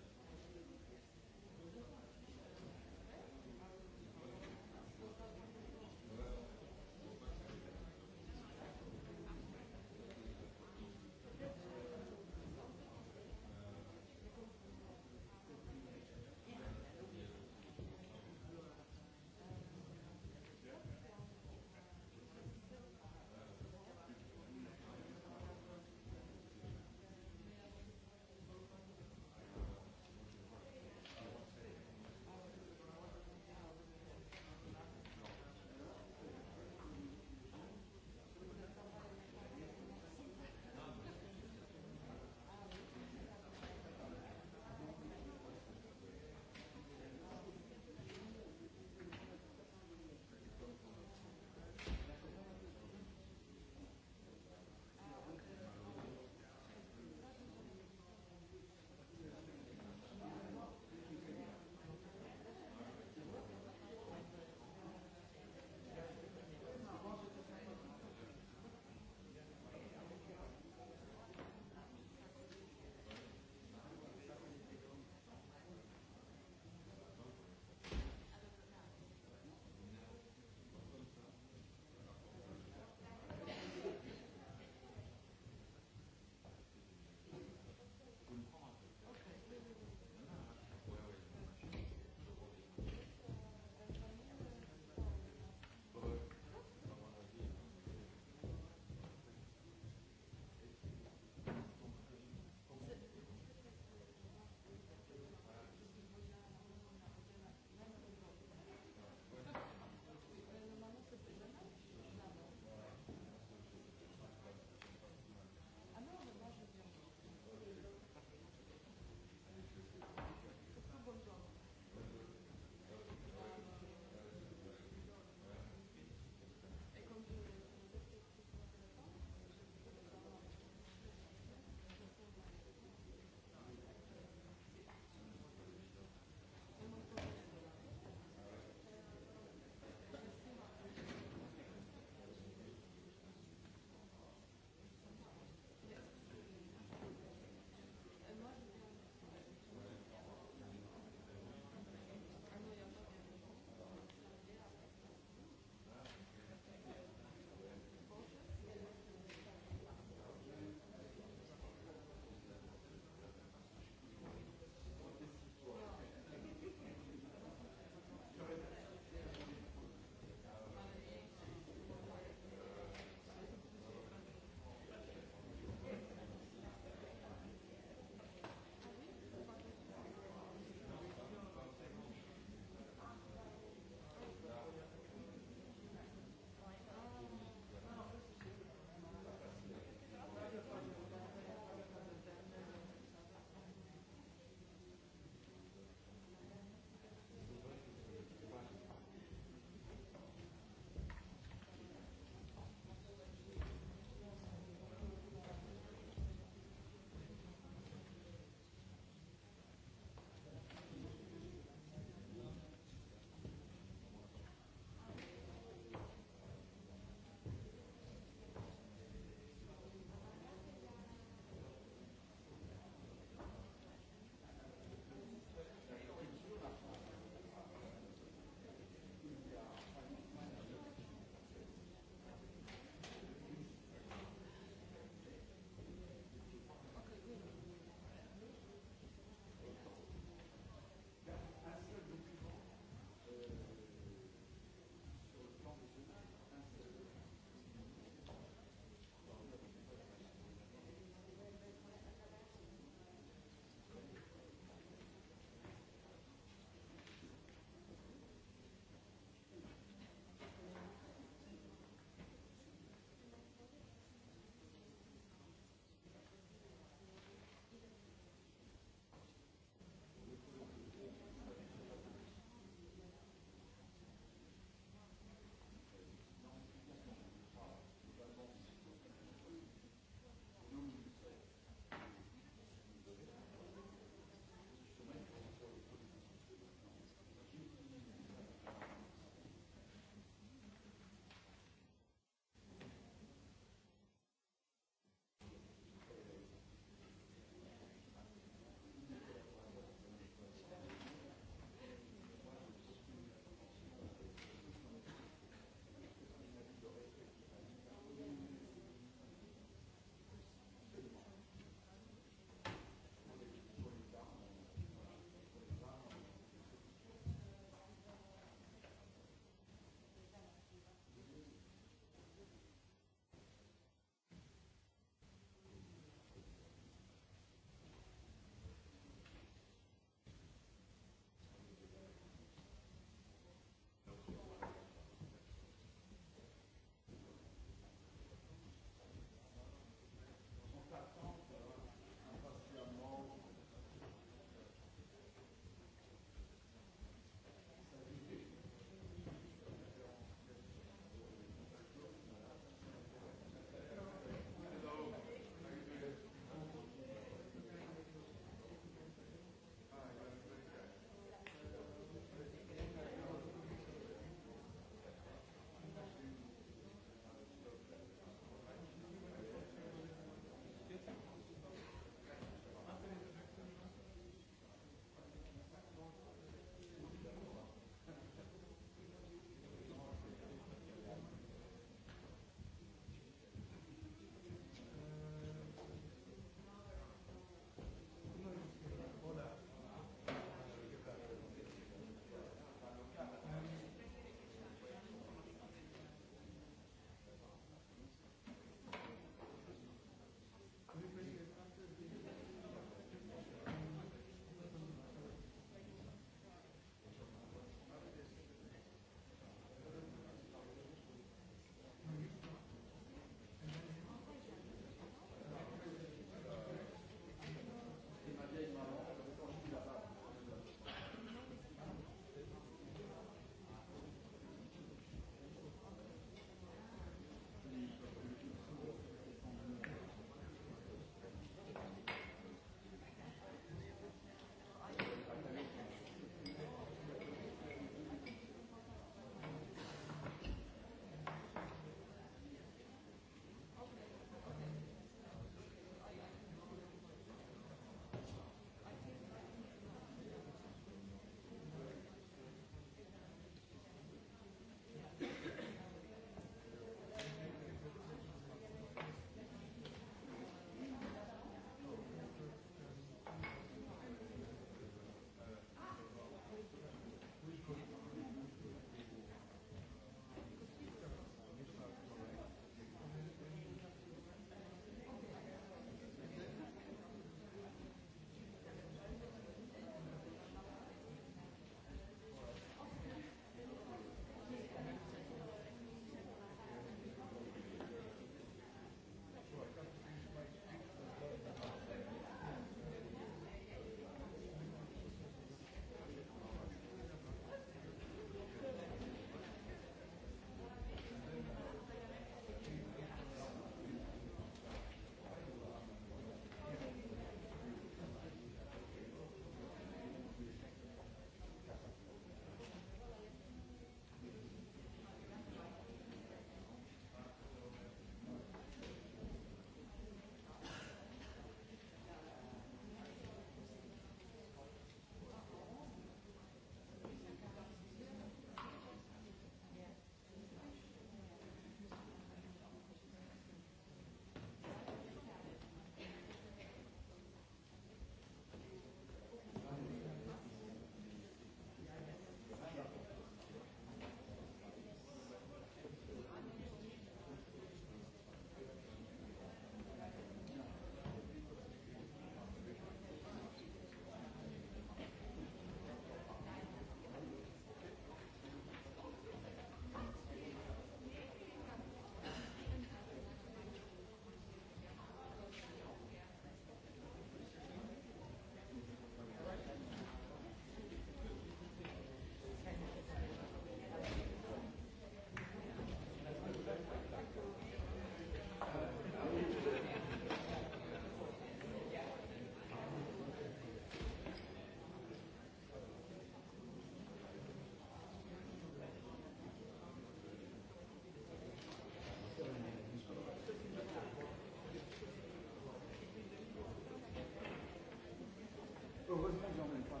Heureusement que j'en ai pas.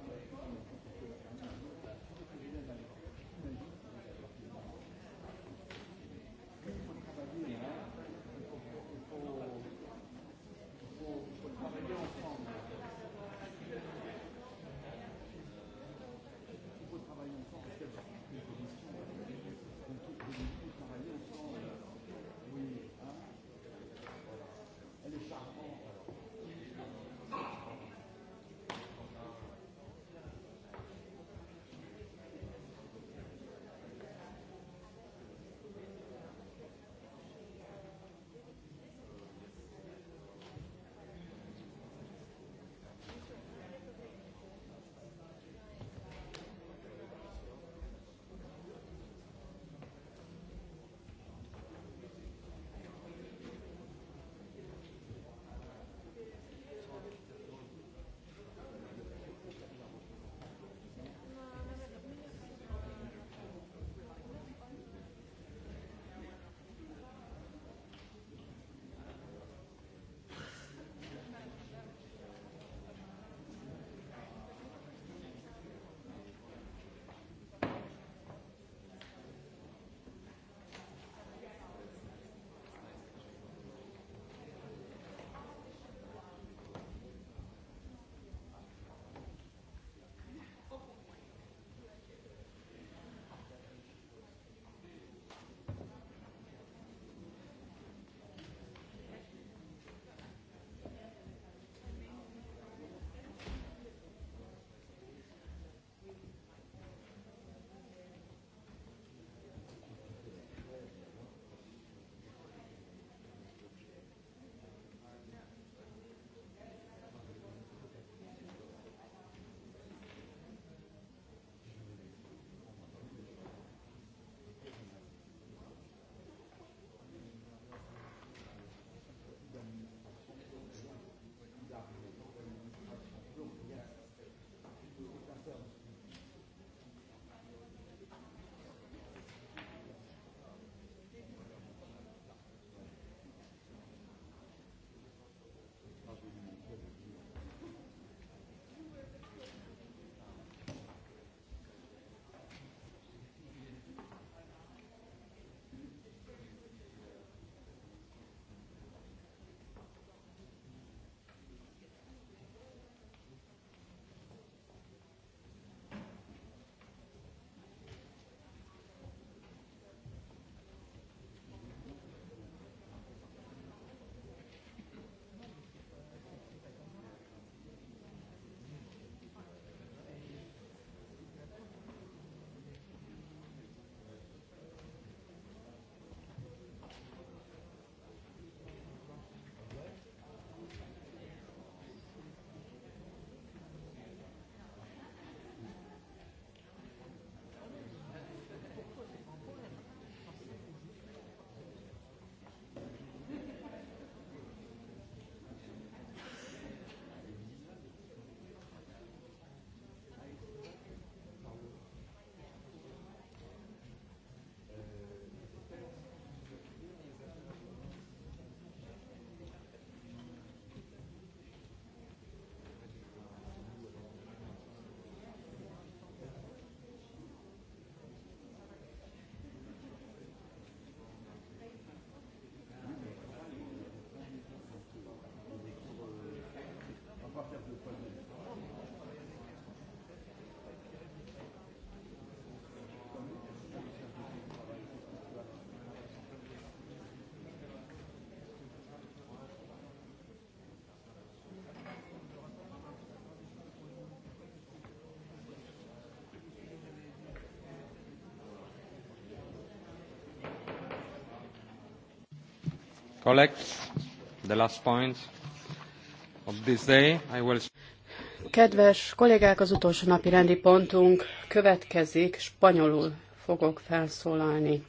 Kedves kollégák, az utolsó napi rendi pontunk következik, spanyolul fogok felszólalni.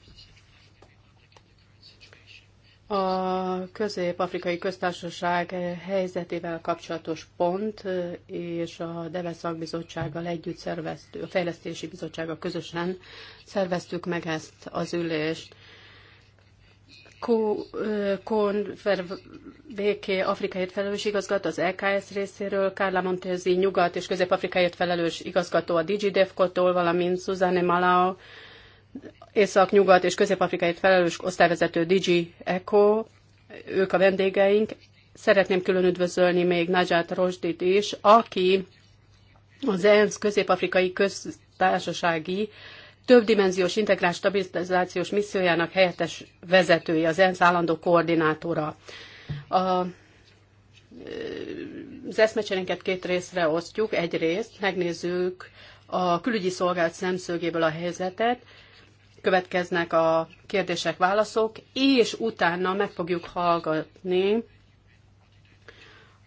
A Közép-Afrikai Köztársaság helyzetével kapcsolatos pont és a Deve Szakbizottsággal együtt szerveztük, a Fejlesztési Bizottsággal közösen szerveztük meg ezt az ülést. Kohn Vervéké Afrikáért felelős igazgató az LKS részéről, Kárla Montezi Nyugat és Közép-Afrikáért felelős igazgató a DigiDevco-tól, valamint Suzanne Malao Észak-Nyugat és Közép-Afrikáért felelős osztályvezető Digi Eco, ők a vendégeink. Szeretném külön üdvözölni még Najat Rosdit is, aki az ENSZ közép-afrikai köztársasági többdimenziós integrált stabilizációs missziójának helyettes vezetője, az ENSZ állandó koordinátora. A az eszmecserénket két részre osztjuk. Egyrészt megnézzük a külügyi szolgálat szemszögéből a helyzetet, következnek a kérdések, válaszok, és utána meg fogjuk hallgatni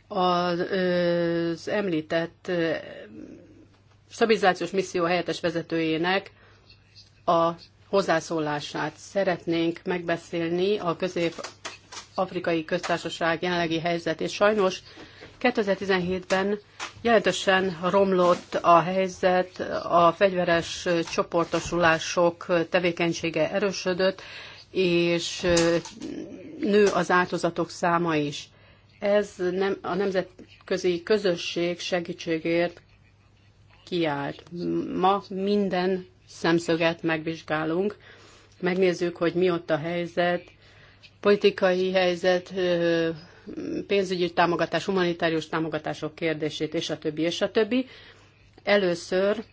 az említett stabilizációs misszió helyettes vezetőjének a hozzászólását. Szeretnénk megbeszélni a közép-afrikai köztársaság jelenlegi helyzetét. Sajnos 2017-ben jelentősen romlott a helyzet, a fegyveres csoportosulások tevékenysége erősödött, és nő az áldozatok száma is. Ez nem, a nemzetközi közösség segítségért kiállt. Ma minden szemszöget megvizsgálunk, megnézzük, hogy mi ott a helyzet, politikai helyzet, pénzügyi támogatás, humanitárius támogatások kérdését, és a többi, és a többi. Először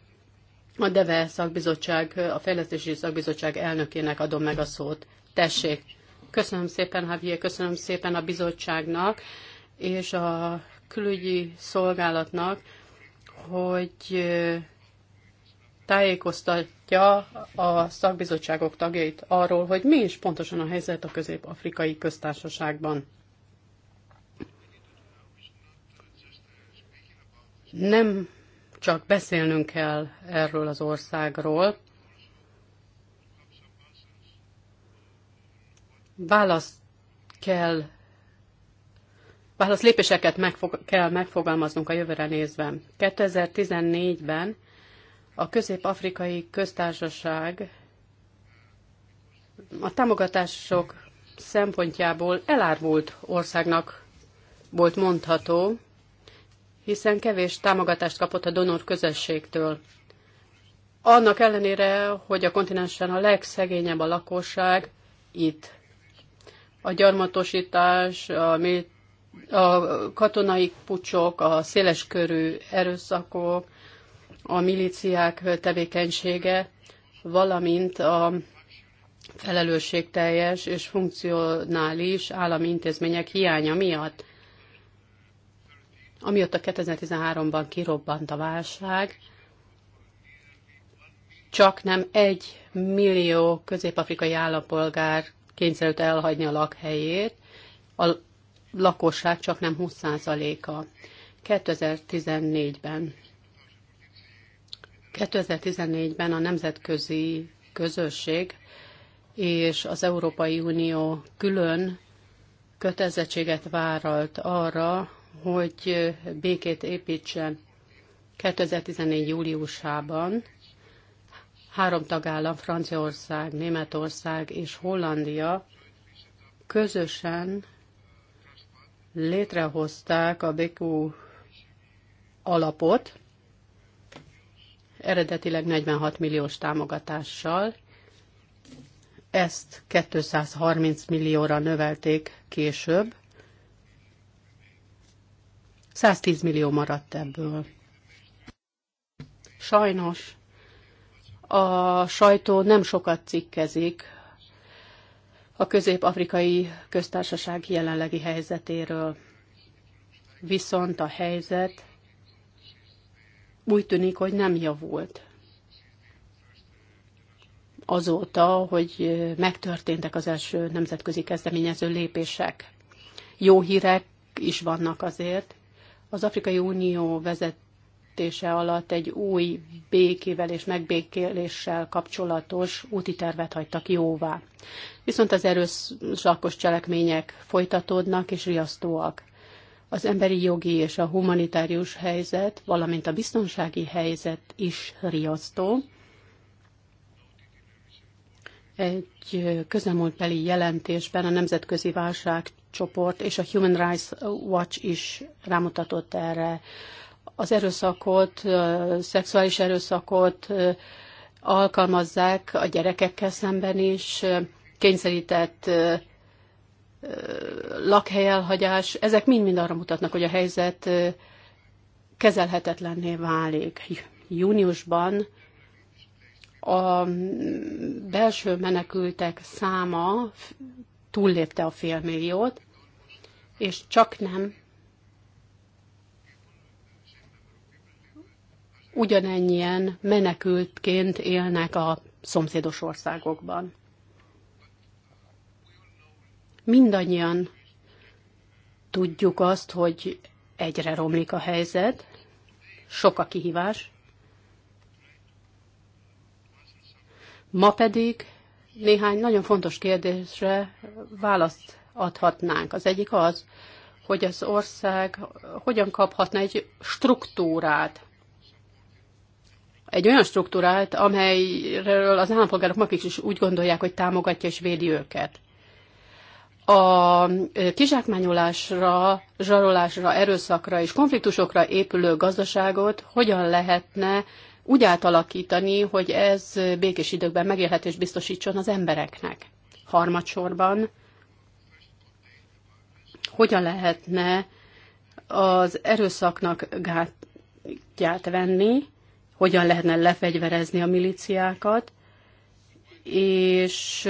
a DEVE szakbizottság, a Fejlesztési Szakbizottság elnökének adom meg a szót. Tessék! Köszönöm szépen, Javier, köszönöm szépen a bizottságnak és a külügyi szolgálatnak, hogy tájékoztatja a szakbizottságok tagjait arról, hogy mi is pontosan a helyzet a közép-afrikai köztársaságban. Nem csak beszélnünk kell erről az országról, választ kell, válasz lépéseket megfog, kell megfogalmaznunk a jövőre nézve. 2014-ben a közép-afrikai köztársaság a támogatások szempontjából elárvult országnak volt mondható, hiszen kevés támogatást kapott a donor közösségtől. Annak ellenére, hogy a kontinensen a legszegényebb a lakosság, itt a gyarmatosítás, a, a katonai pucsok, a széleskörű erőszakok, a milíciák tevékenysége, valamint a felelősségteljes és funkcionális állami intézmények hiánya miatt. Amióta 2013-ban kirobbant a válság, csak nem egy millió közép-afrikai állampolgár kényszerült elhagyni a lakhelyét, a lakosság csak nem 20%-a. 2014-ben 2014-ben a nemzetközi közösség és az Európai Unió külön kötelezettséget vállalt arra, hogy békét építsen 2014. júliusában három tagállam, Franciaország, Németország és Hollandia közösen létrehozták a BQ alapot, eredetileg 46 milliós támogatással, ezt 230 millióra növelték később, 110 millió maradt ebből. Sajnos a sajtó nem sokat cikkezik a közép-afrikai köztársaság jelenlegi helyzetéről. Viszont a helyzet úgy tűnik, hogy nem javult azóta, hogy megtörténtek az első nemzetközi kezdeményező lépések. Jó hírek is vannak azért. Az Afrikai Unió vezetése alatt egy új békével és megbékéléssel kapcsolatos úti tervet hagytak jóvá. Viszont az erőszakos cselekmények folytatódnak és riasztóak az emberi jogi és a humanitárius helyzet, valamint a biztonsági helyzet is riasztó. Egy közelmúltbeli jelentésben a Nemzetközi Válságcsoport és a Human Rights Watch is rámutatott erre. Az erőszakot, szexuális erőszakot alkalmazzák a gyerekekkel szemben is, kényszerített lakhelyelhagyás, ezek mind-mind arra mutatnak, hogy a helyzet kezelhetetlenné válik. Júniusban a belső menekültek száma túllépte a félmilliót, és csak nem ugyanennyien menekültként élnek a szomszédos országokban. Mindannyian tudjuk azt, hogy egyre romlik a helyzet, sok a kihívás. Ma pedig néhány nagyon fontos kérdésre választ adhatnánk. Az egyik az, hogy az ország hogyan kaphatna egy struktúrát, egy olyan struktúrát, amelyről az állampolgárok maguk is úgy gondolják, hogy támogatja és védi őket a kizsákmányolásra, zsarolásra, erőszakra és konfliktusokra épülő gazdaságot hogyan lehetne úgy átalakítani, hogy ez békés időkben megélhetést biztosítson az embereknek. Harmadsorban, hogyan lehetne az erőszaknak gátját venni, hogyan lehetne lefegyverezni a miliciákat, és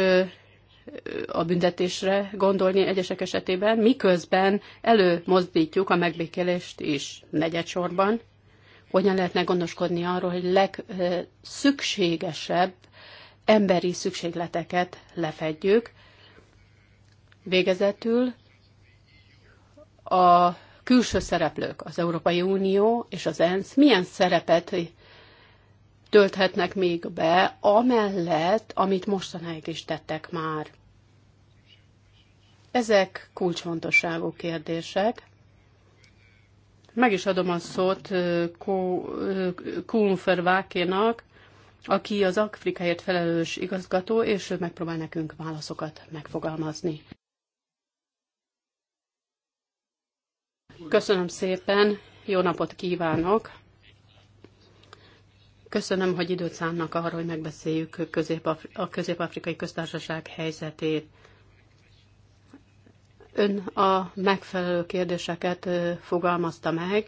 a büntetésre gondolni egyesek esetében, miközben előmozdítjuk a megbékélést is negyedsorban. Hogyan lehetne gondoskodni arról, hogy legszükségesebb emberi szükségleteket lefedjük. Végezetül a külső szereplők, az Európai Unió és az ENSZ milyen szerepet tölthetnek még be, amellett, amit mostanáig is tettek már. Ezek kulcsfontosságú kérdések. Meg is adom a szót Kuhnfer aki az Afrikáért felelős igazgató, és ő megpróbál nekünk válaszokat megfogalmazni. Köszönöm szépen, jó napot kívánok! Köszönöm, hogy időt szánnak arra, hogy megbeszéljük a közép-afrikai köztársaság helyzetét. Ön a megfelelő kérdéseket fogalmazta meg,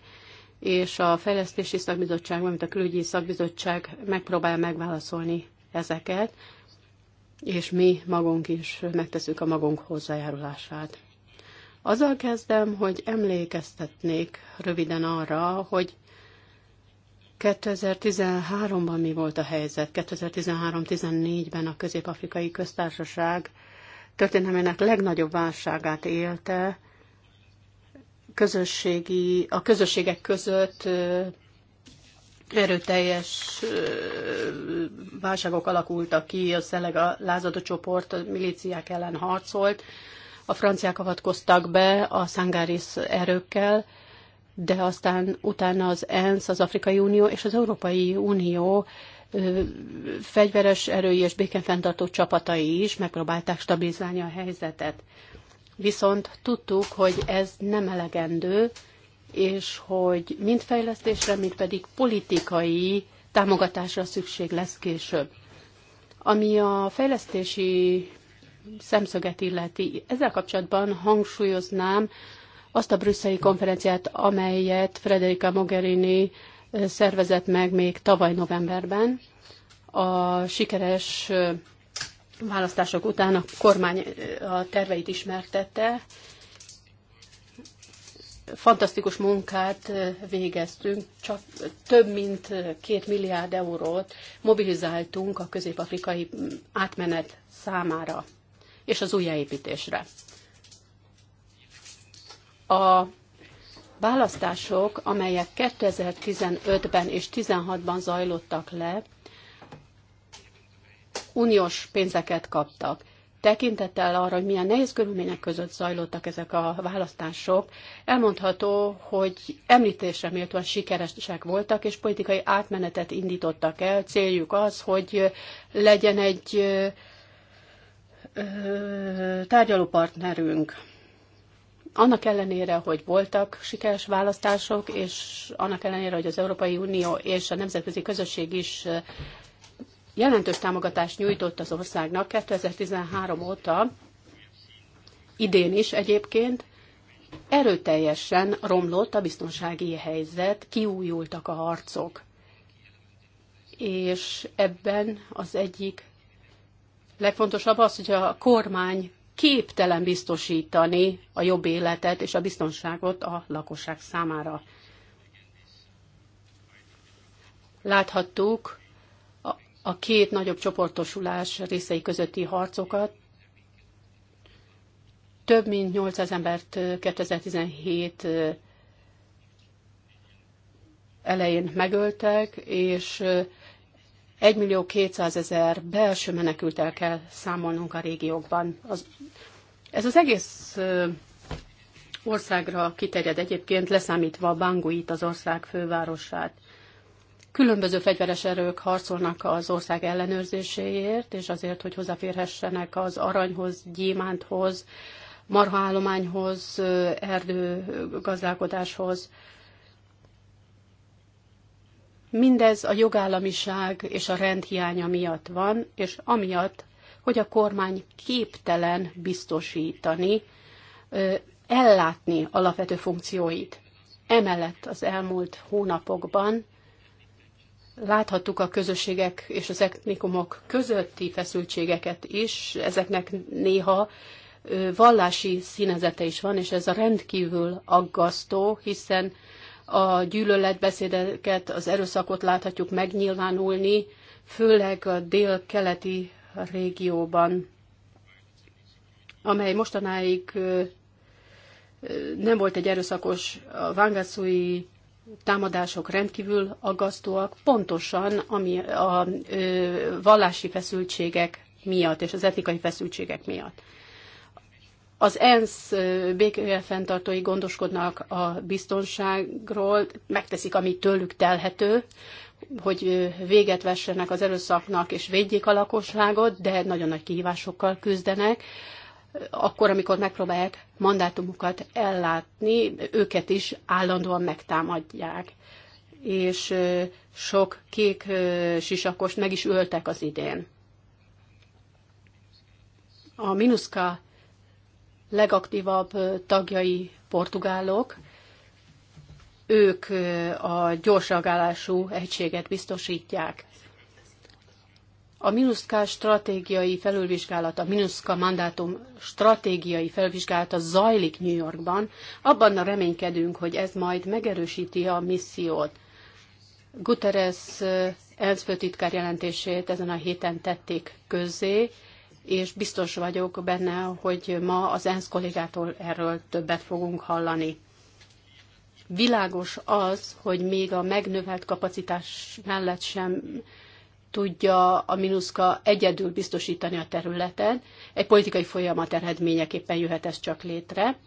és a Fejlesztési Szakbizottság, mint a Külügyi Szakbizottság megpróbál megválaszolni ezeket, és mi magunk is megteszünk a magunk hozzájárulását. Azzal kezdem, hogy emlékeztetnék röviden arra, hogy 2013-ban mi volt a helyzet? 2013-14-ben a Közép-Afrikai Köztársaság történelmének legnagyobb válságát élte, közösségi, a közösségek között erőteljes válságok alakultak ki, a szeleg a lázadó csoport a milíciák ellen harcolt, a franciák avatkoztak be a szangáris erőkkel, de aztán utána az ENSZ, az Afrikai Unió és az Európai Unió fegyveres erői és békenfenntartó csapatai is megpróbálták stabilizálni a helyzetet. Viszont tudtuk, hogy ez nem elegendő, és hogy mind fejlesztésre, mind pedig politikai támogatásra szükség lesz később. Ami a fejlesztési szemszöget illeti, ezzel kapcsolatban hangsúlyoznám azt a brüsszeli konferenciát, amelyet Frederica Mogherini szervezett meg még tavaly novemberben. A sikeres választások után a kormány a terveit ismertette. Fantasztikus munkát végeztünk, csak több mint két milliárd eurót mobilizáltunk a közép-afrikai átmenet számára és az újjáépítésre a választások, amelyek 2015-ben és 2016-ban zajlottak le, uniós pénzeket kaptak. Tekintettel arra, hogy milyen nehéz körülmények között zajlottak ezek a választások, elmondható, hogy említésre méltóan sikeresek voltak, és politikai átmenetet indítottak el. Céljuk az, hogy legyen egy tárgyalópartnerünk annak ellenére, hogy voltak sikeres választások, és annak ellenére, hogy az Európai Unió és a nemzetközi közösség is jelentős támogatást nyújtott az országnak 2013 óta, idén is egyébként, erőteljesen romlott a biztonsági helyzet, kiújultak a harcok. És ebben az egyik legfontosabb az, hogy a kormány képtelen biztosítani a jobb életet és a biztonságot a lakosság számára. Láthattuk a két nagyobb csoportosulás részei közötti harcokat. Több mint 800 embert 2017 elején megöltek, és 1 millió 200 ezer belső menekültel kell számolnunk a régiókban. Az, ez az egész országra kiterjed egyébként, leszámítva Banguit, az ország fővárosát. Különböző fegyveres erők harcolnak az ország ellenőrzéséért, és azért, hogy hozzáférhessenek az aranyhoz, gyémánthoz, marhaállományhoz, erdőgazdálkodáshoz. Mindez a jogállamiság és a rend hiánya miatt van, és amiatt, hogy a kormány képtelen biztosítani, ellátni alapvető funkcióit. Emellett az elmúlt hónapokban láthattuk a közösségek és az etnikumok közötti feszültségeket is, ezeknek néha vallási színezete is van, és ez a rendkívül aggasztó, hiszen a gyűlöletbeszédeket, az erőszakot láthatjuk megnyilvánulni, főleg a dél-keleti régióban, amely mostanáig nem volt egy erőszakos a vángászói támadások rendkívül aggasztóak, pontosan ami a vallási feszültségek miatt és az etnikai feszültségek miatt. Az ENSZ fenntartói gondoskodnak a biztonságról, megteszik, ami tőlük telhető, hogy véget vessenek az erőszaknak és védjék a lakosságot, de nagyon nagy kihívásokkal küzdenek. Akkor, amikor megpróbálják mandátumukat ellátni, őket is állandóan megtámadják. És sok kék sisakost meg is öltek az idén. A minuska legaktívabb tagjai portugálok, ők a gyorsagálású egységet biztosítják. A MINUSZKA stratégiai felülvizsgálata, a MINUSZKA mandátum stratégiai felülvizsgálata zajlik New Yorkban. Abban a reménykedünk, hogy ez majd megerősíti a missziót. Guterres ENSZ főtitkár jelentését ezen a héten tették közzé, és biztos vagyok benne, hogy ma az ENSZ kollégától erről többet fogunk hallani. Világos az, hogy még a megnövelt kapacitás mellett sem tudja a MINUSZKA egyedül biztosítani a területen. Egy politikai folyamat eredményeképpen jöhet ez csak létre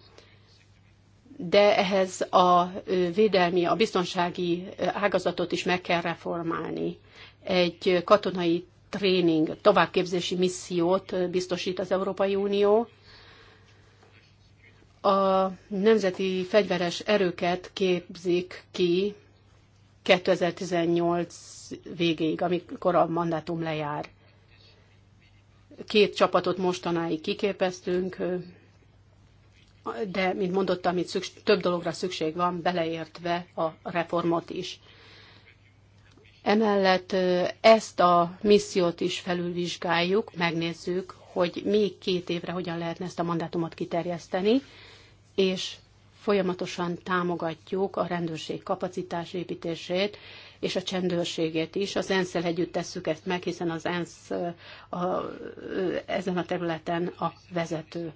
de ehhez a védelmi, a biztonsági ágazatot is meg kell reformálni. Egy katonai tréning, továbbképzési missziót biztosít az Európai Unió. A nemzeti fegyveres erőket képzik ki 2018 végéig, amikor a mandátum lejár. Két csapatot mostanáig kiképeztünk, de, mint mondottam, itt szükség, több dologra szükség van, beleértve a reformot is. Emellett ezt a missziót is felülvizsgáljuk, megnézzük, hogy még két évre hogyan lehetne ezt a mandátumot kiterjeszteni, és folyamatosan támogatjuk a rendőrség kapacitásépítését és a csendőrségét is. Az ensz együtt tesszük ezt meg, hiszen az ENSZ a, a, ezen a területen a vezető.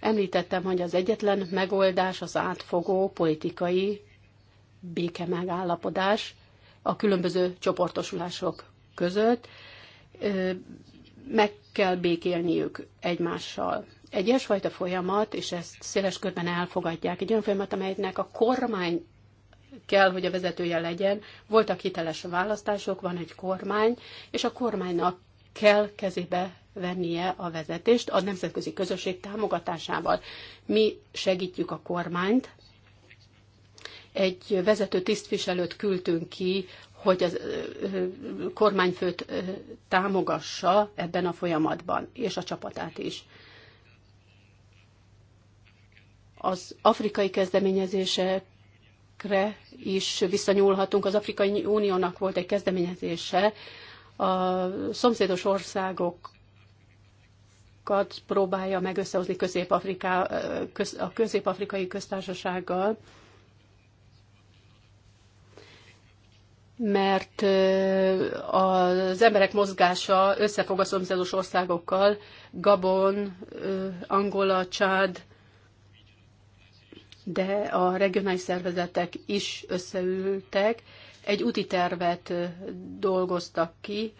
Említettem, hogy az egyetlen megoldás az átfogó politikai béke megállapodás, a különböző csoportosulások között. Meg kell békélniük egymással. Egy ilyesfajta folyamat, és ezt széles körben elfogadják, egy olyan folyamat, amelynek a kormány kell, hogy a vezetője legyen. Voltak hiteles választások, van egy kormány, és a kormánynak kell kezébe vennie a vezetést a nemzetközi közösség támogatásával. Mi segítjük a kormányt egy vezető tisztviselőt küldtünk ki, hogy a kormányfőt támogassa ebben a folyamatban, és a csapatát is. Az afrikai kezdeményezésekre is visszanyúlhatunk. Az Afrikai Uniónak volt egy kezdeményezése, a szomszédos országok próbálja meg összehozni közép a Közép-Afrikai Köztársasággal. mert az emberek mozgása összefog a szomszédos országokkal, Gabon, Angola, Csád, de a regionális szervezetek is összeültek, egy úti tervet dolgoztak ki,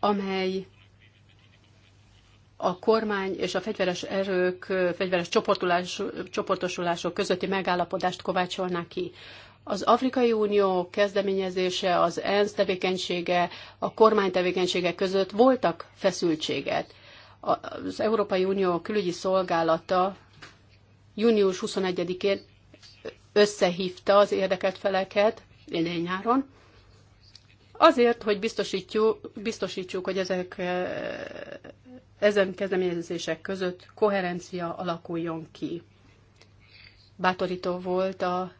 amely a kormány és a fegyveres erők, fegyveres csoportosulások közötti megállapodást kovácsolná ki. Az Afrikai Unió kezdeményezése, az ENSZ tevékenysége, a kormány tevékenysége között voltak feszültséget. Az Európai Unió külügyi szolgálata június 21-én összehívta az érdekelt feleket idén nyáron, azért, hogy biztosítjuk, biztosítsuk, hogy ezek, eh, ezen kezdeményezések között koherencia alakuljon ki. Bátorító volt a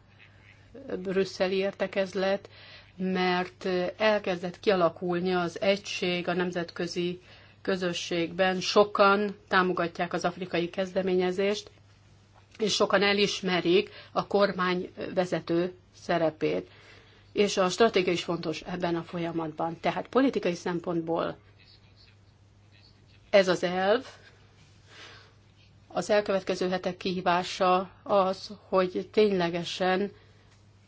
brüsszeli értekezlet, mert elkezdett kialakulni az egység a nemzetközi közösségben. Sokan támogatják az afrikai kezdeményezést, és sokan elismerik a kormány vezető szerepét. És a stratégia is fontos ebben a folyamatban. Tehát politikai szempontból ez az elv, az elkövetkező hetek kihívása az, hogy ténylegesen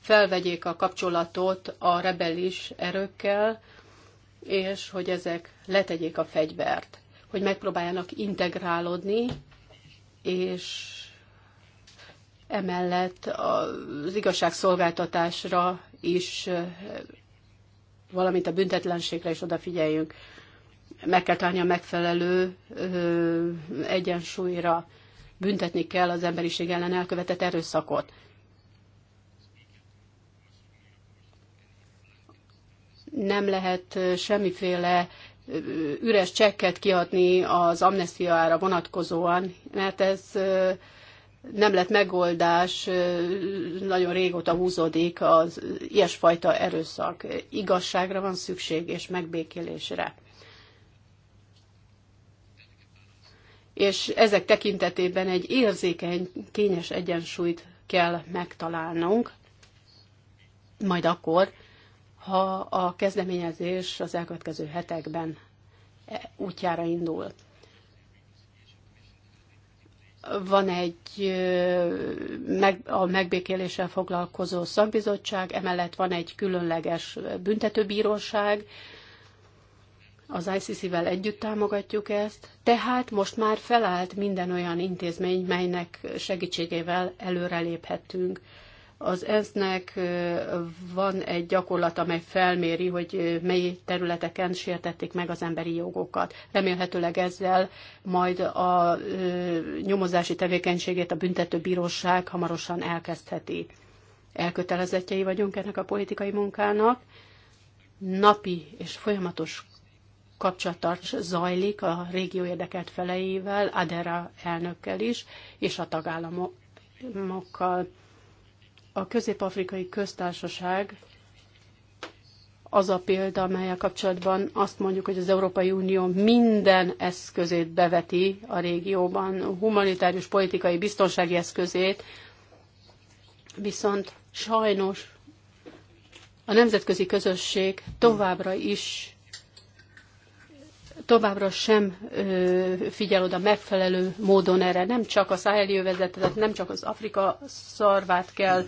felvegyék a kapcsolatot a rebelis erőkkel, és hogy ezek letegyék a fegyvert, hogy megpróbáljanak integrálódni, és emellett az igazságszolgáltatásra is, valamint a büntetlenségre is odafigyeljünk. Meg kell találni a megfelelő egyensúlyra. Büntetni kell az emberiség ellen elkövetett erőszakot. nem lehet semmiféle üres csekket kiadni az amnestiára vonatkozóan, mert ez nem lett megoldás, nagyon régóta húzódik az ilyesfajta erőszak. Igazságra van szükség és megbékélésre. És ezek tekintetében egy érzékeny, kényes egyensúlyt kell megtalálnunk, majd akkor, ha a kezdeményezés az elkövetkező hetekben e útjára indul. Van egy meg, a megbékéléssel foglalkozó szakbizottság, emellett van egy különleges büntetőbíróság, az ICC-vel együtt támogatjuk ezt, tehát most már felállt minden olyan intézmény, melynek segítségével előreléphettünk. Az ENSZ-nek van egy gyakorlat, amely felméri, hogy mely területeken sértették meg az emberi jogokat. Remélhetőleg ezzel majd a nyomozási tevékenységét a büntetőbíróság hamarosan elkezdheti. Elkötelezettjei vagyunk ennek a politikai munkának. Napi és folyamatos kapcsolattartás zajlik a régió érdekelt feleivel, Adera elnökkel is, és a tagállamokkal. A Közép-Afrikai Köztársaság az a példa, amelyel kapcsolatban azt mondjuk, hogy az Európai Unió minden eszközét beveti a régióban, humanitárius, politikai, biztonsági eszközét, viszont sajnos a nemzetközi közösség továbbra is továbbra sem ö, figyel oda megfelelő módon erre. Nem csak a száheli övezetet, nem csak az Afrika szarvát kell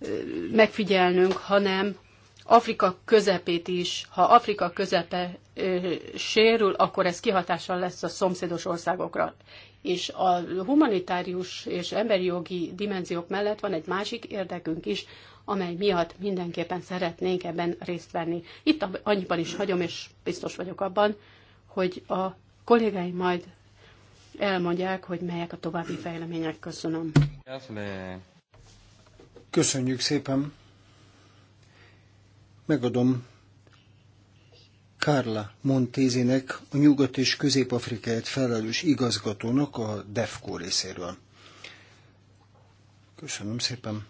ö, megfigyelnünk, hanem Afrika közepét is. Ha Afrika közepe ö, sérül, akkor ez kihatással lesz a szomszédos országokra. És a humanitárius és emberi jogi dimenziók mellett van egy másik érdekünk is, amely miatt mindenképpen szeretnénk ebben részt venni. Itt annyiban is hagyom, és biztos vagyok abban, hogy a kollégáim majd elmondják, hogy melyek a további fejlemények. Köszönöm. Köszönjük szépen. Megadom Carla Montézinek, a Nyugat és Közép-Afrikáért felelős igazgatónak a DEFCO részéről. Köszönöm szépen.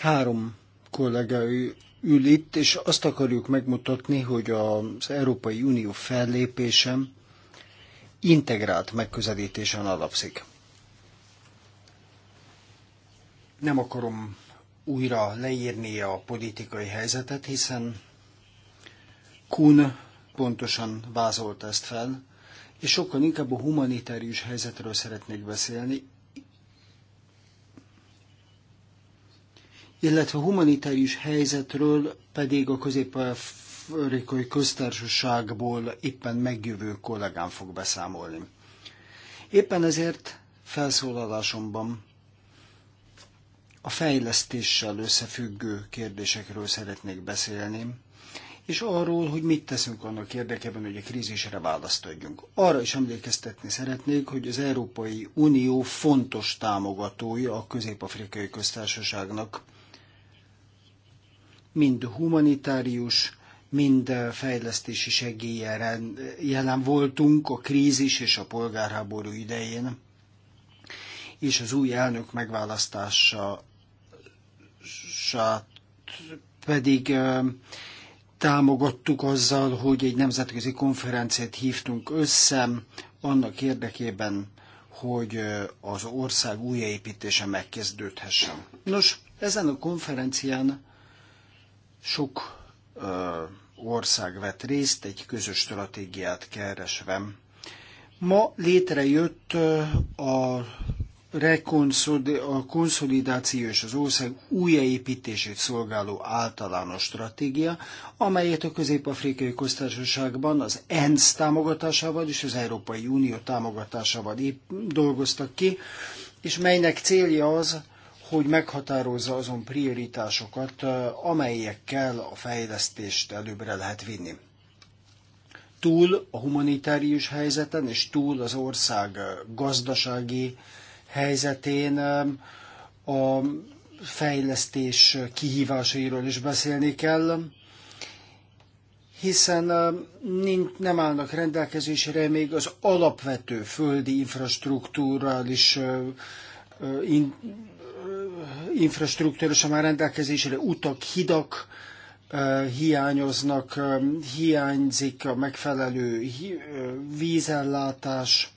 Három kollégai ül itt, és azt akarjuk megmutatni, hogy az Európai Unió fellépésem integrált megközelítésen alapszik. Nem akarom újra leírni a politikai helyzetet, hiszen Kun pontosan vázolt ezt fel, és sokkal inkább a humanitárius helyzetről szeretnék beszélni, illetve humanitárius helyzetről pedig a közép-afrikai köztársaságból éppen megjövő kollégám fog beszámolni. Éppen ezért felszólalásomban a fejlesztéssel összefüggő kérdésekről szeretnék beszélni, és arról, hogy mit teszünk annak érdekében, hogy a krízisre választ adjunk. Arra is emlékeztetni szeretnék, hogy az Európai Unió fontos támogatója a Közép-Afrikai Köztársaságnak, mind humanitárius, mind fejlesztési segéllyel jelen voltunk a krízis és a polgárháború idején, és az új elnök megválasztása pedig támogattuk azzal, hogy egy nemzetközi konferenciát hívtunk össze, annak érdekében, hogy az ország újjáépítése megkezdődhessen. Nos, ezen a konferencián sok ö, ország vett részt egy közös stratégiát keresve. Ma létrejött a a konszolidáció és az ország újjáépítését szolgáló általános stratégia, amelyet a Közép-Afrikai Köztársaságban az ENSZ támogatásával és az Európai Unió támogatásával épp dolgoztak ki, és melynek célja az, hogy meghatározza azon prioritásokat, amelyekkel a fejlesztést előbbre lehet vinni. Túl a humanitárius helyzeten és túl az ország gazdasági helyzetén a fejlesztés kihívásairól is beszélni kell, hiszen nem állnak rendelkezésre még az alapvető földi infrastruktúrális infrastruktúra sem áll rendelkezésre, utak, hidak hiányoznak, hiányzik a megfelelő vízellátás,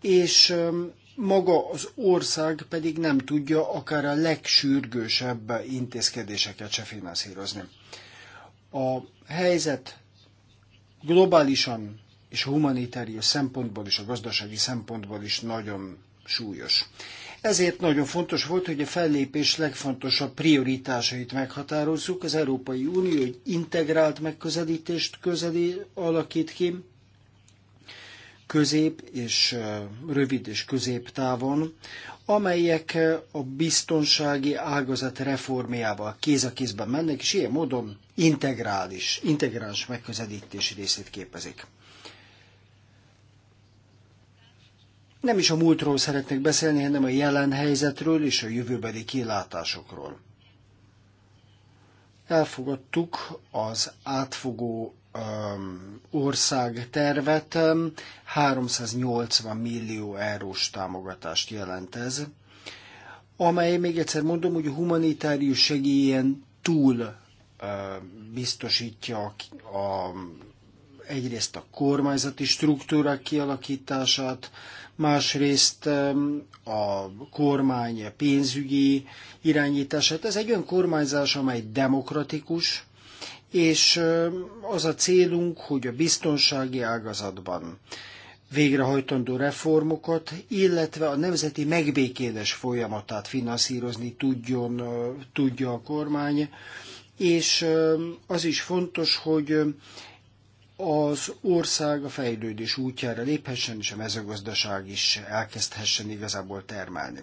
és maga az ország pedig nem tudja akár a legsürgősebb intézkedéseket se finanszírozni. A helyzet globálisan és a humanitárius szempontból és a gazdasági szempontból is nagyon súlyos. Ezért nagyon fontos volt, hogy a fellépés legfontosabb prioritásait meghatározzuk. Az Európai Unió egy integrált megközelítést közeli alakít ki, közép és rövid és középtávon, amelyek a biztonsági ágazat reformjával kéz a kézben mennek, és ilyen módon integrális, integráns megközelítés részét képezik. Nem is a múltról szeretnék beszélni, hanem a jelen helyzetről és a jövőbeli kilátásokról. Elfogadtuk az átfogó um, ország tervet, 380 um, millió eurós támogatást jelent ez, amely, még egyszer mondom, hogy a humanitárius segélyen túl uh, biztosítja a, a, um, egyrészt a kormányzati struktúrák kialakítását, másrészt a kormány pénzügyi irányítását. Ez egy olyan kormányzás, amely demokratikus, és az a célunk, hogy a biztonsági ágazatban végrehajtandó reformokat, illetve a nemzeti megbékélés folyamatát finanszírozni tudjon, tudja a kormány, és az is fontos, hogy az ország a fejlődés útjára léphessen, és a mezőgazdaság is elkezdhessen igazából termelni.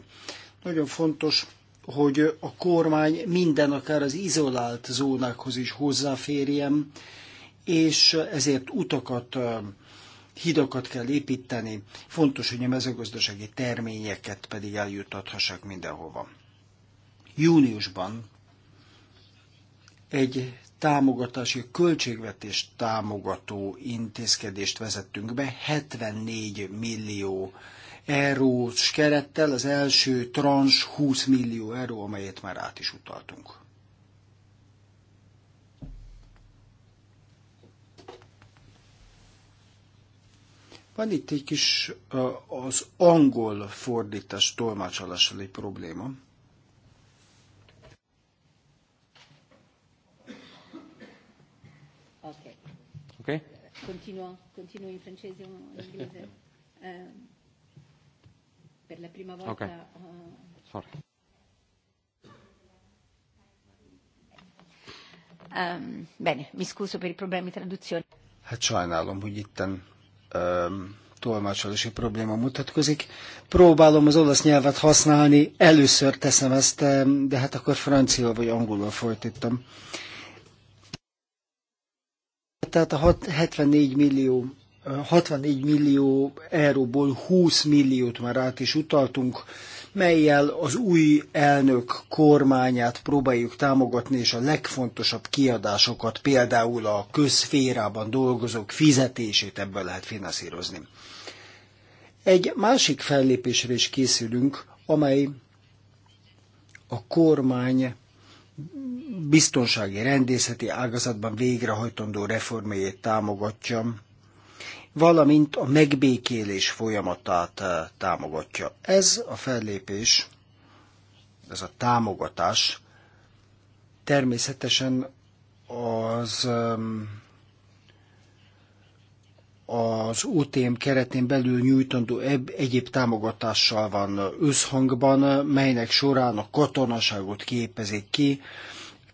Nagyon fontos, hogy a kormány minden, akár az izolált zónákhoz is hozzáférjen, és ezért utakat, hidakat kell építeni, fontos, hogy a mezőgazdasági terményeket pedig eljutathassák mindenhova. Júniusban egy támogatási, a költségvetést támogató intézkedést vezettünk be, 74 millió eurós kerettel, az első trans 20 millió euró, amelyet már át is utaltunk. Van itt egy kis az angol fordítás tolmácsolással egy probléma. Ok? Continuo, continuo in francese o in inglese. *laughs* Eh, per la prima volta... Okay. Uh, Sorry. Um, bene, mi scuso per i problemi di traduzione. Hát sajnálom, hogy itten um, ehm, tolmácsolási probléma mutatkozik. Próbálom az olasz nyelvet használni, először teszem ezt, ehm, de hát akkor francia vagy angolul folytattam. Uh, tehát a 74 millió 64 millió euróból 20 milliót már át is utaltunk, melyel az új elnök kormányát próbáljuk támogatni, és a legfontosabb kiadásokat, például a közférában dolgozók fizetését ebből lehet finanszírozni. Egy másik fellépésre is készülünk, amely a kormány biztonsági rendészeti ágazatban végrehajtandó reformjét támogatja, valamint a megbékélés folyamatát eh, támogatja. Ez a fellépés, ez a támogatás természetesen az um, az OTM keretén belül nyújtandó egyéb támogatással van összhangban, melynek során a katonaságot képezik ki.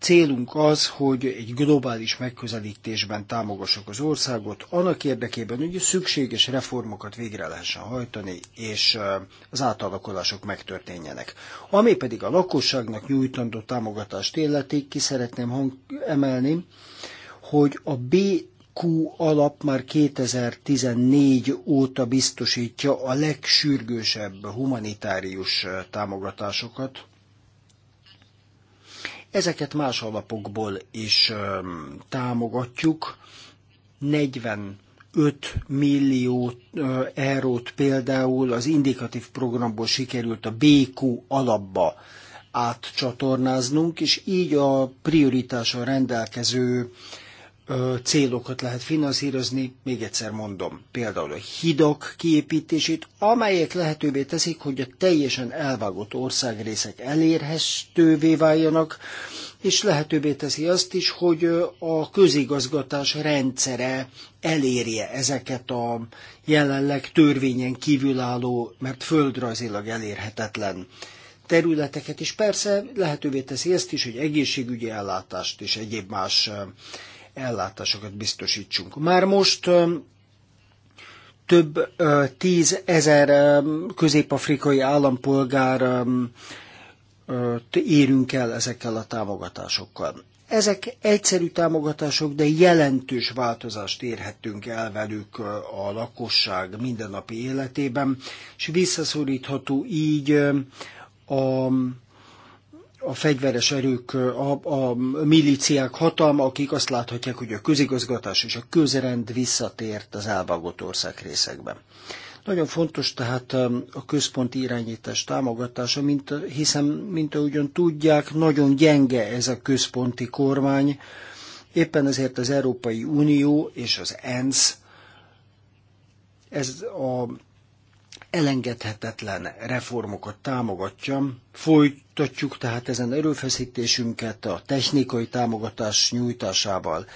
Célunk az, hogy egy globális megközelítésben támogassuk az országot, annak érdekében, hogy szükséges reformokat végre lehessen hajtani, és az átalakulások megtörténjenek. Ami pedig a lakosságnak nyújtandó támogatást illeti, ki szeretném hang- emelni, hogy a B Q alap már 2014 óta biztosítja a legsürgősebb humanitárius támogatásokat. Ezeket más alapokból is támogatjuk. 45 millió eurót például az indikatív programból sikerült a BQ alapba átcsatornáznunk, és így a prioritással rendelkező célokat lehet finanszírozni, még egyszer mondom, például a hidak kiépítését, amelyek lehetővé teszik, hogy a teljesen elvágott országrészek elérhetővé váljanak, és lehetővé teszi azt is, hogy a közigazgatás rendszere elérje ezeket a jelenleg törvényen kívülálló, mert földrajzilag elérhetetlen területeket, és persze lehetővé teszi ezt is, hogy egészségügyi ellátást és egyéb más ellátásokat biztosítsunk. Már most több tízezer közép-afrikai állampolgár érünk el ezekkel a támogatásokkal. Ezek egyszerű támogatások, de jelentős változást érhettünk el velük a lakosság mindennapi életében, és visszaszorítható így a a fegyveres erők, a, a milíciák hatalma, akik azt láthatják, hogy a közigazgatás és a közrend visszatért az elvágott ország részekben. Nagyon fontos tehát a központi irányítás támogatása, mint, hiszen, mint ahogyan tudják, nagyon gyenge ez a központi kormány. Éppen ezért az Európai Unió és az ENSZ ez a elengedhetetlen reformokat támogatja. Folytatjuk tehát ezen erőfeszítésünket a technikai támogatás nyújtásával.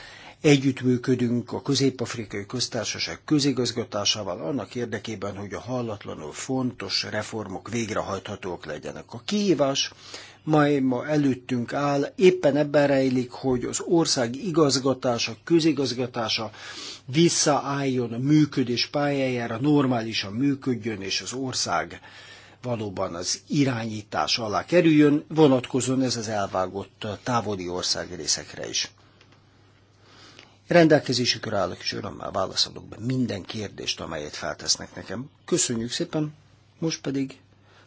Együttműködünk a Közép-Afrikai Köztársaság közigazgatásával annak érdekében, hogy a hallatlanul fontos reformok végrehajthatók legyenek. A kihívás mely ma előttünk áll, éppen ebben rejlik, hogy az ország igazgatása, közigazgatása visszaálljon a működés pályájára, normálisan működjön, és az ország valóban az irányítás alá kerüljön, vonatkozóan ez az elvágott távoli részekre is. Rendelkezésükre állok, és örömmel válaszolok be minden kérdést, amelyet feltesznek nekem. Köszönjük szépen, most pedig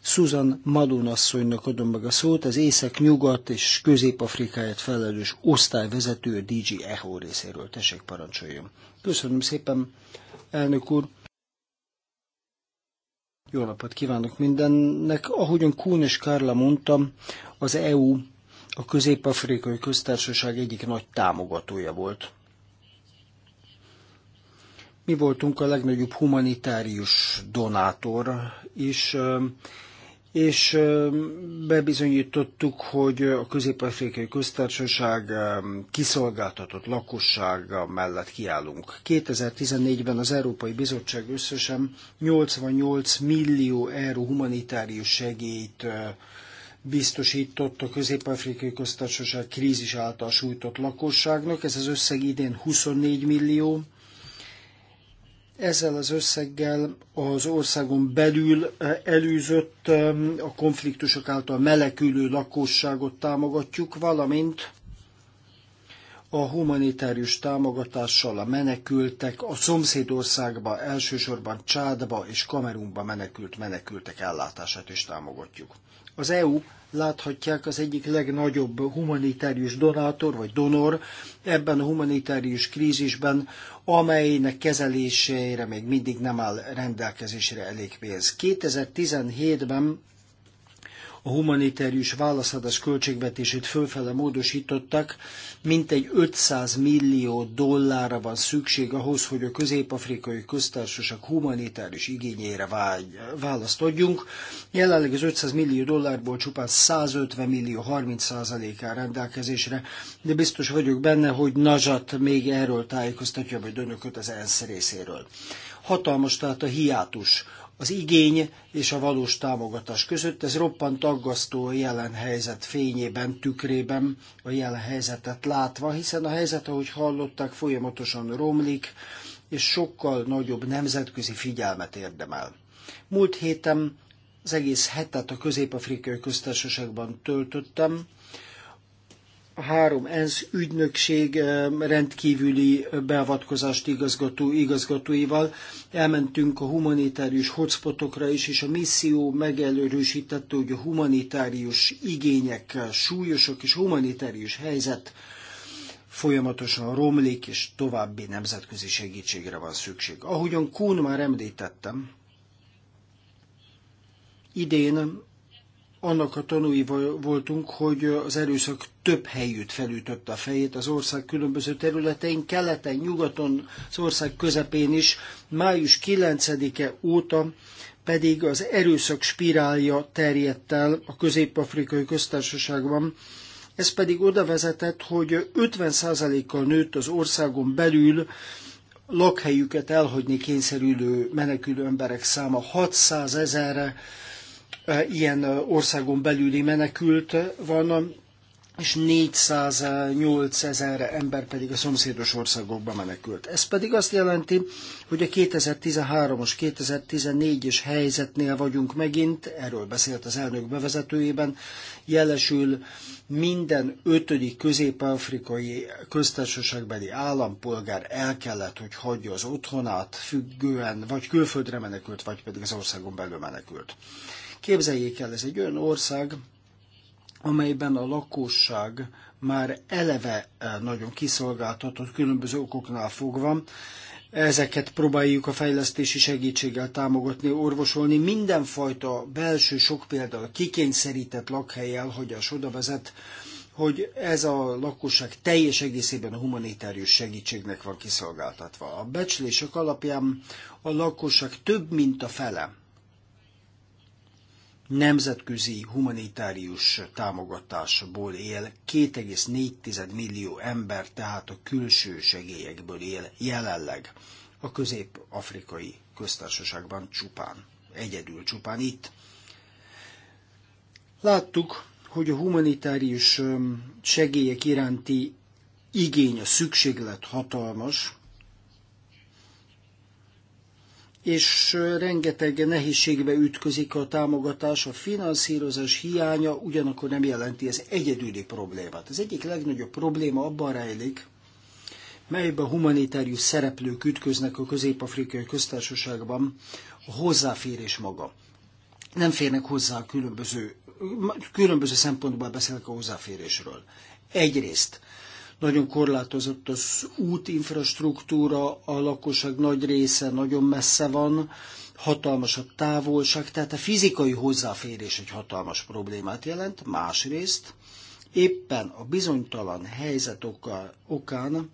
Susan Madun asszonynak adom meg a szót, az Észak-Nyugat és Közép-Afrikáért felelős osztályvezető a DG Echo részéről. Tessék, parancsoljon. Köszönöm szépen, elnök úr. Jó napot kívánok mindennek. Ahogyan Kuhn és Kárla mondta, az EU a Közép-Afrikai Köztársaság egyik nagy támogatója volt. Mi voltunk a legnagyobb humanitárius donátor, és és bebizonyítottuk, hogy a Közép-Afrikai Köztársaság kiszolgáltatott lakossága mellett kiállunk. 2014-ben az Európai Bizottság összesen 88 millió euró humanitárius segélyt biztosított a Közép-Afrikai Köztársaság krízis által sújtott lakosságnak. Ez az összeg idén 24 millió, ezzel az összeggel az országon belül eh, előzött a konfliktusok által melekülő lakosságot támogatjuk, valamint a humanitárius támogatással a menekültek, a szomszédországba, elsősorban Csádba és Kamerunba menekült menekültek ellátását is támogatjuk. Az EU láthatják, az egyik legnagyobb humanitárius donátor vagy donor ebben a humanitárius krízisben, amelynek kezelésére még mindig nem áll rendelkezésre elég pénz. 2017-ben a humanitárius válaszadás költségvetését fölfele módosítottak, mintegy 500 millió dollárra van szükség ahhoz, hogy a közép-afrikai köztársaság humanitárius igényére választ adjunk. Jelenleg az 500 millió dollárból csupán 150 millió 30%-án rendelkezésre, de biztos vagyok benne, hogy Nazsat még erről tájékoztatja majd önököt az ENSZ részéről. Hatalmas tehát a hiátus az igény és a valós támogatás között. Ez roppant aggasztó a jelen helyzet fényében, tükrében a jelen helyzetet látva, hiszen a helyzet, ahogy hallották, folyamatosan romlik, és sokkal nagyobb nemzetközi figyelmet érdemel. Múlt héten az egész hetet a Közép-Afrikai Köztársaságban töltöttem, a három ENSZ ügynökség rendkívüli beavatkozást igazgató igazgatóival. Elmentünk a humanitárius hotspotokra is, és a misszió megelőrősítette, hogy a humanitárius igények súlyosak, és humanitárius helyzet folyamatosan romlik, és további nemzetközi segítségre van szükség. Ahogyan Kuhn már említettem, idén annak a tanúi voltunk, hogy az erőszak több helyütt felütötte a fejét az ország különböző területein, keleten, nyugaton, az ország közepén is. Május 9-e óta pedig az erőszak spirálja terjedt el a közép-afrikai köztársaságban. Ez pedig oda vezetett, hogy 50%-kal nőtt az országon belül lakhelyüket elhagyni kényszerülő menekülő emberek száma 600 ezerre, ilyen országon belüli menekült van, és 408 ezer ember pedig a szomszédos országokba menekült. Ez pedig azt jelenti, hogy a 2013 os 2014-es helyzetnél vagyunk megint, erről beszélt az elnök bevezetőjében, jelesül minden ötödik közép-afrikai köztársaságbeli állampolgár el kellett, hogy hagyja az otthonát, függően vagy külföldre menekült, vagy pedig az országon belül menekült. Képzeljék el, ez egy olyan ország, amelyben a lakosság már eleve eh, nagyon kiszolgáltatott különböző okoknál fogva. Ezeket próbáljuk a fejlesztési segítséggel támogatni, orvosolni. Mindenfajta belső sok például kikényszerített lakhelyel, hogy a soda vezet, hogy ez a lakosság teljes egészében a humanitárius segítségnek van kiszolgáltatva. A becslések alapján a lakosság több mint a fele nemzetközi humanitárius támogatásból él, 2,4 millió ember tehát a külső segélyekből él jelenleg a közép-afrikai köztársaságban csupán, egyedül csupán itt. Láttuk, hogy a humanitárius segélyek iránti igény, a szükséglet hatalmas, és rengeteg nehézségbe ütközik a támogatás, a finanszírozás hiánya ugyanakkor nem jelenti az egyedüli problémát. Az egyik legnagyobb probléma abban rejlik, melyben humanitárius szereplők ütköznek a közép-afrikai köztársaságban, a hozzáférés maga. Nem férnek hozzá a különböző, különböző szempontból beszélek a hozzáférésről. Egyrészt nagyon korlátozott az útinfrastruktúra, a lakosság nagy része nagyon messze van, hatalmas a távolság, tehát a fizikai hozzáférés egy hatalmas problémát jelent. Másrészt éppen a bizonytalan helyzet oka, okán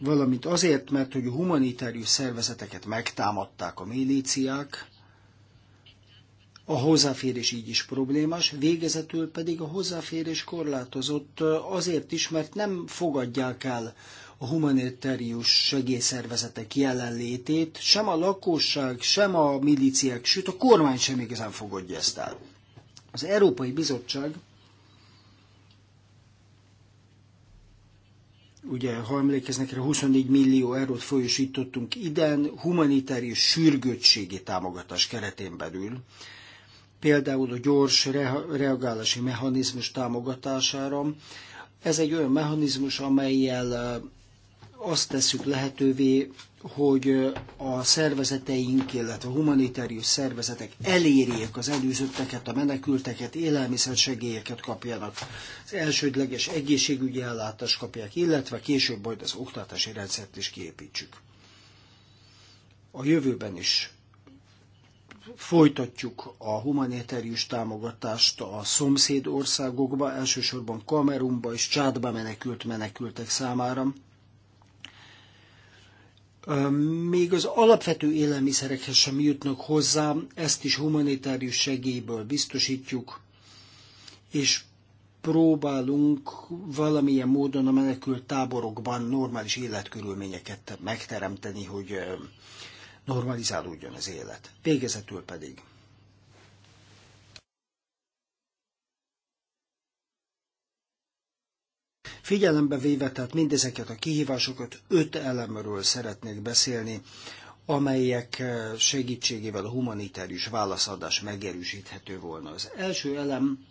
valamint azért, mert hogy a humanitárius szervezeteket megtámadták a milíciák, a hozzáférés így is problémás, végezetül pedig a hozzáférés korlátozott azért is, mert nem fogadják el a humanitárius segélyszervezetek jelenlétét, sem a lakosság, sem a milíciák, sőt a kormány sem igazán fogadja ezt el. Az Európai Bizottság ugye, ha emlékeznek rá, 24 millió eurót folyosítottunk idén humanitárius sürgőtségi támogatás keretén belül például a gyors reagálási mechanizmus támogatására. Ez egy olyan mechanizmus, amelyel azt tesszük lehetővé, hogy a szervezeteink, illetve a humanitárius szervezetek elérjék az előzötteket, a menekülteket, élelmiszersegélyeket kapjanak, az elsődleges egészségügyi ellátást kapják, illetve később majd az oktatási rendszert is kiépítsük. A jövőben is Folytatjuk a humanitárius támogatást a szomszéd országokba, elsősorban Kamerunba és Csádba menekült menekültek számára. Még az alapvető élelmiszerekhez sem jutnak hozzá, ezt is humanitárius segélyből biztosítjuk, és próbálunk valamilyen módon a menekült táborokban normális életkörülményeket megteremteni, hogy normalizálódjon az élet. Végezetül pedig Figyelembe véve tehát mindezeket a kihívásokat, öt elemről szeretnék beszélni, amelyek eh, segítségével a humanitárius válaszadás megerősíthető volna. Az első elem,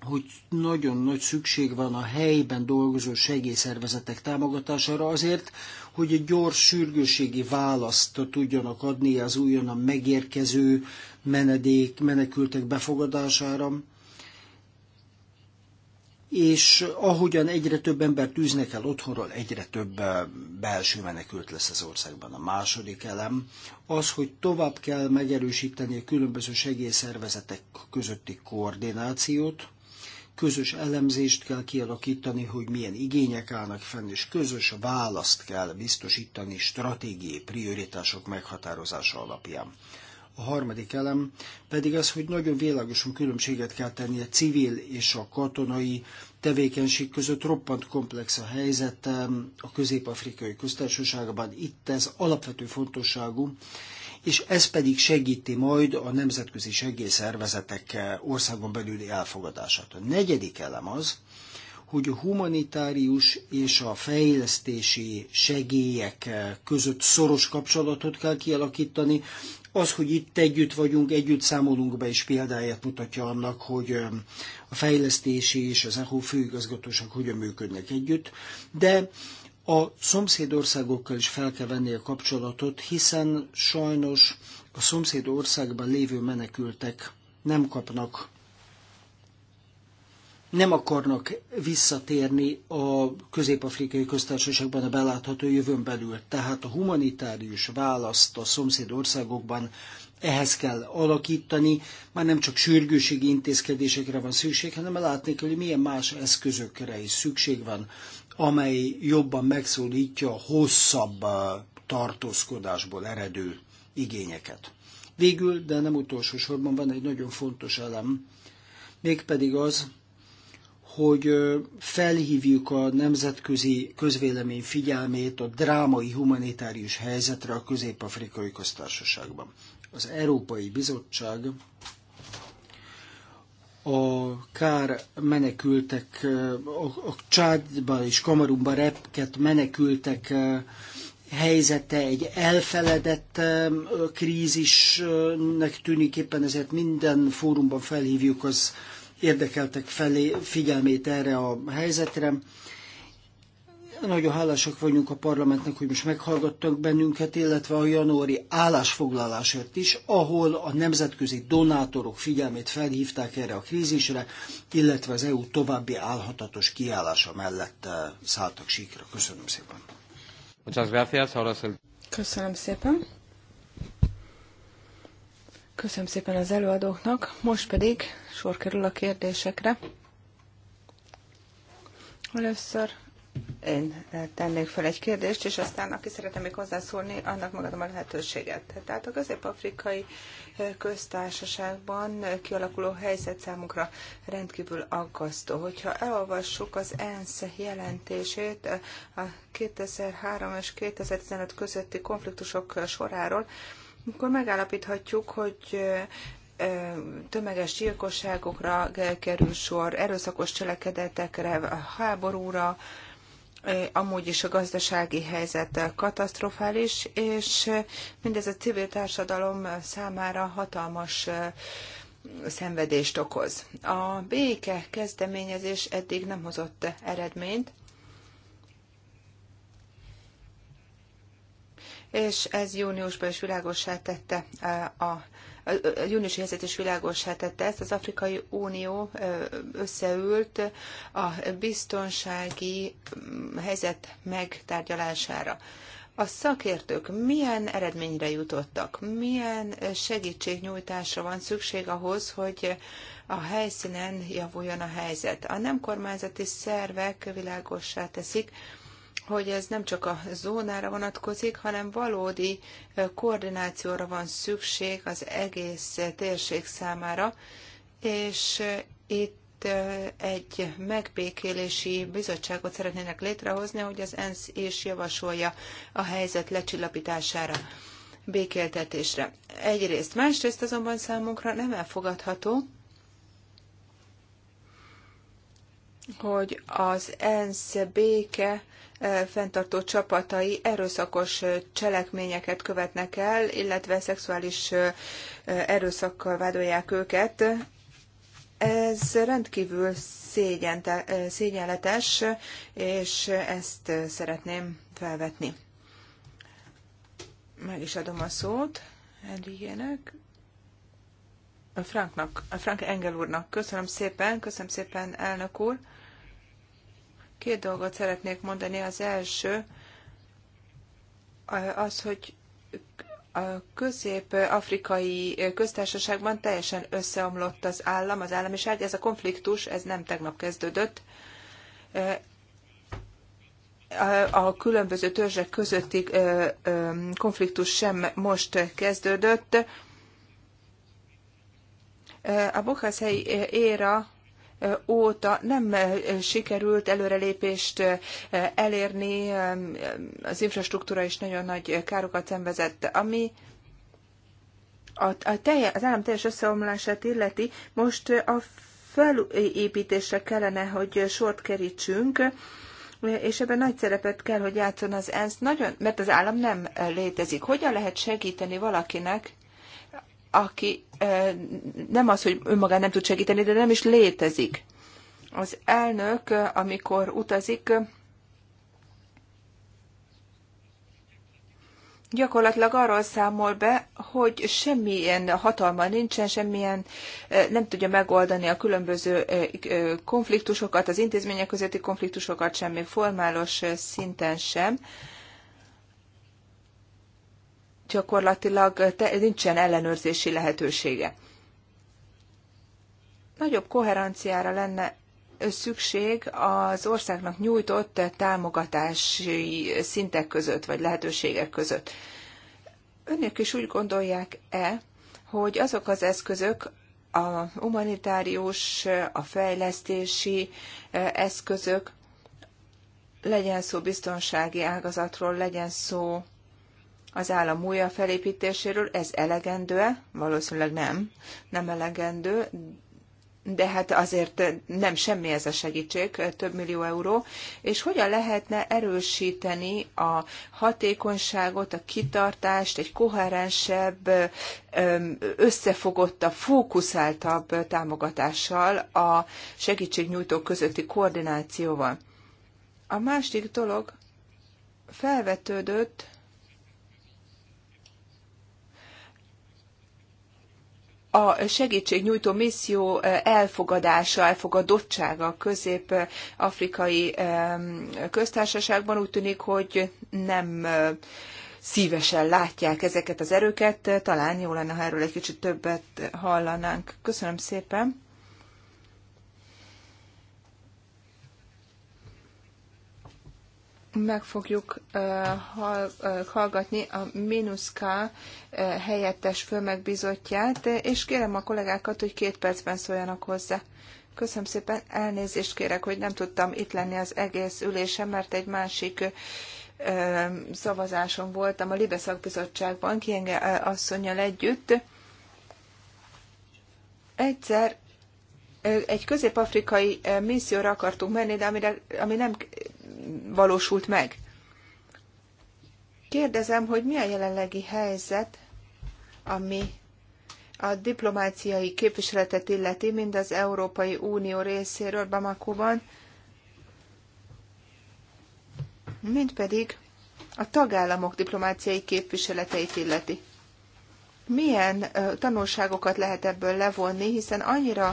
hogy nagyon nagy szükség van a helyben dolgozó segélyszervezetek támogatására azért, hogy egy gyors sürgőségi választ tudjanak adni az újonnan megérkező menedék, menekültek befogadására. És ahogyan egyre több ember tűznek el otthonról, egyre több eh, belső menekült lesz az országban. A második elem az, hogy tovább kell megerősíteni a különböző segélyszervezetek közötti koordinációt, közös elemzést kell kialakítani, hogy milyen igények állnak fenn, és közös választ kell biztosítani stratégiai prioritások meghatározása alapján. A harmadik elem pedig az, hogy nagyon világosan különbséget kell tenni a civil és a katonai tevékenység között. Roppant komplex a helyzet a közép-afrikai köztársaságban. Itt ez alapvető fontosságú, és ez pedig segíti majd a nemzetközi segélyszervezetek eh, országon belüli elfogadását. A negyedik elem az, hogy a humanitárius és a fejlesztési segélyek eh, között szoros kapcsolatot kell kialakítani. Az, hogy itt együtt vagyunk, együtt számolunk be, és példáját mutatja annak, hogy eh, a fejlesztési és az EHO főigazgatóság hogyan működnek együtt, de a szomszédországokkal is fel kell venni a kapcsolatot, hiszen sajnos a szomszéd országban lévő menekültek nem kapnak, nem akarnak visszatérni a közép-afrikai köztársaságban a belátható jövőn belül. Tehát a humanitárius választ a szomszéd országokban ehhez kell alakítani, már nem csak sürgőségi intézkedésekre van szükség, hanem látni kell, hogy milyen más eszközökre is szükség van amely jobban megszólítja a hosszabb uh, tartózkodásból eredő igényeket. Végül, de nem utolsó sorban van egy nagyon fontos elem, mégpedig az, hogy uh, felhívjuk a nemzetközi közvélemény figyelmét a drámai humanitárius helyzetre a Közép-Afrikai Köztársaságban. Az Európai Bizottság a kár menekültek, a, a Csádban és kamarumba repket menekültek helyzete egy elfeledett krízisnek tűnik éppen, ezért minden fórumban felhívjuk az érdekeltek felé figyelmét erre a helyzetre. Nagyon hálásak vagyunk a parlamentnek, hogy most meghallgattak bennünket, illetve a januári állásfoglalásért is, ahol a nemzetközi donátorok figyelmét felhívták erre a krízisre, illetve az EU további állhatatos kiállása mellett eh, szálltak síkra. Köszönöm szépen. Köszönöm szépen. Köszönöm szépen az előadóknak. Most pedig sor kerül a kérdésekre. Először én tennék fel egy kérdést, és aztán aki szeretne még hozzászólni, annak megadom a lehetőséget. Tehát a közép-afrikai köztársaságban kialakuló helyzet számunkra rendkívül aggasztó. Hogyha elolvassuk az ENSZ jelentését a 2003 és 2015 közötti konfliktusok soráról, akkor megállapíthatjuk, hogy tömeges gyilkosságokra kerül sor, erőszakos cselekedetekre, háborúra, amúgy is a gazdasági helyzet katasztrofális, és mindez a civil társadalom számára hatalmas szenvedést okoz. A béke kezdeményezés eddig nem hozott eredményt, és ez júniusban is világosá tette a a júniusi helyzet is világosá tette ezt. Az Afrikai Unió összeült a biztonsági mm, helyzet megtárgyalására. A szakértők milyen eredményre jutottak, milyen segítségnyújtásra van szükség ahhoz, hogy a helyszínen javuljon a helyzet. A nem kormányzati szervek világossá teszik, hogy ez nem csak a zónára vonatkozik, hanem valódi koordinációra van szükség az egész térség számára, és itt egy megbékélési bizottságot szeretnének létrehozni, hogy az ENSZ is javasolja a helyzet lecsillapítására békéltetésre. Egyrészt, másrészt azonban számunkra nem elfogadható, hogy az ENSZ béke fenntartó csapatai erőszakos cselekményeket követnek el, illetve szexuális erőszakkal vádolják őket. Ez rendkívül szégyen, szégyenletes, és ezt szeretném felvetni. Meg is adom a szót A Franknak, a Frank Engel úrnak. Köszönöm szépen, köszönöm szépen, elnök úr. Két dolgot szeretnék mondani. Az első az, hogy a közép-afrikai köztársaságban teljesen összeomlott az állam, az államiság. Ez a konfliktus, ez nem tegnap kezdődött. A különböző törzsek közötti konfliktus sem most kezdődött. A Bukhaszei éra óta nem sikerült előrelépést elérni, az infrastruktúra is nagyon nagy károkat szenvezett, ami a, a telje, az állam teljes összeomlását illeti, most a felépítésre kellene, hogy sort kerítsünk, és ebben nagy szerepet kell, hogy játszon az ENSZ, nagyon, mert az állam nem létezik. Hogyan lehet segíteni valakinek, aki nem az, hogy önmagán nem tud segíteni, de nem is létezik. Az elnök, amikor utazik, gyakorlatilag arról számol be, hogy semmilyen hatalma nincsen, semmilyen nem tudja megoldani a különböző konfliktusokat, az intézmények közötti konfliktusokat semmi formálos szinten sem gyakorlatilag nincsen ellenőrzési lehetősége. Nagyobb koherenciára lenne szükség az országnak nyújtott támogatási szintek között, vagy lehetőségek között. Önök is úgy gondolják-e, hogy azok az eszközök, a humanitárius, a fejlesztési e, eszközök, legyen szó biztonsági ágazatról, legyen szó az állam újra felépítéséről. Ez elegendő-e? Valószínűleg nem. Nem elegendő, de hát azért nem semmi ez a segítség, több millió euró, és hogyan lehetne erősíteni a hatékonyságot, a kitartást, egy koherensebb, összefogottabb, fókuszáltabb támogatással, a segítségnyújtók közötti koordinációval. A másik dolog felvetődött, a segítségnyújtó misszió elfogadása, elfogadottsága a közép-afrikai köztársaságban úgy tűnik, hogy nem szívesen látják ezeket az erőket. Talán jó lenne, ha erről egy kicsit többet hallanánk. Köszönöm szépen. meg fogjuk hallgatni a uh, helyettes főmegbizotját, és kérem a kollégákat, hogy két percben szóljanak hozzá. Köszönöm szépen, elnézést kérek, hogy nem tudtam itt lenni az egész ülésen, mert egy másik szavazáson voltam a Libe bizottságban Kienge asszonyjal együtt. Egyszer egy közép-afrikai misszióra akartunk menni, de amire, ami nem valósult meg. Kérdezem, hogy mi a jelenlegi helyzet, ami a diplomáciai képviseletet illeti, mind az Európai Unió részéről Bamako-ban, mint pedig a tagállamok diplomáciai képviseleteit illeti. Milyen tanulságokat lehet ebből levonni, hiszen annyira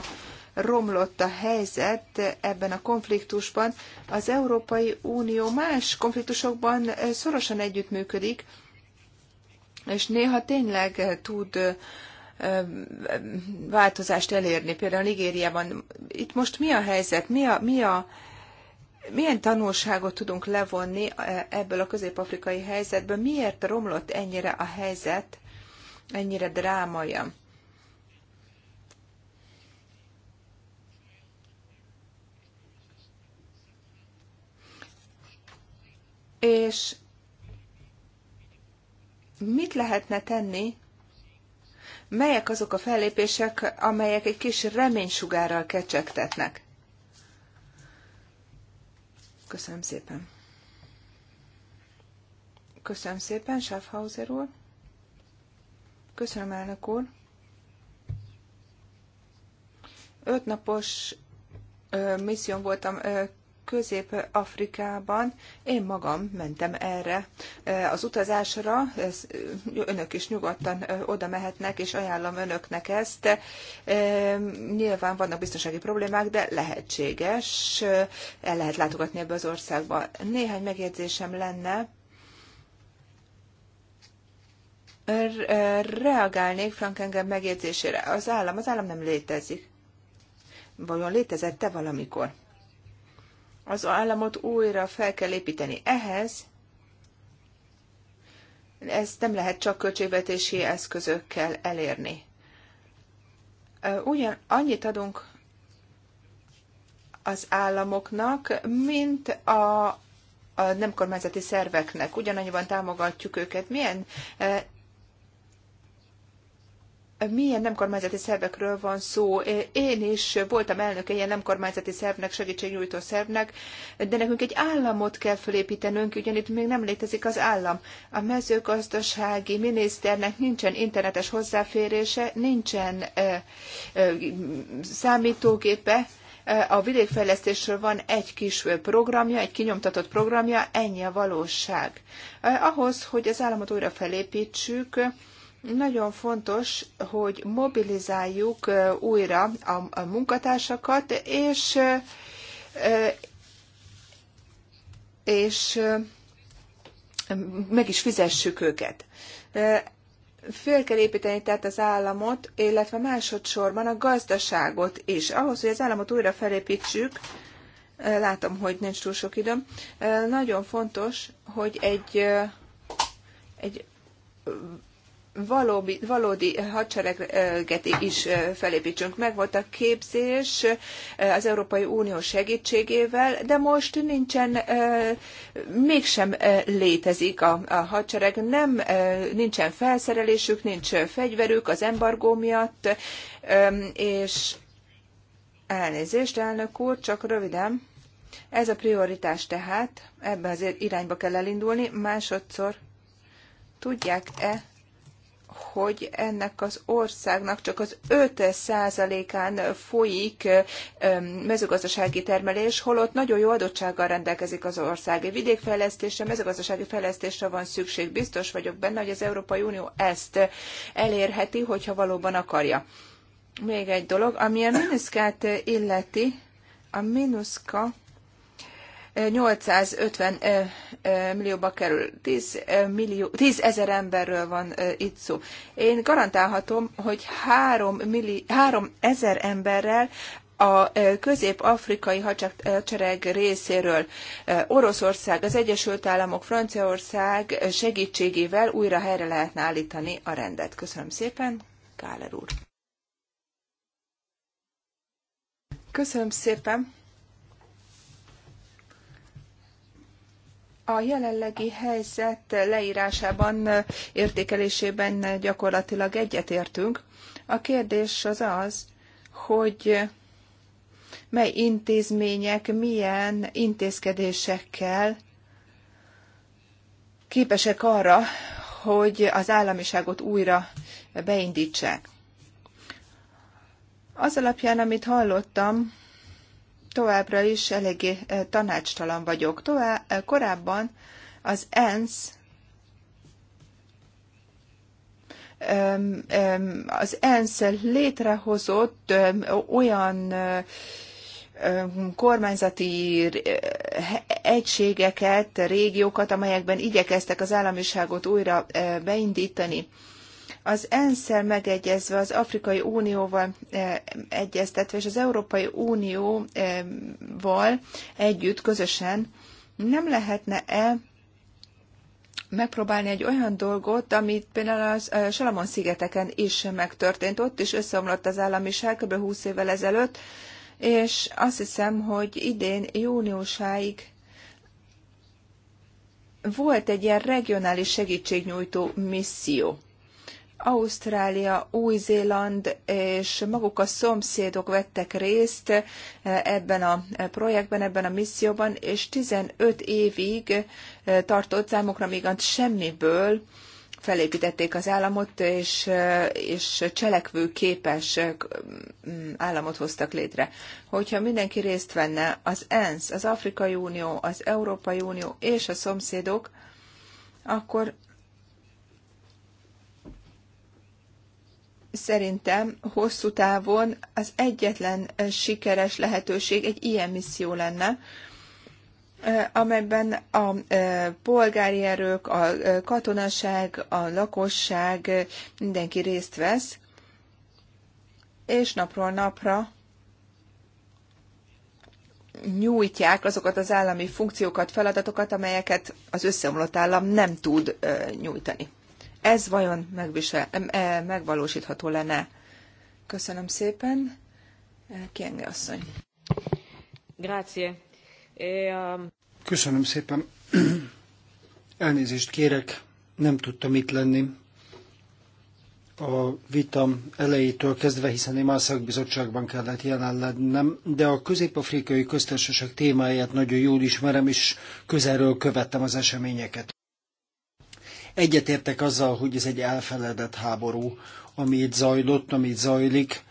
romlott a helyzet ebben a konfliktusban. Az Európai Unió más konfliktusokban szorosan együttműködik, és néha tényleg tud változást elérni, például Nigériában. Itt most mi a helyzet, mi a, mi a, milyen tanulságot tudunk levonni ebből a közép-afrikai helyzetből, miért romlott ennyire a helyzet, ennyire drámaja? és mit lehetne tenni, melyek azok a fellépések, amelyek egy kis reménysugárral kecsegtetnek. Köszönöm szépen. Köszönöm szépen, Schaffhauser úr. Köszönöm, elnök úr. Öt napos misszión voltam Közép-Afrikában. Én magam mentem erre az utazásra, önök is nyugodtan oda mehetnek, és ajánlom önöknek ezt. Nyilván vannak biztonsági problémák, de lehetséges, el lehet látogatni ebbe az országba. Néhány megjegyzésem lenne, reagálnék Frankengen megjegyzésére. Az állam, az állam nem létezik. Vajon létezett-e valamikor? az államot újra fel kell építeni. Ehhez Ez nem lehet csak költségvetési eszközökkel elérni. Ugyan annyit adunk az államoknak, mint a, a nem kormányzati szerveknek. Ugyanannyiban támogatjuk őket. Milyen milyen nem kormányzati szervekről van szó. Én is voltam elnöke ilyen nem kormányzati szervnek, segítségnyújtó szervnek, de nekünk egy államot kell fölépítenünk, itt még nem létezik az állam. A mezőgazdasági miniszternek nincsen internetes hozzáférése, nincsen számítógépe, a vidékfejlesztésről van egy kis programja, egy kinyomtatott programja, ennyi a valóság. Ahhoz, hogy az államot újra felépítsük, nagyon fontos, hogy mobilizáljuk újra a munkatársakat, és, és meg is fizessük őket fél kell építeni tehát az államot, illetve másodszorban a gazdaságot is. Ahhoz, hogy az államot újra felépítsük, látom, hogy nincs túl sok időm, nagyon fontos, hogy egy, egy valóbi, valódi hadsereget is felépítsünk. Meg volt a képzés az Európai Unió segítségével, de most nincsen, mégsem létezik a, a hadsereg, nem, nincsen felszerelésük, nincs fegyverük az embargó miatt, és elnézést, elnök úr, csak röviden. Ez a prioritás tehát, ebbe az irányba kell elindulni. Másodszor tudják-e hogy ennek az országnak csak az 5%-án folyik mezőgazdasági termelés, holott nagyon jó adottsággal rendelkezik az ország. Egy vidékfejlesztésre, mezőgazdasági fejlesztésre van szükség. Biztos vagyok benne, hogy az Európai Unió ezt elérheti, hogyha valóban akarja. Még egy dolog, ami a minuszkát illeti, a minuszka 850 millióba kerül. 10, millió, 10 ezer emberről van itt szó. Én garantálhatom, hogy 3, milli, 3 ezer emberrel a közép-afrikai hadsereg részéről Oroszország, az Egyesült Államok, Franciaország segítségével újra helyre lehetne állítani a rendet. Köszönöm szépen, Káler úr. Köszönöm szépen. a jelenlegi helyzet leírásában, értékelésében gyakorlatilag egyetértünk. A kérdés az az, hogy mely intézmények milyen intézkedésekkel képesek arra, hogy az államiságot újra beindítsák. Az alapján, amit hallottam, továbbra is eléggé eh, tanácstalan vagyok. Tovább, eh, korábban az ENSZ az ENSZ létrehozott olyan eh, kormányzati egységeket, régiókat, amelyekben igyekeztek az államiságot újra beindítani az ensz megegyezve, az Afrikai Unióval eh, egyeztetve, és az Európai Unióval eh, együtt, közösen nem lehetne-e megpróbálni egy olyan dolgot, amit például a eh, Salamon-szigeteken is megtörtént. Ott is összeomlott az államiság kb. 20 évvel ezelőtt, és azt hiszem, hogy idén júniusáig volt egy ilyen regionális segítségnyújtó misszió. Ausztrália, Új-Zéland és maguk a szomszédok vettek részt eh, ebben a eh, projektben, ebben a misszióban, és 15 évig eh, tartott számukra, még semmiből felépítették az államot, és, és cselekvőképes mm, államot hoztak létre. Hogyha mindenki részt venne, az ENSZ, az Afrikai Unió, az Európai Unió és a szomszédok, akkor szerintem hosszú távon az egyetlen sikeres lehetőség egy ilyen misszió lenne, amelyben a polgári erők, a katonaság, a lakosság, mindenki részt vesz, és napról napra nyújtják azokat az állami funkciókat, feladatokat, amelyeket az összeomlott állam nem tud nyújtani ez vajon megvisel, e, megvalósítható lenne? Köszönöm szépen. E, Kienge asszony. Grazie. E, Köszönöm szépen. *clears throat* Elnézést kérek, nem tudtam itt lenni a vitam elejétől kezdve, hiszen én már szakbizottságban kellett jelen lennem, de a közép-afrikai köztársaság témáját nagyon jól ismerem, és közelről követtem az eseményeket. Egyetértek azzal, hogy ez egy elfeledett háború, ami itt zajlott, ami itt zajlik,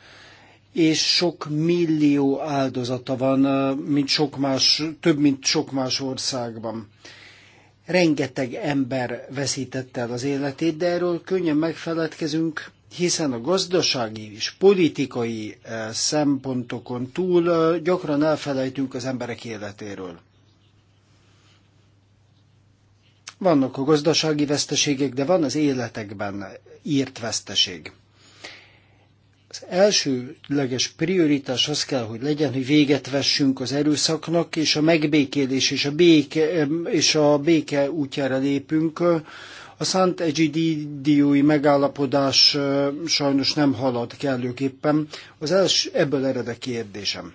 és sok millió áldozata van, mint sok más, több, mint sok más országban. Rengeteg ember veszítette el az életét, de erről könnyen megfeledkezünk, hiszen a gazdasági és politikai szempontokon túl gyakran elfelejtünk az emberek életéről. Vannak a gazdasági veszteségek, de van az életekben írt veszteség. Az elsőleges prioritás az kell, hogy legyen, hogy véget vessünk az erőszaknak, és a megbékélés és a béke, és a béke útjára lépünk. A Szent Egyidiói megállapodás sajnos nem halad kellőképpen. Az els, ebből ered a kérdésem.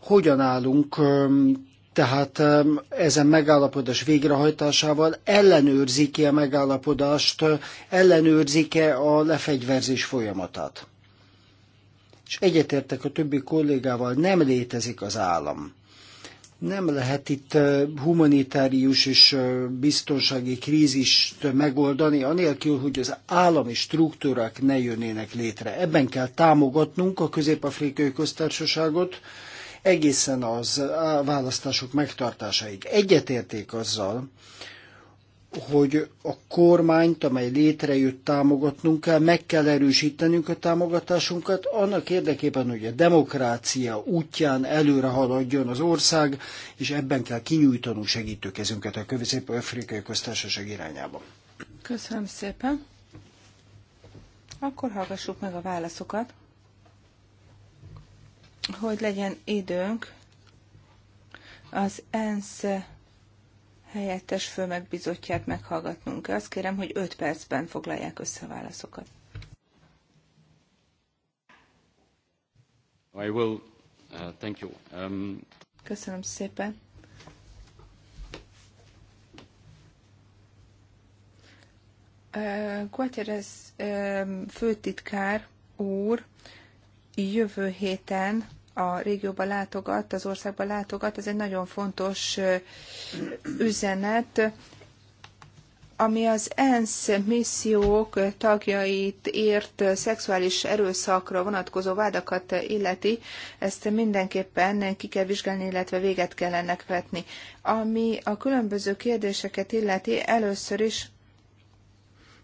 Hogyan állunk tehát ezen megállapodás végrehajtásával ellenőrzik-e a megállapodást, ellenőrzik-e a lefegyverzés folyamatát. És egyetértek a többi kollégával, nem létezik az állam. Nem lehet itt eh, humanitárius és eh, biztonsági krízist megoldani, anélkül, hogy az állami struktúrák ne jönnének létre. Ebben kell támogatnunk a Közép-Afrikai Köztársaságot, egészen az választások megtartásáig. Egyetérték azzal, hogy a kormányt, amely létrejött, támogatnunk kell, meg kell erősítenünk a támogatásunkat, annak érdekében, hogy a demokrácia útján előre haladjon az ország, és ebben kell kinyújtanunk segítőkezünket a közép-afrikai köztársaság irányába. Köszönöm szépen. Akkor hallgassuk meg a válaszokat hogy legyen időnk az ENSZ helyettes főmegbizottját meghallgatnunk. Azt kérem, hogy 5 percben foglalják össze a válaszokat. I will. Uh, thank you. Um... Köszönöm szépen. Uh, Guterres uh, um, főtitkár úr jövő héten a régióba látogat, az országba látogat, ez egy nagyon fontos üzenet, ami az ENSZ missziók tagjait ért szexuális erőszakra vonatkozó vádakat illeti, ezt mindenképpen ki kell vizsgálni, illetve véget kell ennek vetni. Ami a különböző kérdéseket illeti, először is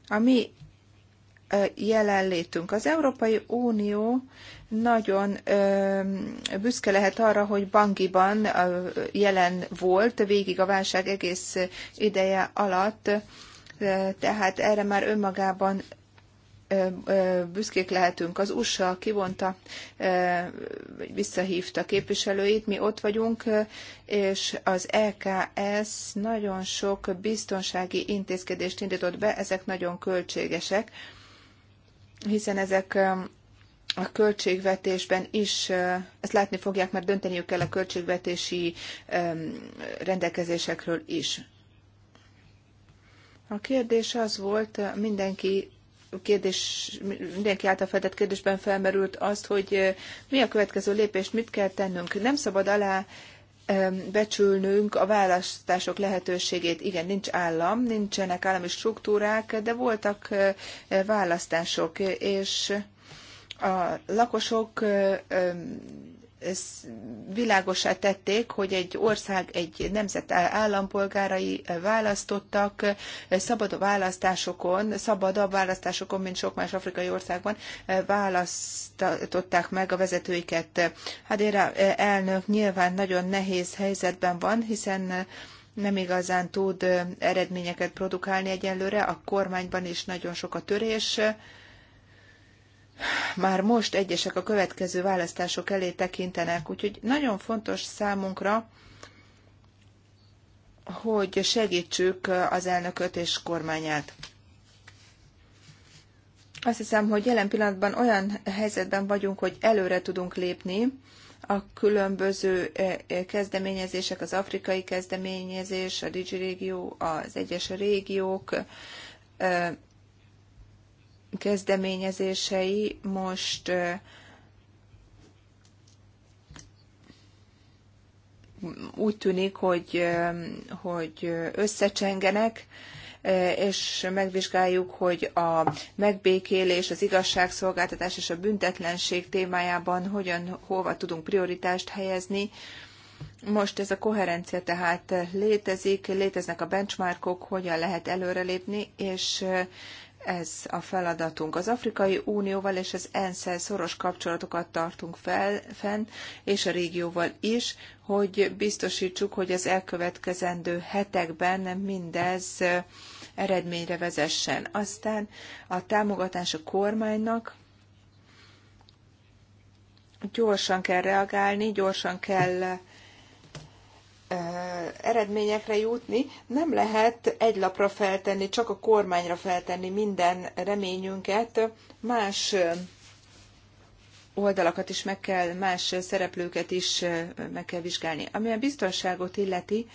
a mi jelenlétünk. Az Európai Unió nagyon ö, büszke lehet arra, hogy Bangiban jelen volt végig a válság egész ideje alatt, tehát erre már önmagában büszkék lehetünk. Az USA kivonta, visszahívta képviselőit, mi ott vagyunk, és az EKS nagyon sok biztonsági intézkedést indított be, ezek nagyon költségesek, hiszen ezek a költségvetésben is ezt látni fogják, mert dönteniük kell a költségvetési rendelkezésekről is. A kérdés az volt, mindenki kérdés, mindenki által feltett kérdésben felmerült azt, hogy mi a következő lépés, mit kell tennünk. Nem szabad alá becsülnünk a választások lehetőségét. Igen, nincs állam, nincsenek állami struktúrák, de voltak választások, és a lakosok világosá tették, hogy egy ország egy nemzet állampolgárai választottak szabad választásokon, szabadabb választásokon, mint sok más afrikai országban választották meg a vezetőiket. Hadéra hát elnök nyilván nagyon nehéz helyzetben van, hiszen nem igazán tud eredményeket produkálni egyelőre, a kormányban is nagyon sok a törés, már most egyesek a következő választások elé tekintenek, úgyhogy nagyon fontos számunkra, hogy segítsük az elnököt és kormányát. Azt hiszem, hogy jelen pillanatban olyan helyzetben vagyunk, hogy előre tudunk lépni a különböző e, e, kezdeményezések, az afrikai kezdeményezés, a Digi Régió, az egyes régiók e, kezdeményezései most úgy tűnik, hogy, hogy összecsengenek, és megvizsgáljuk, hogy a megbékélés, az igazságszolgáltatás és a büntetlenség témájában hogyan, hova tudunk prioritást helyezni. Most ez a koherencia tehát létezik, léteznek a benchmarkok, hogyan lehet előrelépni, és ez a feladatunk. Az Afrikai Unióval és az ensz szoros kapcsolatokat tartunk fel, fenn, és a régióval is, hogy biztosítsuk, hogy az elkövetkezendő hetekben mindez eredményre vezessen. Aztán a támogatás a kormánynak, gyorsan kell reagálni, gyorsan kell eredményekre jutni, nem lehet egy lapra feltenni, csak a kormányra feltenni minden reményünket, más oldalakat is meg kell, más szereplőket is meg kell vizsgálni. Ami a biztonságot illeti,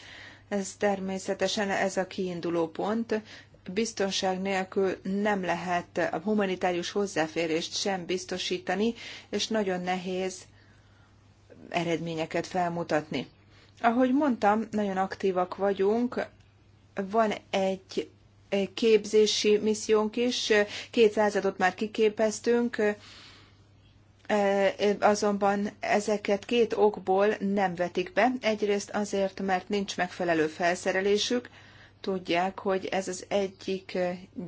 ez természetesen ez a kiinduló pont. Biztonság nélkül nem lehet a humanitárius hozzáférést sem biztosítani, és nagyon nehéz eredményeket felmutatni. Ahogy mondtam, nagyon aktívak vagyunk. Van egy képzési missziónk is, két századot már kiképeztünk, azonban ezeket két okból nem vetik be. Egyrészt azért, mert nincs megfelelő felszerelésük, tudják, hogy ez az egyik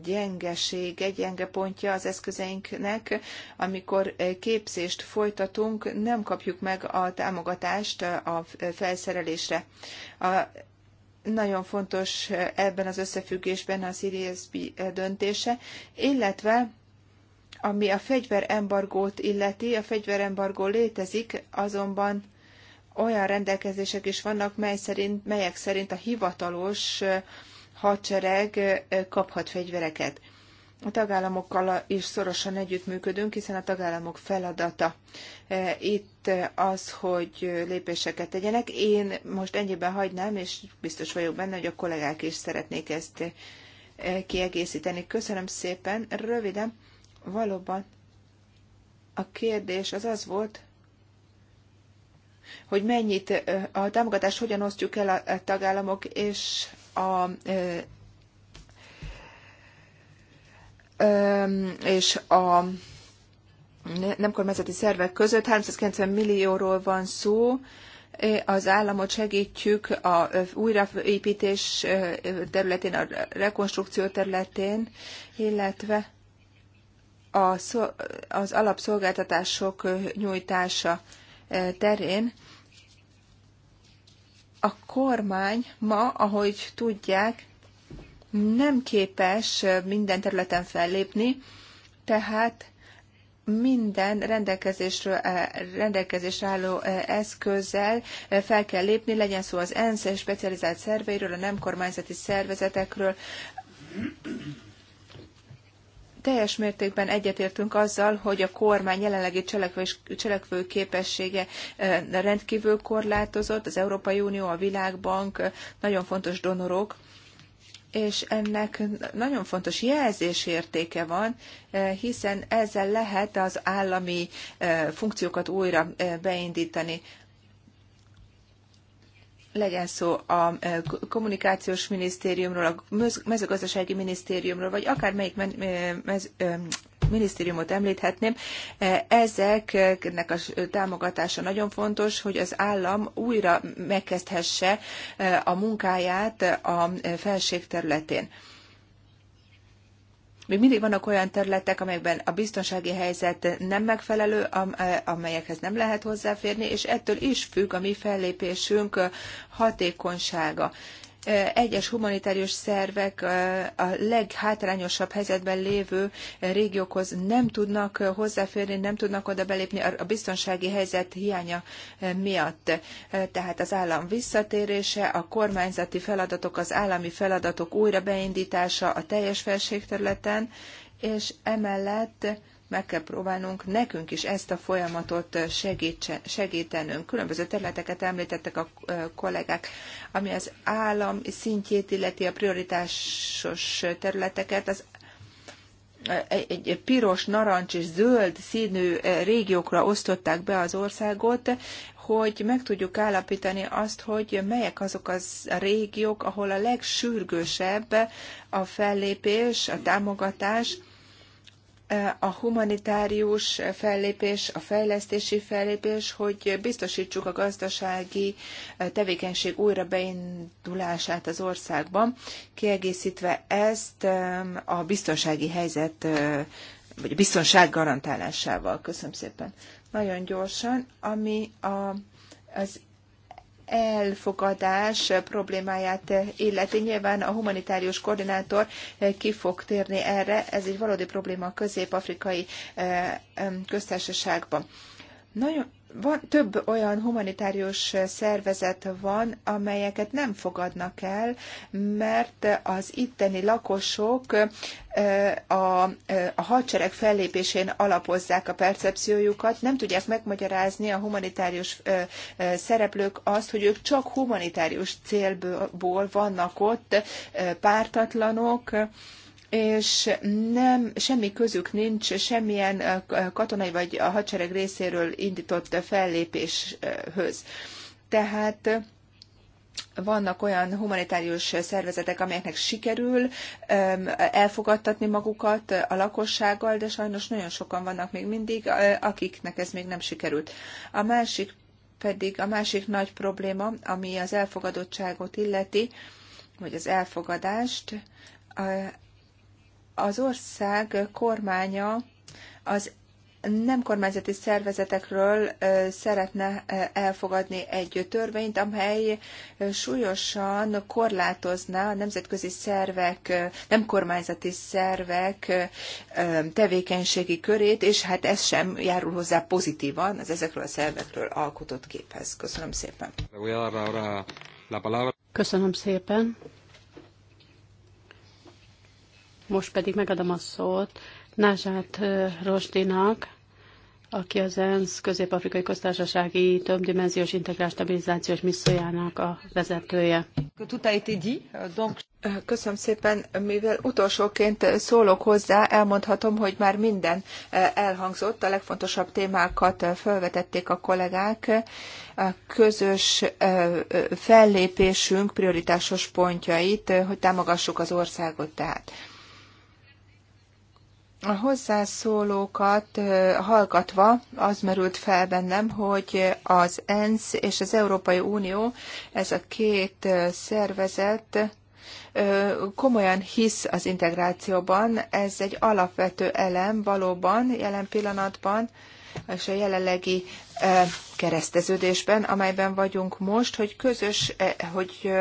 gyengesége, gyenge pontja az eszközeinknek, amikor képzést folytatunk, nem kapjuk meg a támogatást a felszerelésre. A nagyon fontos ebben az összefüggésben a CDSB döntése, illetve ami a fegyverembargót illeti, a fegyverembargó létezik, azonban olyan rendelkezések is vannak, mely szerint, melyek szerint a hivatalos hadsereg kaphat fegyvereket. A tagállamokkal is szorosan együttműködünk, hiszen a tagállamok feladata itt az, hogy lépéseket tegyenek. Én most ennyiben hagynám, és biztos vagyok benne, hogy a kollégák is szeretnék ezt kiegészíteni. Köszönöm szépen. Röviden, valóban a kérdés az az volt, hogy mennyit a támogatást hogyan osztjuk el a tagállamok és a és a nem kormányzati szervek között 390 millióról van szó, az államot segítjük a újraépítés területén, a rekonstrukció területén, illetve az alapszolgáltatások nyújtása terén a kormány ma, ahogy tudják, nem képes minden területen fellépni, tehát minden rendelkezésről, eh, rendelkezésre álló eh, eszközzel eh, fel kell lépni, legyen szó az ENSZ specializált szerveiről, a nem kormányzati szervezetekről, teljes mértékben egyetértünk azzal, hogy a kormány jelenlegi cselekvés, cselekvő képessége rendkívül korlátozott, az Európai Unió, a Világbank nagyon fontos donorok, és ennek nagyon fontos jelzésértéke van, hiszen ezzel lehet az állami funkciókat újra beindítani legyen szó a e, kommunikációs minisztériumról, a mezőgazdasági minisztériumról, vagy akár melyik e, e, minisztériumot említhetném, ezeknek a támogatása nagyon fontos, hogy az állam újra megkezdhesse a munkáját a felség területén. Még mindig vannak olyan területek, amelyekben a biztonsági helyzet nem megfelelő, eh, amelyekhez nem lehet hozzáférni, és ettől is függ a mi fellépésünk hatékonysága egyes humanitárius szervek a leghátrányosabb helyzetben lévő régiókhoz nem tudnak hozzáférni, nem tudnak oda belépni a biztonsági helyzet hiánya miatt. Tehát az állam visszatérése, a kormányzati feladatok, az állami feladatok újra beindítása a teljes felségterületen, és emellett meg kell próbálnunk nekünk is ezt a folyamatot segítse, segítenünk. Különböző területeket említettek a kollégák, ami az állam szintjét illeti a prioritásos területeket, az egy piros, narancs és zöld színű régiókra osztották be az országot, hogy meg tudjuk állapítani azt, hogy melyek azok az régiók, ahol a legsürgősebb a fellépés, a támogatás, a humanitárius fellépés, a fejlesztési fellépés, hogy biztosítsuk a gazdasági eh, tevékenység újra beindulását az országban, kiegészítve ezt eh, a biztonsági helyzet, eh, vagy a biztonság garantálásával. Köszönöm szépen. Nagyon gyorsan, ami a, az elfogadás problémáját illeti. Nyilván a humanitárius koordinátor ki fog térni erre, ez egy valódi probléma a közép-afrikai eh, köztársaságban. Nagyon van, több olyan humanitárius szervezet van, amelyeket nem fogadnak el, mert az itteni lakosok a, a hadsereg fellépésén alapozzák a percepciójukat, nem tudják megmagyarázni a humanitárius szereplők azt, hogy ők csak humanitárius célból vannak ott, pártatlanok, és nem, semmi közük nincs semmilyen katonai vagy a hadsereg részéről indított fellépéshöz. Tehát vannak olyan humanitárius szervezetek, amelyeknek sikerül elfogadtatni magukat a lakossággal, de sajnos nagyon sokan vannak még mindig, akiknek ez még nem sikerült. A másik pedig a másik nagy probléma, ami az elfogadottságot illeti, vagy az elfogadást, az ország kormánya az nem kormányzati szervezetekről szeretne elfogadni egy törvényt, amely súlyosan korlátozná a nemzetközi szervek, nem kormányzati szervek tevékenységi körét, és hát ez sem járul hozzá pozitívan az ezekről a szervekről alkotott képhez. Köszönöm szépen. Köszönöm szépen. Most pedig megadom a szót Názsát Rosdinak, aki az ENSZ közép-afrikai köztársasági többdimenziós Integrál stabilizációs missziójának a vezetője. Köszönöm szépen, mivel utolsóként szólok hozzá, elmondhatom, hogy már minden elhangzott, a legfontosabb témákat felvetették a kollégák. A közös fellépésünk prioritásos pontjait, hogy támogassuk az országot tehát a hozzászólókat hallgatva az merült fel bennem, hogy az ENSZ és az Európai Unió, ez a két szervezet komolyan hisz az integrációban. Ez egy alapvető elem valóban jelen pillanatban, és a jelenlegi kereszteződésben, amelyben vagyunk most, hogy közös, hogy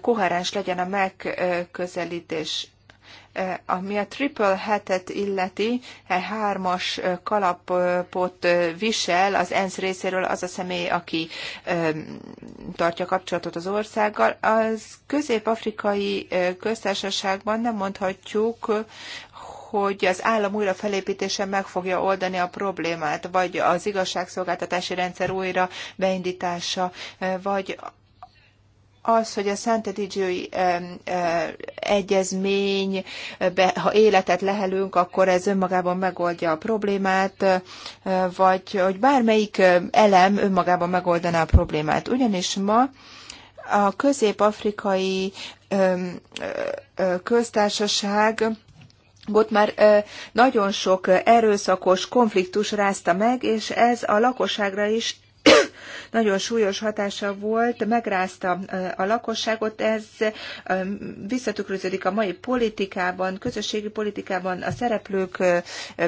koherens legyen a megközelítés ami a triple hetet illeti, hármas kalapot visel az ENSZ részéről az a személy, aki tartja kapcsolatot az országgal. Az közép-afrikai köztársaságban nem mondhatjuk, hogy az állam újra felépítése meg fogja oldani a problémát, vagy az igazságszolgáltatási rendszer újra beindítása, vagy az, hogy a Edigyői egyezmény, ha életet lehelünk, akkor ez önmagában megoldja a problémát, vagy hogy bármelyik elem önmagában megoldaná a problémát. Ugyanis ma a közép-afrikai köztársaság ott már nagyon sok erőszakos konfliktus rázta meg, és ez a lakosságra is nagyon súlyos hatása volt, megrázta a lakosságot, ez visszatükröződik a mai politikában, közösségi politikában, a szereplők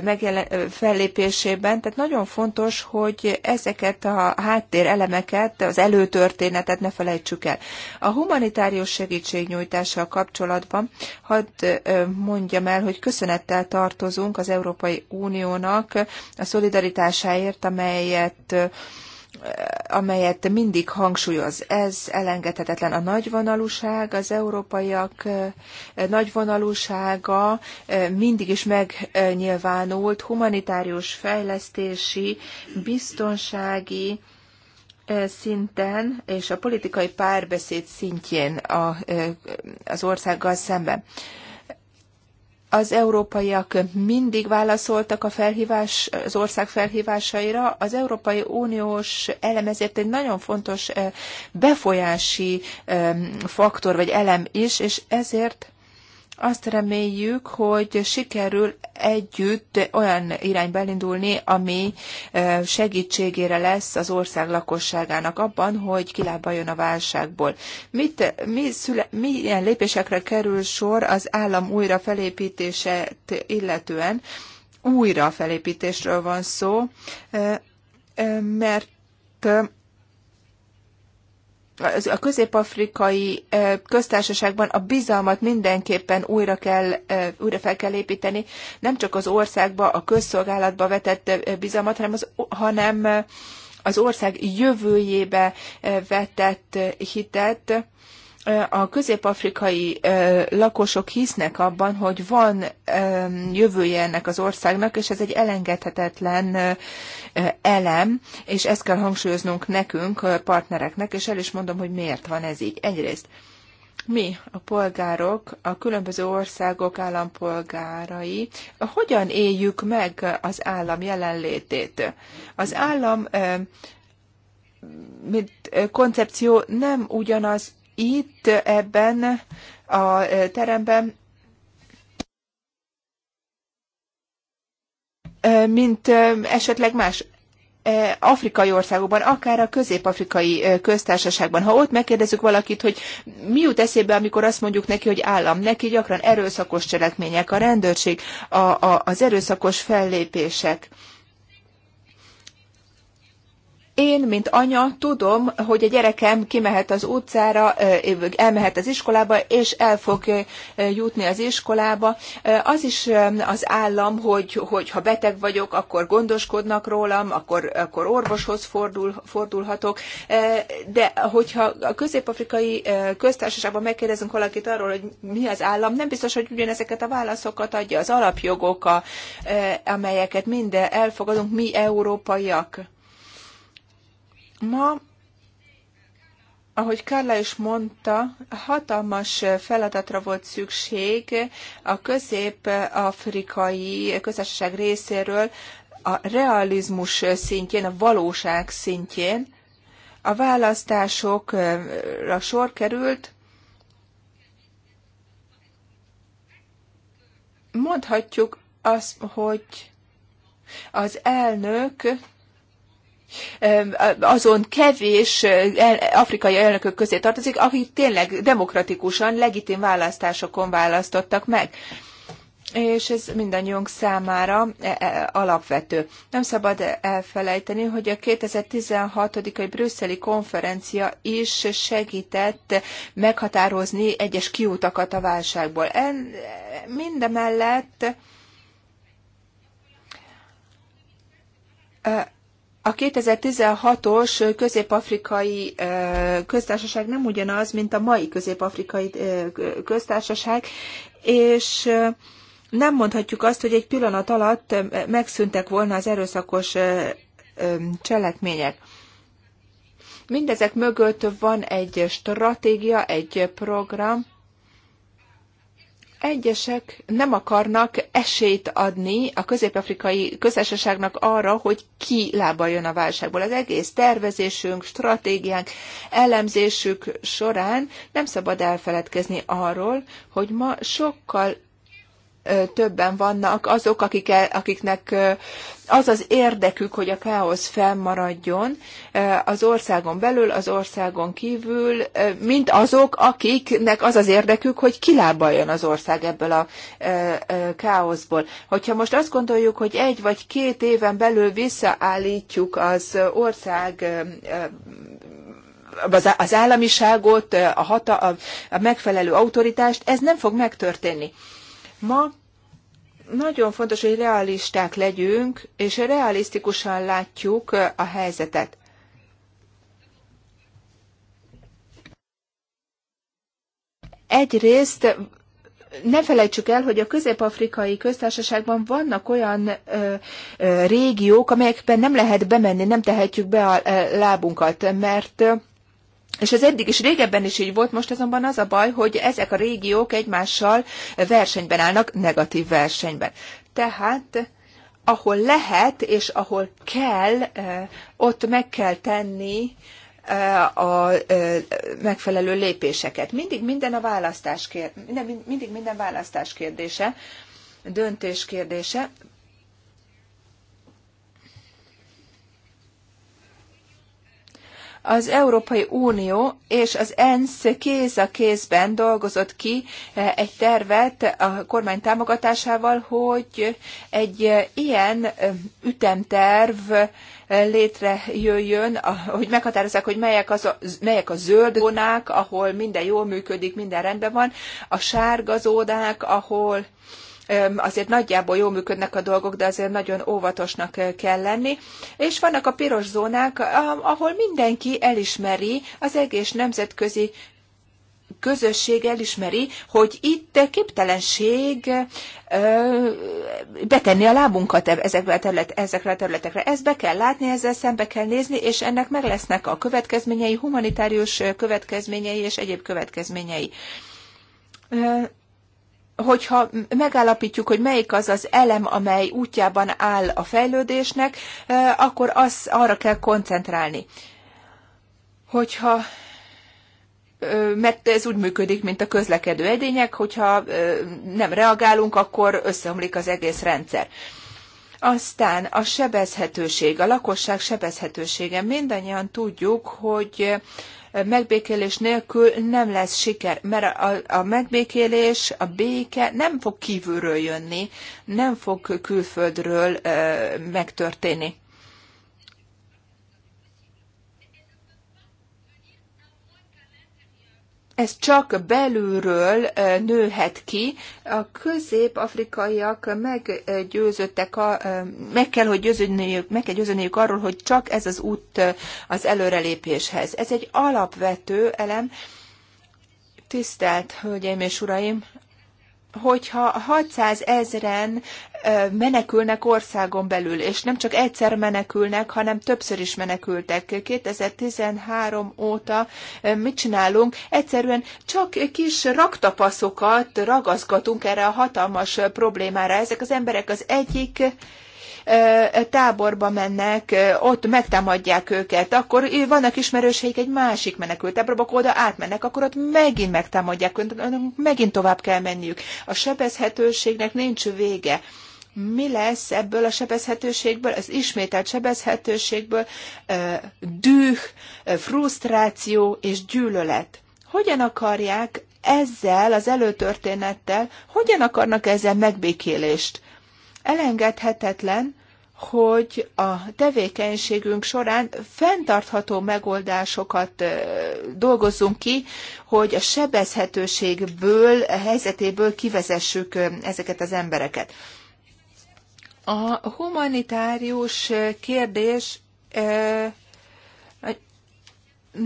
megjelen, fellépésében, tehát nagyon fontos, hogy ezeket a háttérelemeket, az előtörténetet ne felejtsük el. A humanitárius segítségnyújtással kapcsolatban hadd mondjam el, hogy köszönettel tartozunk az Európai Uniónak a szolidaritásáért, amelyet amelyet mindig hangsúlyoz. Ez elengedhetetlen a nagyvonalúság, az európaiak nagyvonalúsága mindig is megnyilvánult humanitárius fejlesztési, biztonsági, szinten és a politikai párbeszéd szintjén a, az országgal szemben. Az európaiak mindig válaszoltak a felhívás, az ország felhívásaira. Az Európai Uniós elem ezért egy nagyon fontos eh, befolyási eh, faktor vagy elem is, és ezért azt reméljük, hogy sikerül együtt olyan irányba elindulni, ami segítségére lesz az ország lakosságának abban, hogy kilábaljon a válságból. Mit, mi szüle, milyen lépésekre kerül sor az állam újra felépítését illetően? Újra felépítésről van szó, mert a közép-afrikai köztársaságban a bizalmat mindenképpen újra, kell, újra fel kell építeni, nem csak az országba, a közszolgálatba vetett bizalmat, hanem az, hanem az ország jövőjébe vetett hitet, a közép-afrikai lakosok hisznek abban, hogy van jövője ennek az országnak, és ez egy elengedhetetlen elem, és ezt kell hangsúlyoznunk nekünk, partnereknek, és el is mondom, hogy miért van ez így. Egyrészt mi, a polgárok, a különböző országok állampolgárai, hogyan éljük meg az állam jelenlétét? Az állam mint koncepció nem ugyanaz itt ebben a e, teremben, e, mint e, esetleg más afrikai országokban, akár a közép-afrikai köztársaságban. Ha ott megkérdezzük valakit, hogy mi jut eszébe, amikor azt mondjuk neki, hogy állam, neki gyakran erőszakos cselekmények, a rendőrség, a, a, az erőszakos fellépések én, mint anya, tudom, hogy a gyerekem kimehet az utcára, elmehet az iskolába, és el fog jutni az iskolába. Az is az állam, hogy, hogy ha beteg vagyok, akkor gondoskodnak rólam, akkor, akkor orvoshoz fordul, fordulhatok. De hogyha a közép-afrikai köztársaságban megkérdezünk valakit arról, hogy mi az állam, nem biztos, hogy ugyanezeket a válaszokat adja az alapjogok, amelyeket mind elfogadunk mi európaiak. Ma, ahogy Kárla is mondta, hatalmas feladatra volt szükség a közép-afrikai közösség részéről a realizmus szintjén, a valóság szintjén. A választásokra sor került, mondhatjuk azt, hogy az elnök azon kevés afrikai elnökök közé tartozik, akik tényleg demokratikusan, legitim választásokon választottak meg és ez mindannyiunk számára e, e, alapvető. Nem szabad elfelejteni, hogy a 2016. brüsszeli konferencia is segített meghatározni egyes kiutakat a válságból. mindemellett a 2016-os közép-afrikai köztársaság nem ugyanaz, mint a mai közép-afrikai köztársaság, és nem mondhatjuk azt, hogy egy pillanat alatt megszűntek volna az erőszakos cselekmények. Mindezek mögött van egy stratégia, egy program, egyesek nem akarnak esélyt adni a közép-afrikai közösségnek arra, hogy ki lábaljon a válságból. Az egész tervezésünk, stratégiánk, elemzésük során nem szabad elfeledkezni arról, hogy ma sokkal többen vannak azok, akik, akiknek az az érdekük, hogy a káosz fennmaradjon az országon belül, az országon kívül, mint azok, akiknek az az érdekük, hogy kilábaljon az ország ebből a káoszból. Hogyha most azt gondoljuk, hogy egy vagy két éven belül visszaállítjuk az ország az államiságot, a, hata, a megfelelő autoritást, ez nem fog megtörténni. Ma nagyon fontos, hogy realisták legyünk, és realisztikusan látjuk a helyzetet. Egyrészt ne felejtsük el, hogy a közép-afrikai köztársaságban vannak olyan ö, ö, régiók, amelyekben nem lehet bemenni, nem tehetjük be a ö, lábunkat, mert és ez eddig is régebben is így volt, most azonban az a baj, hogy ezek a régiók egymással versenyben állnak, negatív versenyben. Tehát ahol lehet és ahol kell, eh, ott meg kell tenni eh, a eh, megfelelő lépéseket. Mindig minden a választás kérdése, mindig minden választás kérdése, döntés kérdése. az Európai Unió és az ENSZ kéz a kézben dolgozott ki eh, egy tervet a kormány támogatásával, hogy egy eh, ilyen eh, ütemterv létrejöjjön, hogy meghatározzák, hogy melyek, az a, melyek a zöld zónák, ahol minden jól működik, minden rendben van, a sárga zónák, ahol azért nagyjából jól működnek a dolgok, de azért nagyon óvatosnak kell lenni. És vannak a piros zónák, ahol mindenki elismeri, az egész nemzetközi közösség elismeri, hogy itt képtelenség betenni a lábunkat a terület, ezekre a területekre. Ezt be kell látni, ezzel szembe kell nézni, és ennek meg lesznek a következményei, humanitárius következményei és egyéb következményei hogyha megállapítjuk, hogy melyik az az elem, amely útjában áll a fejlődésnek, akkor az, arra kell koncentrálni. Hogyha mert ez úgy működik, mint a közlekedő edények, hogyha nem reagálunk, akkor összeomlik az egész rendszer. Aztán a sebezhetőség, a lakosság sebezhetősége. Mindannyian tudjuk, hogy megbékélés nélkül nem lesz siker, mert a, a megbékélés, a béke nem fog kívülről jönni, nem fog külföldről megtörténni. ez csak belülről nőhet ki. A közép-afrikaiak meggyőződtek, a, meg kell, hogy győződniük, meg kell győződniük arról, hogy csak ez az út az előrelépéshez. Ez egy alapvető elem. Tisztelt Hölgyeim és Uraim, hogyha 600 ezeren menekülnek országon belül, és nem csak egyszer menekülnek, hanem többször is menekültek. 2013 óta mit csinálunk? Egyszerűen csak kis raktapaszokat ragaszgatunk erre a hatalmas problémára. Ezek az emberek az egyik táborba mennek, ott megtámadják őket, akkor vannak ismerőseik egy másik menekült táborba, akkor oda átmennek, akkor ott megint megtámadják, megint tovább kell menniük. A sebezhetőségnek nincs vége mi lesz ebből a sebezhetőségből, az ismételt sebezhetőségből düh, frusztráció és gyűlölet. Hogyan akarják ezzel az előtörténettel, hogyan akarnak ezzel megbékélést? Elengedhetetlen, hogy a tevékenységünk során fenntartható megoldásokat dolgozzunk ki, hogy a sebezhetőségből, a helyzetéből kivezessük ezeket az embereket. A humanitárius kérdés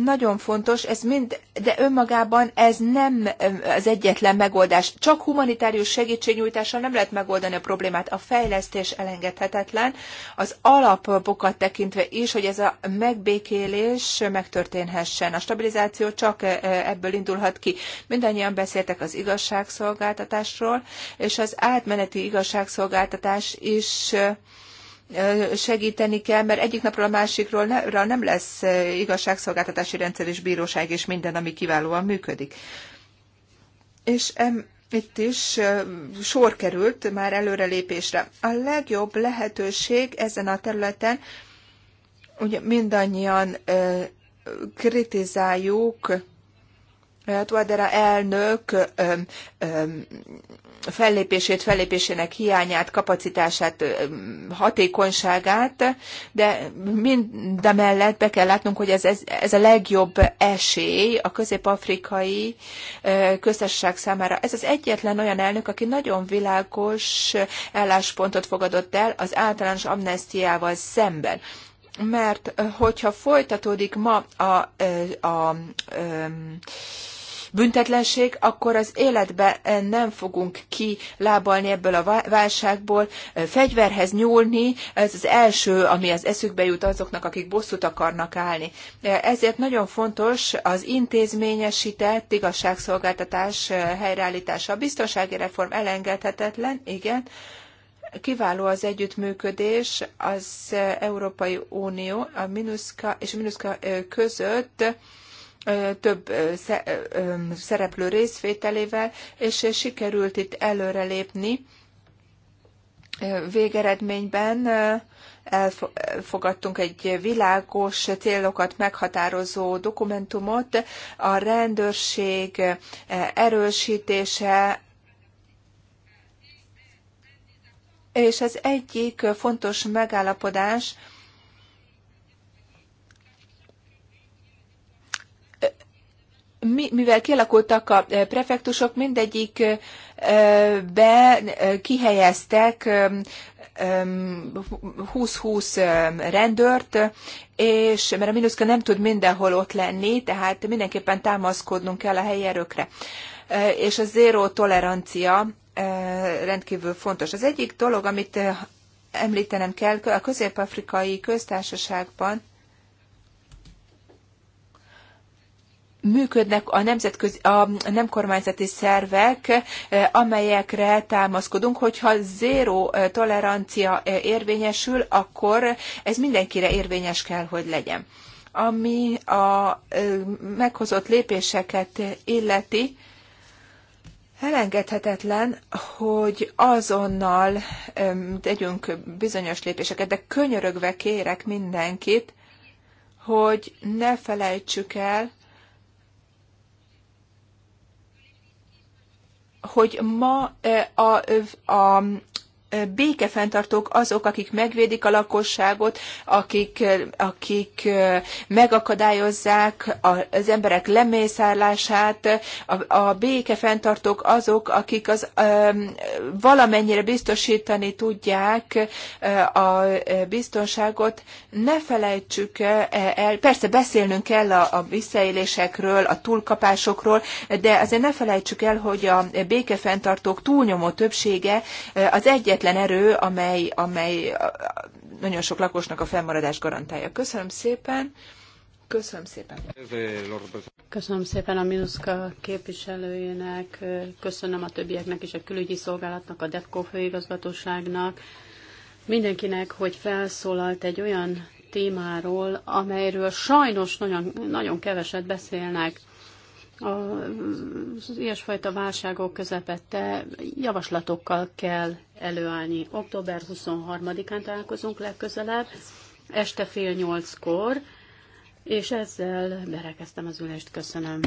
nagyon fontos, ez mind, de önmagában ez nem az egyetlen megoldás. Csak humanitárius segítségnyújtással nem lehet megoldani a problémát. A fejlesztés elengedhetetlen, az alapokat tekintve is, hogy ez a megbékélés megtörténhessen. A stabilizáció csak e, e, ebből indulhat ki. Mindannyian beszéltek az igazságszolgáltatásról, és az átmeneti igazságszolgáltatás is segíteni kell, mert egyik napról a másikról nem lesz igazságszolgáltatási rendszer és bíróság és minden, ami kiválóan működik. És itt is sor került már előrelépésre. A legjobb lehetőség ezen a területen, ugye mindannyian kritizáljuk Tuadera elnök fellépését, fellépésének hiányát, kapacitását, hatékonyságát, de mindemellett be kell látnunk, hogy ez, ez, ez a legjobb esély a közép-afrikai köztársaság számára. Ez az egyetlen olyan elnök, aki nagyon világos álláspontot fogadott el az általános amnestiával szemben. Mert hogyha folytatódik ma a, a, a, a büntetlenség, akkor az életbe eh, nem fogunk kilábalni ebből a válságból, eh, fegyverhez nyúlni, ez az első, ami az eszükbe jut azoknak, akik bosszút akarnak állni. Eh, ezért nagyon fontos az intézményesített igazságszolgáltatás helyreállítása. A biztonsági reform elengedhetetlen, igen, kiváló az együttműködés az Európai Unió a MINUSZKA és a MINUSZKA között több szereplő részvételével, és sikerült itt előrelépni. Végeredményben elfogadtunk egy világos célokat meghatározó dokumentumot, a rendőrség erősítése, és ez egyik fontos megállapodás, mivel kialakultak a e, prefektusok, mindegyik e, e, be kihelyeztek 20-20 rendőrt, és mert a minuszka nem tud mindenhol ott lenni, tehát mindenképpen támaszkodnunk kell a helyi erőkre. És a zéró tolerancia rendkívül fontos. Az egyik dolog, amit említenem kell, a közép-afrikai köztársaságban működnek a, nemzetközi, a nem kormányzati szervek, eh, amelyekre támaszkodunk, hogyha zéró eh, tolerancia eh, érvényesül, akkor ez mindenkire érvényes kell, hogy legyen. Ami a meghozott lépéseket illeti, Elengedhetetlen, hogy azonnal tegyünk bizonyos lépéseket, de könyörögve kérek mindenkit, hogy ne felejtsük el, hogy ma eh, a, a békefenntartók azok, akik megvédik a lakosságot, akik, akik megakadályozzák az emberek lemészárlását, a, a békefenntartók azok, akik az valamennyire biztosítani tudják a biztonságot. Ne felejtsük e, e, el, persze beszélnünk kell a, a visszaélésekről, a túlkapásokról, de azért ne felejtsük el, hogy a békefenntartók túlnyomó többsége az egyet egyetlen erő, amely, amely nagyon sok lakosnak a fennmaradás garantálja. Köszönöm szépen. Köszönöm szépen. Köszönöm szépen a Minuszka képviselőjének, köszönöm a többieknek is, a külügyi szolgálatnak, a DEFCO főigazgatóságnak, mindenkinek, hogy felszólalt egy olyan témáról, amelyről sajnos nagyon, nagyon keveset beszélnek. Az ilyesfajta válságok közepette javaslatokkal kell előállni. Október 23-án találkozunk legközelebb, este fél nyolckor, és ezzel berekeztem az ülést. Köszönöm.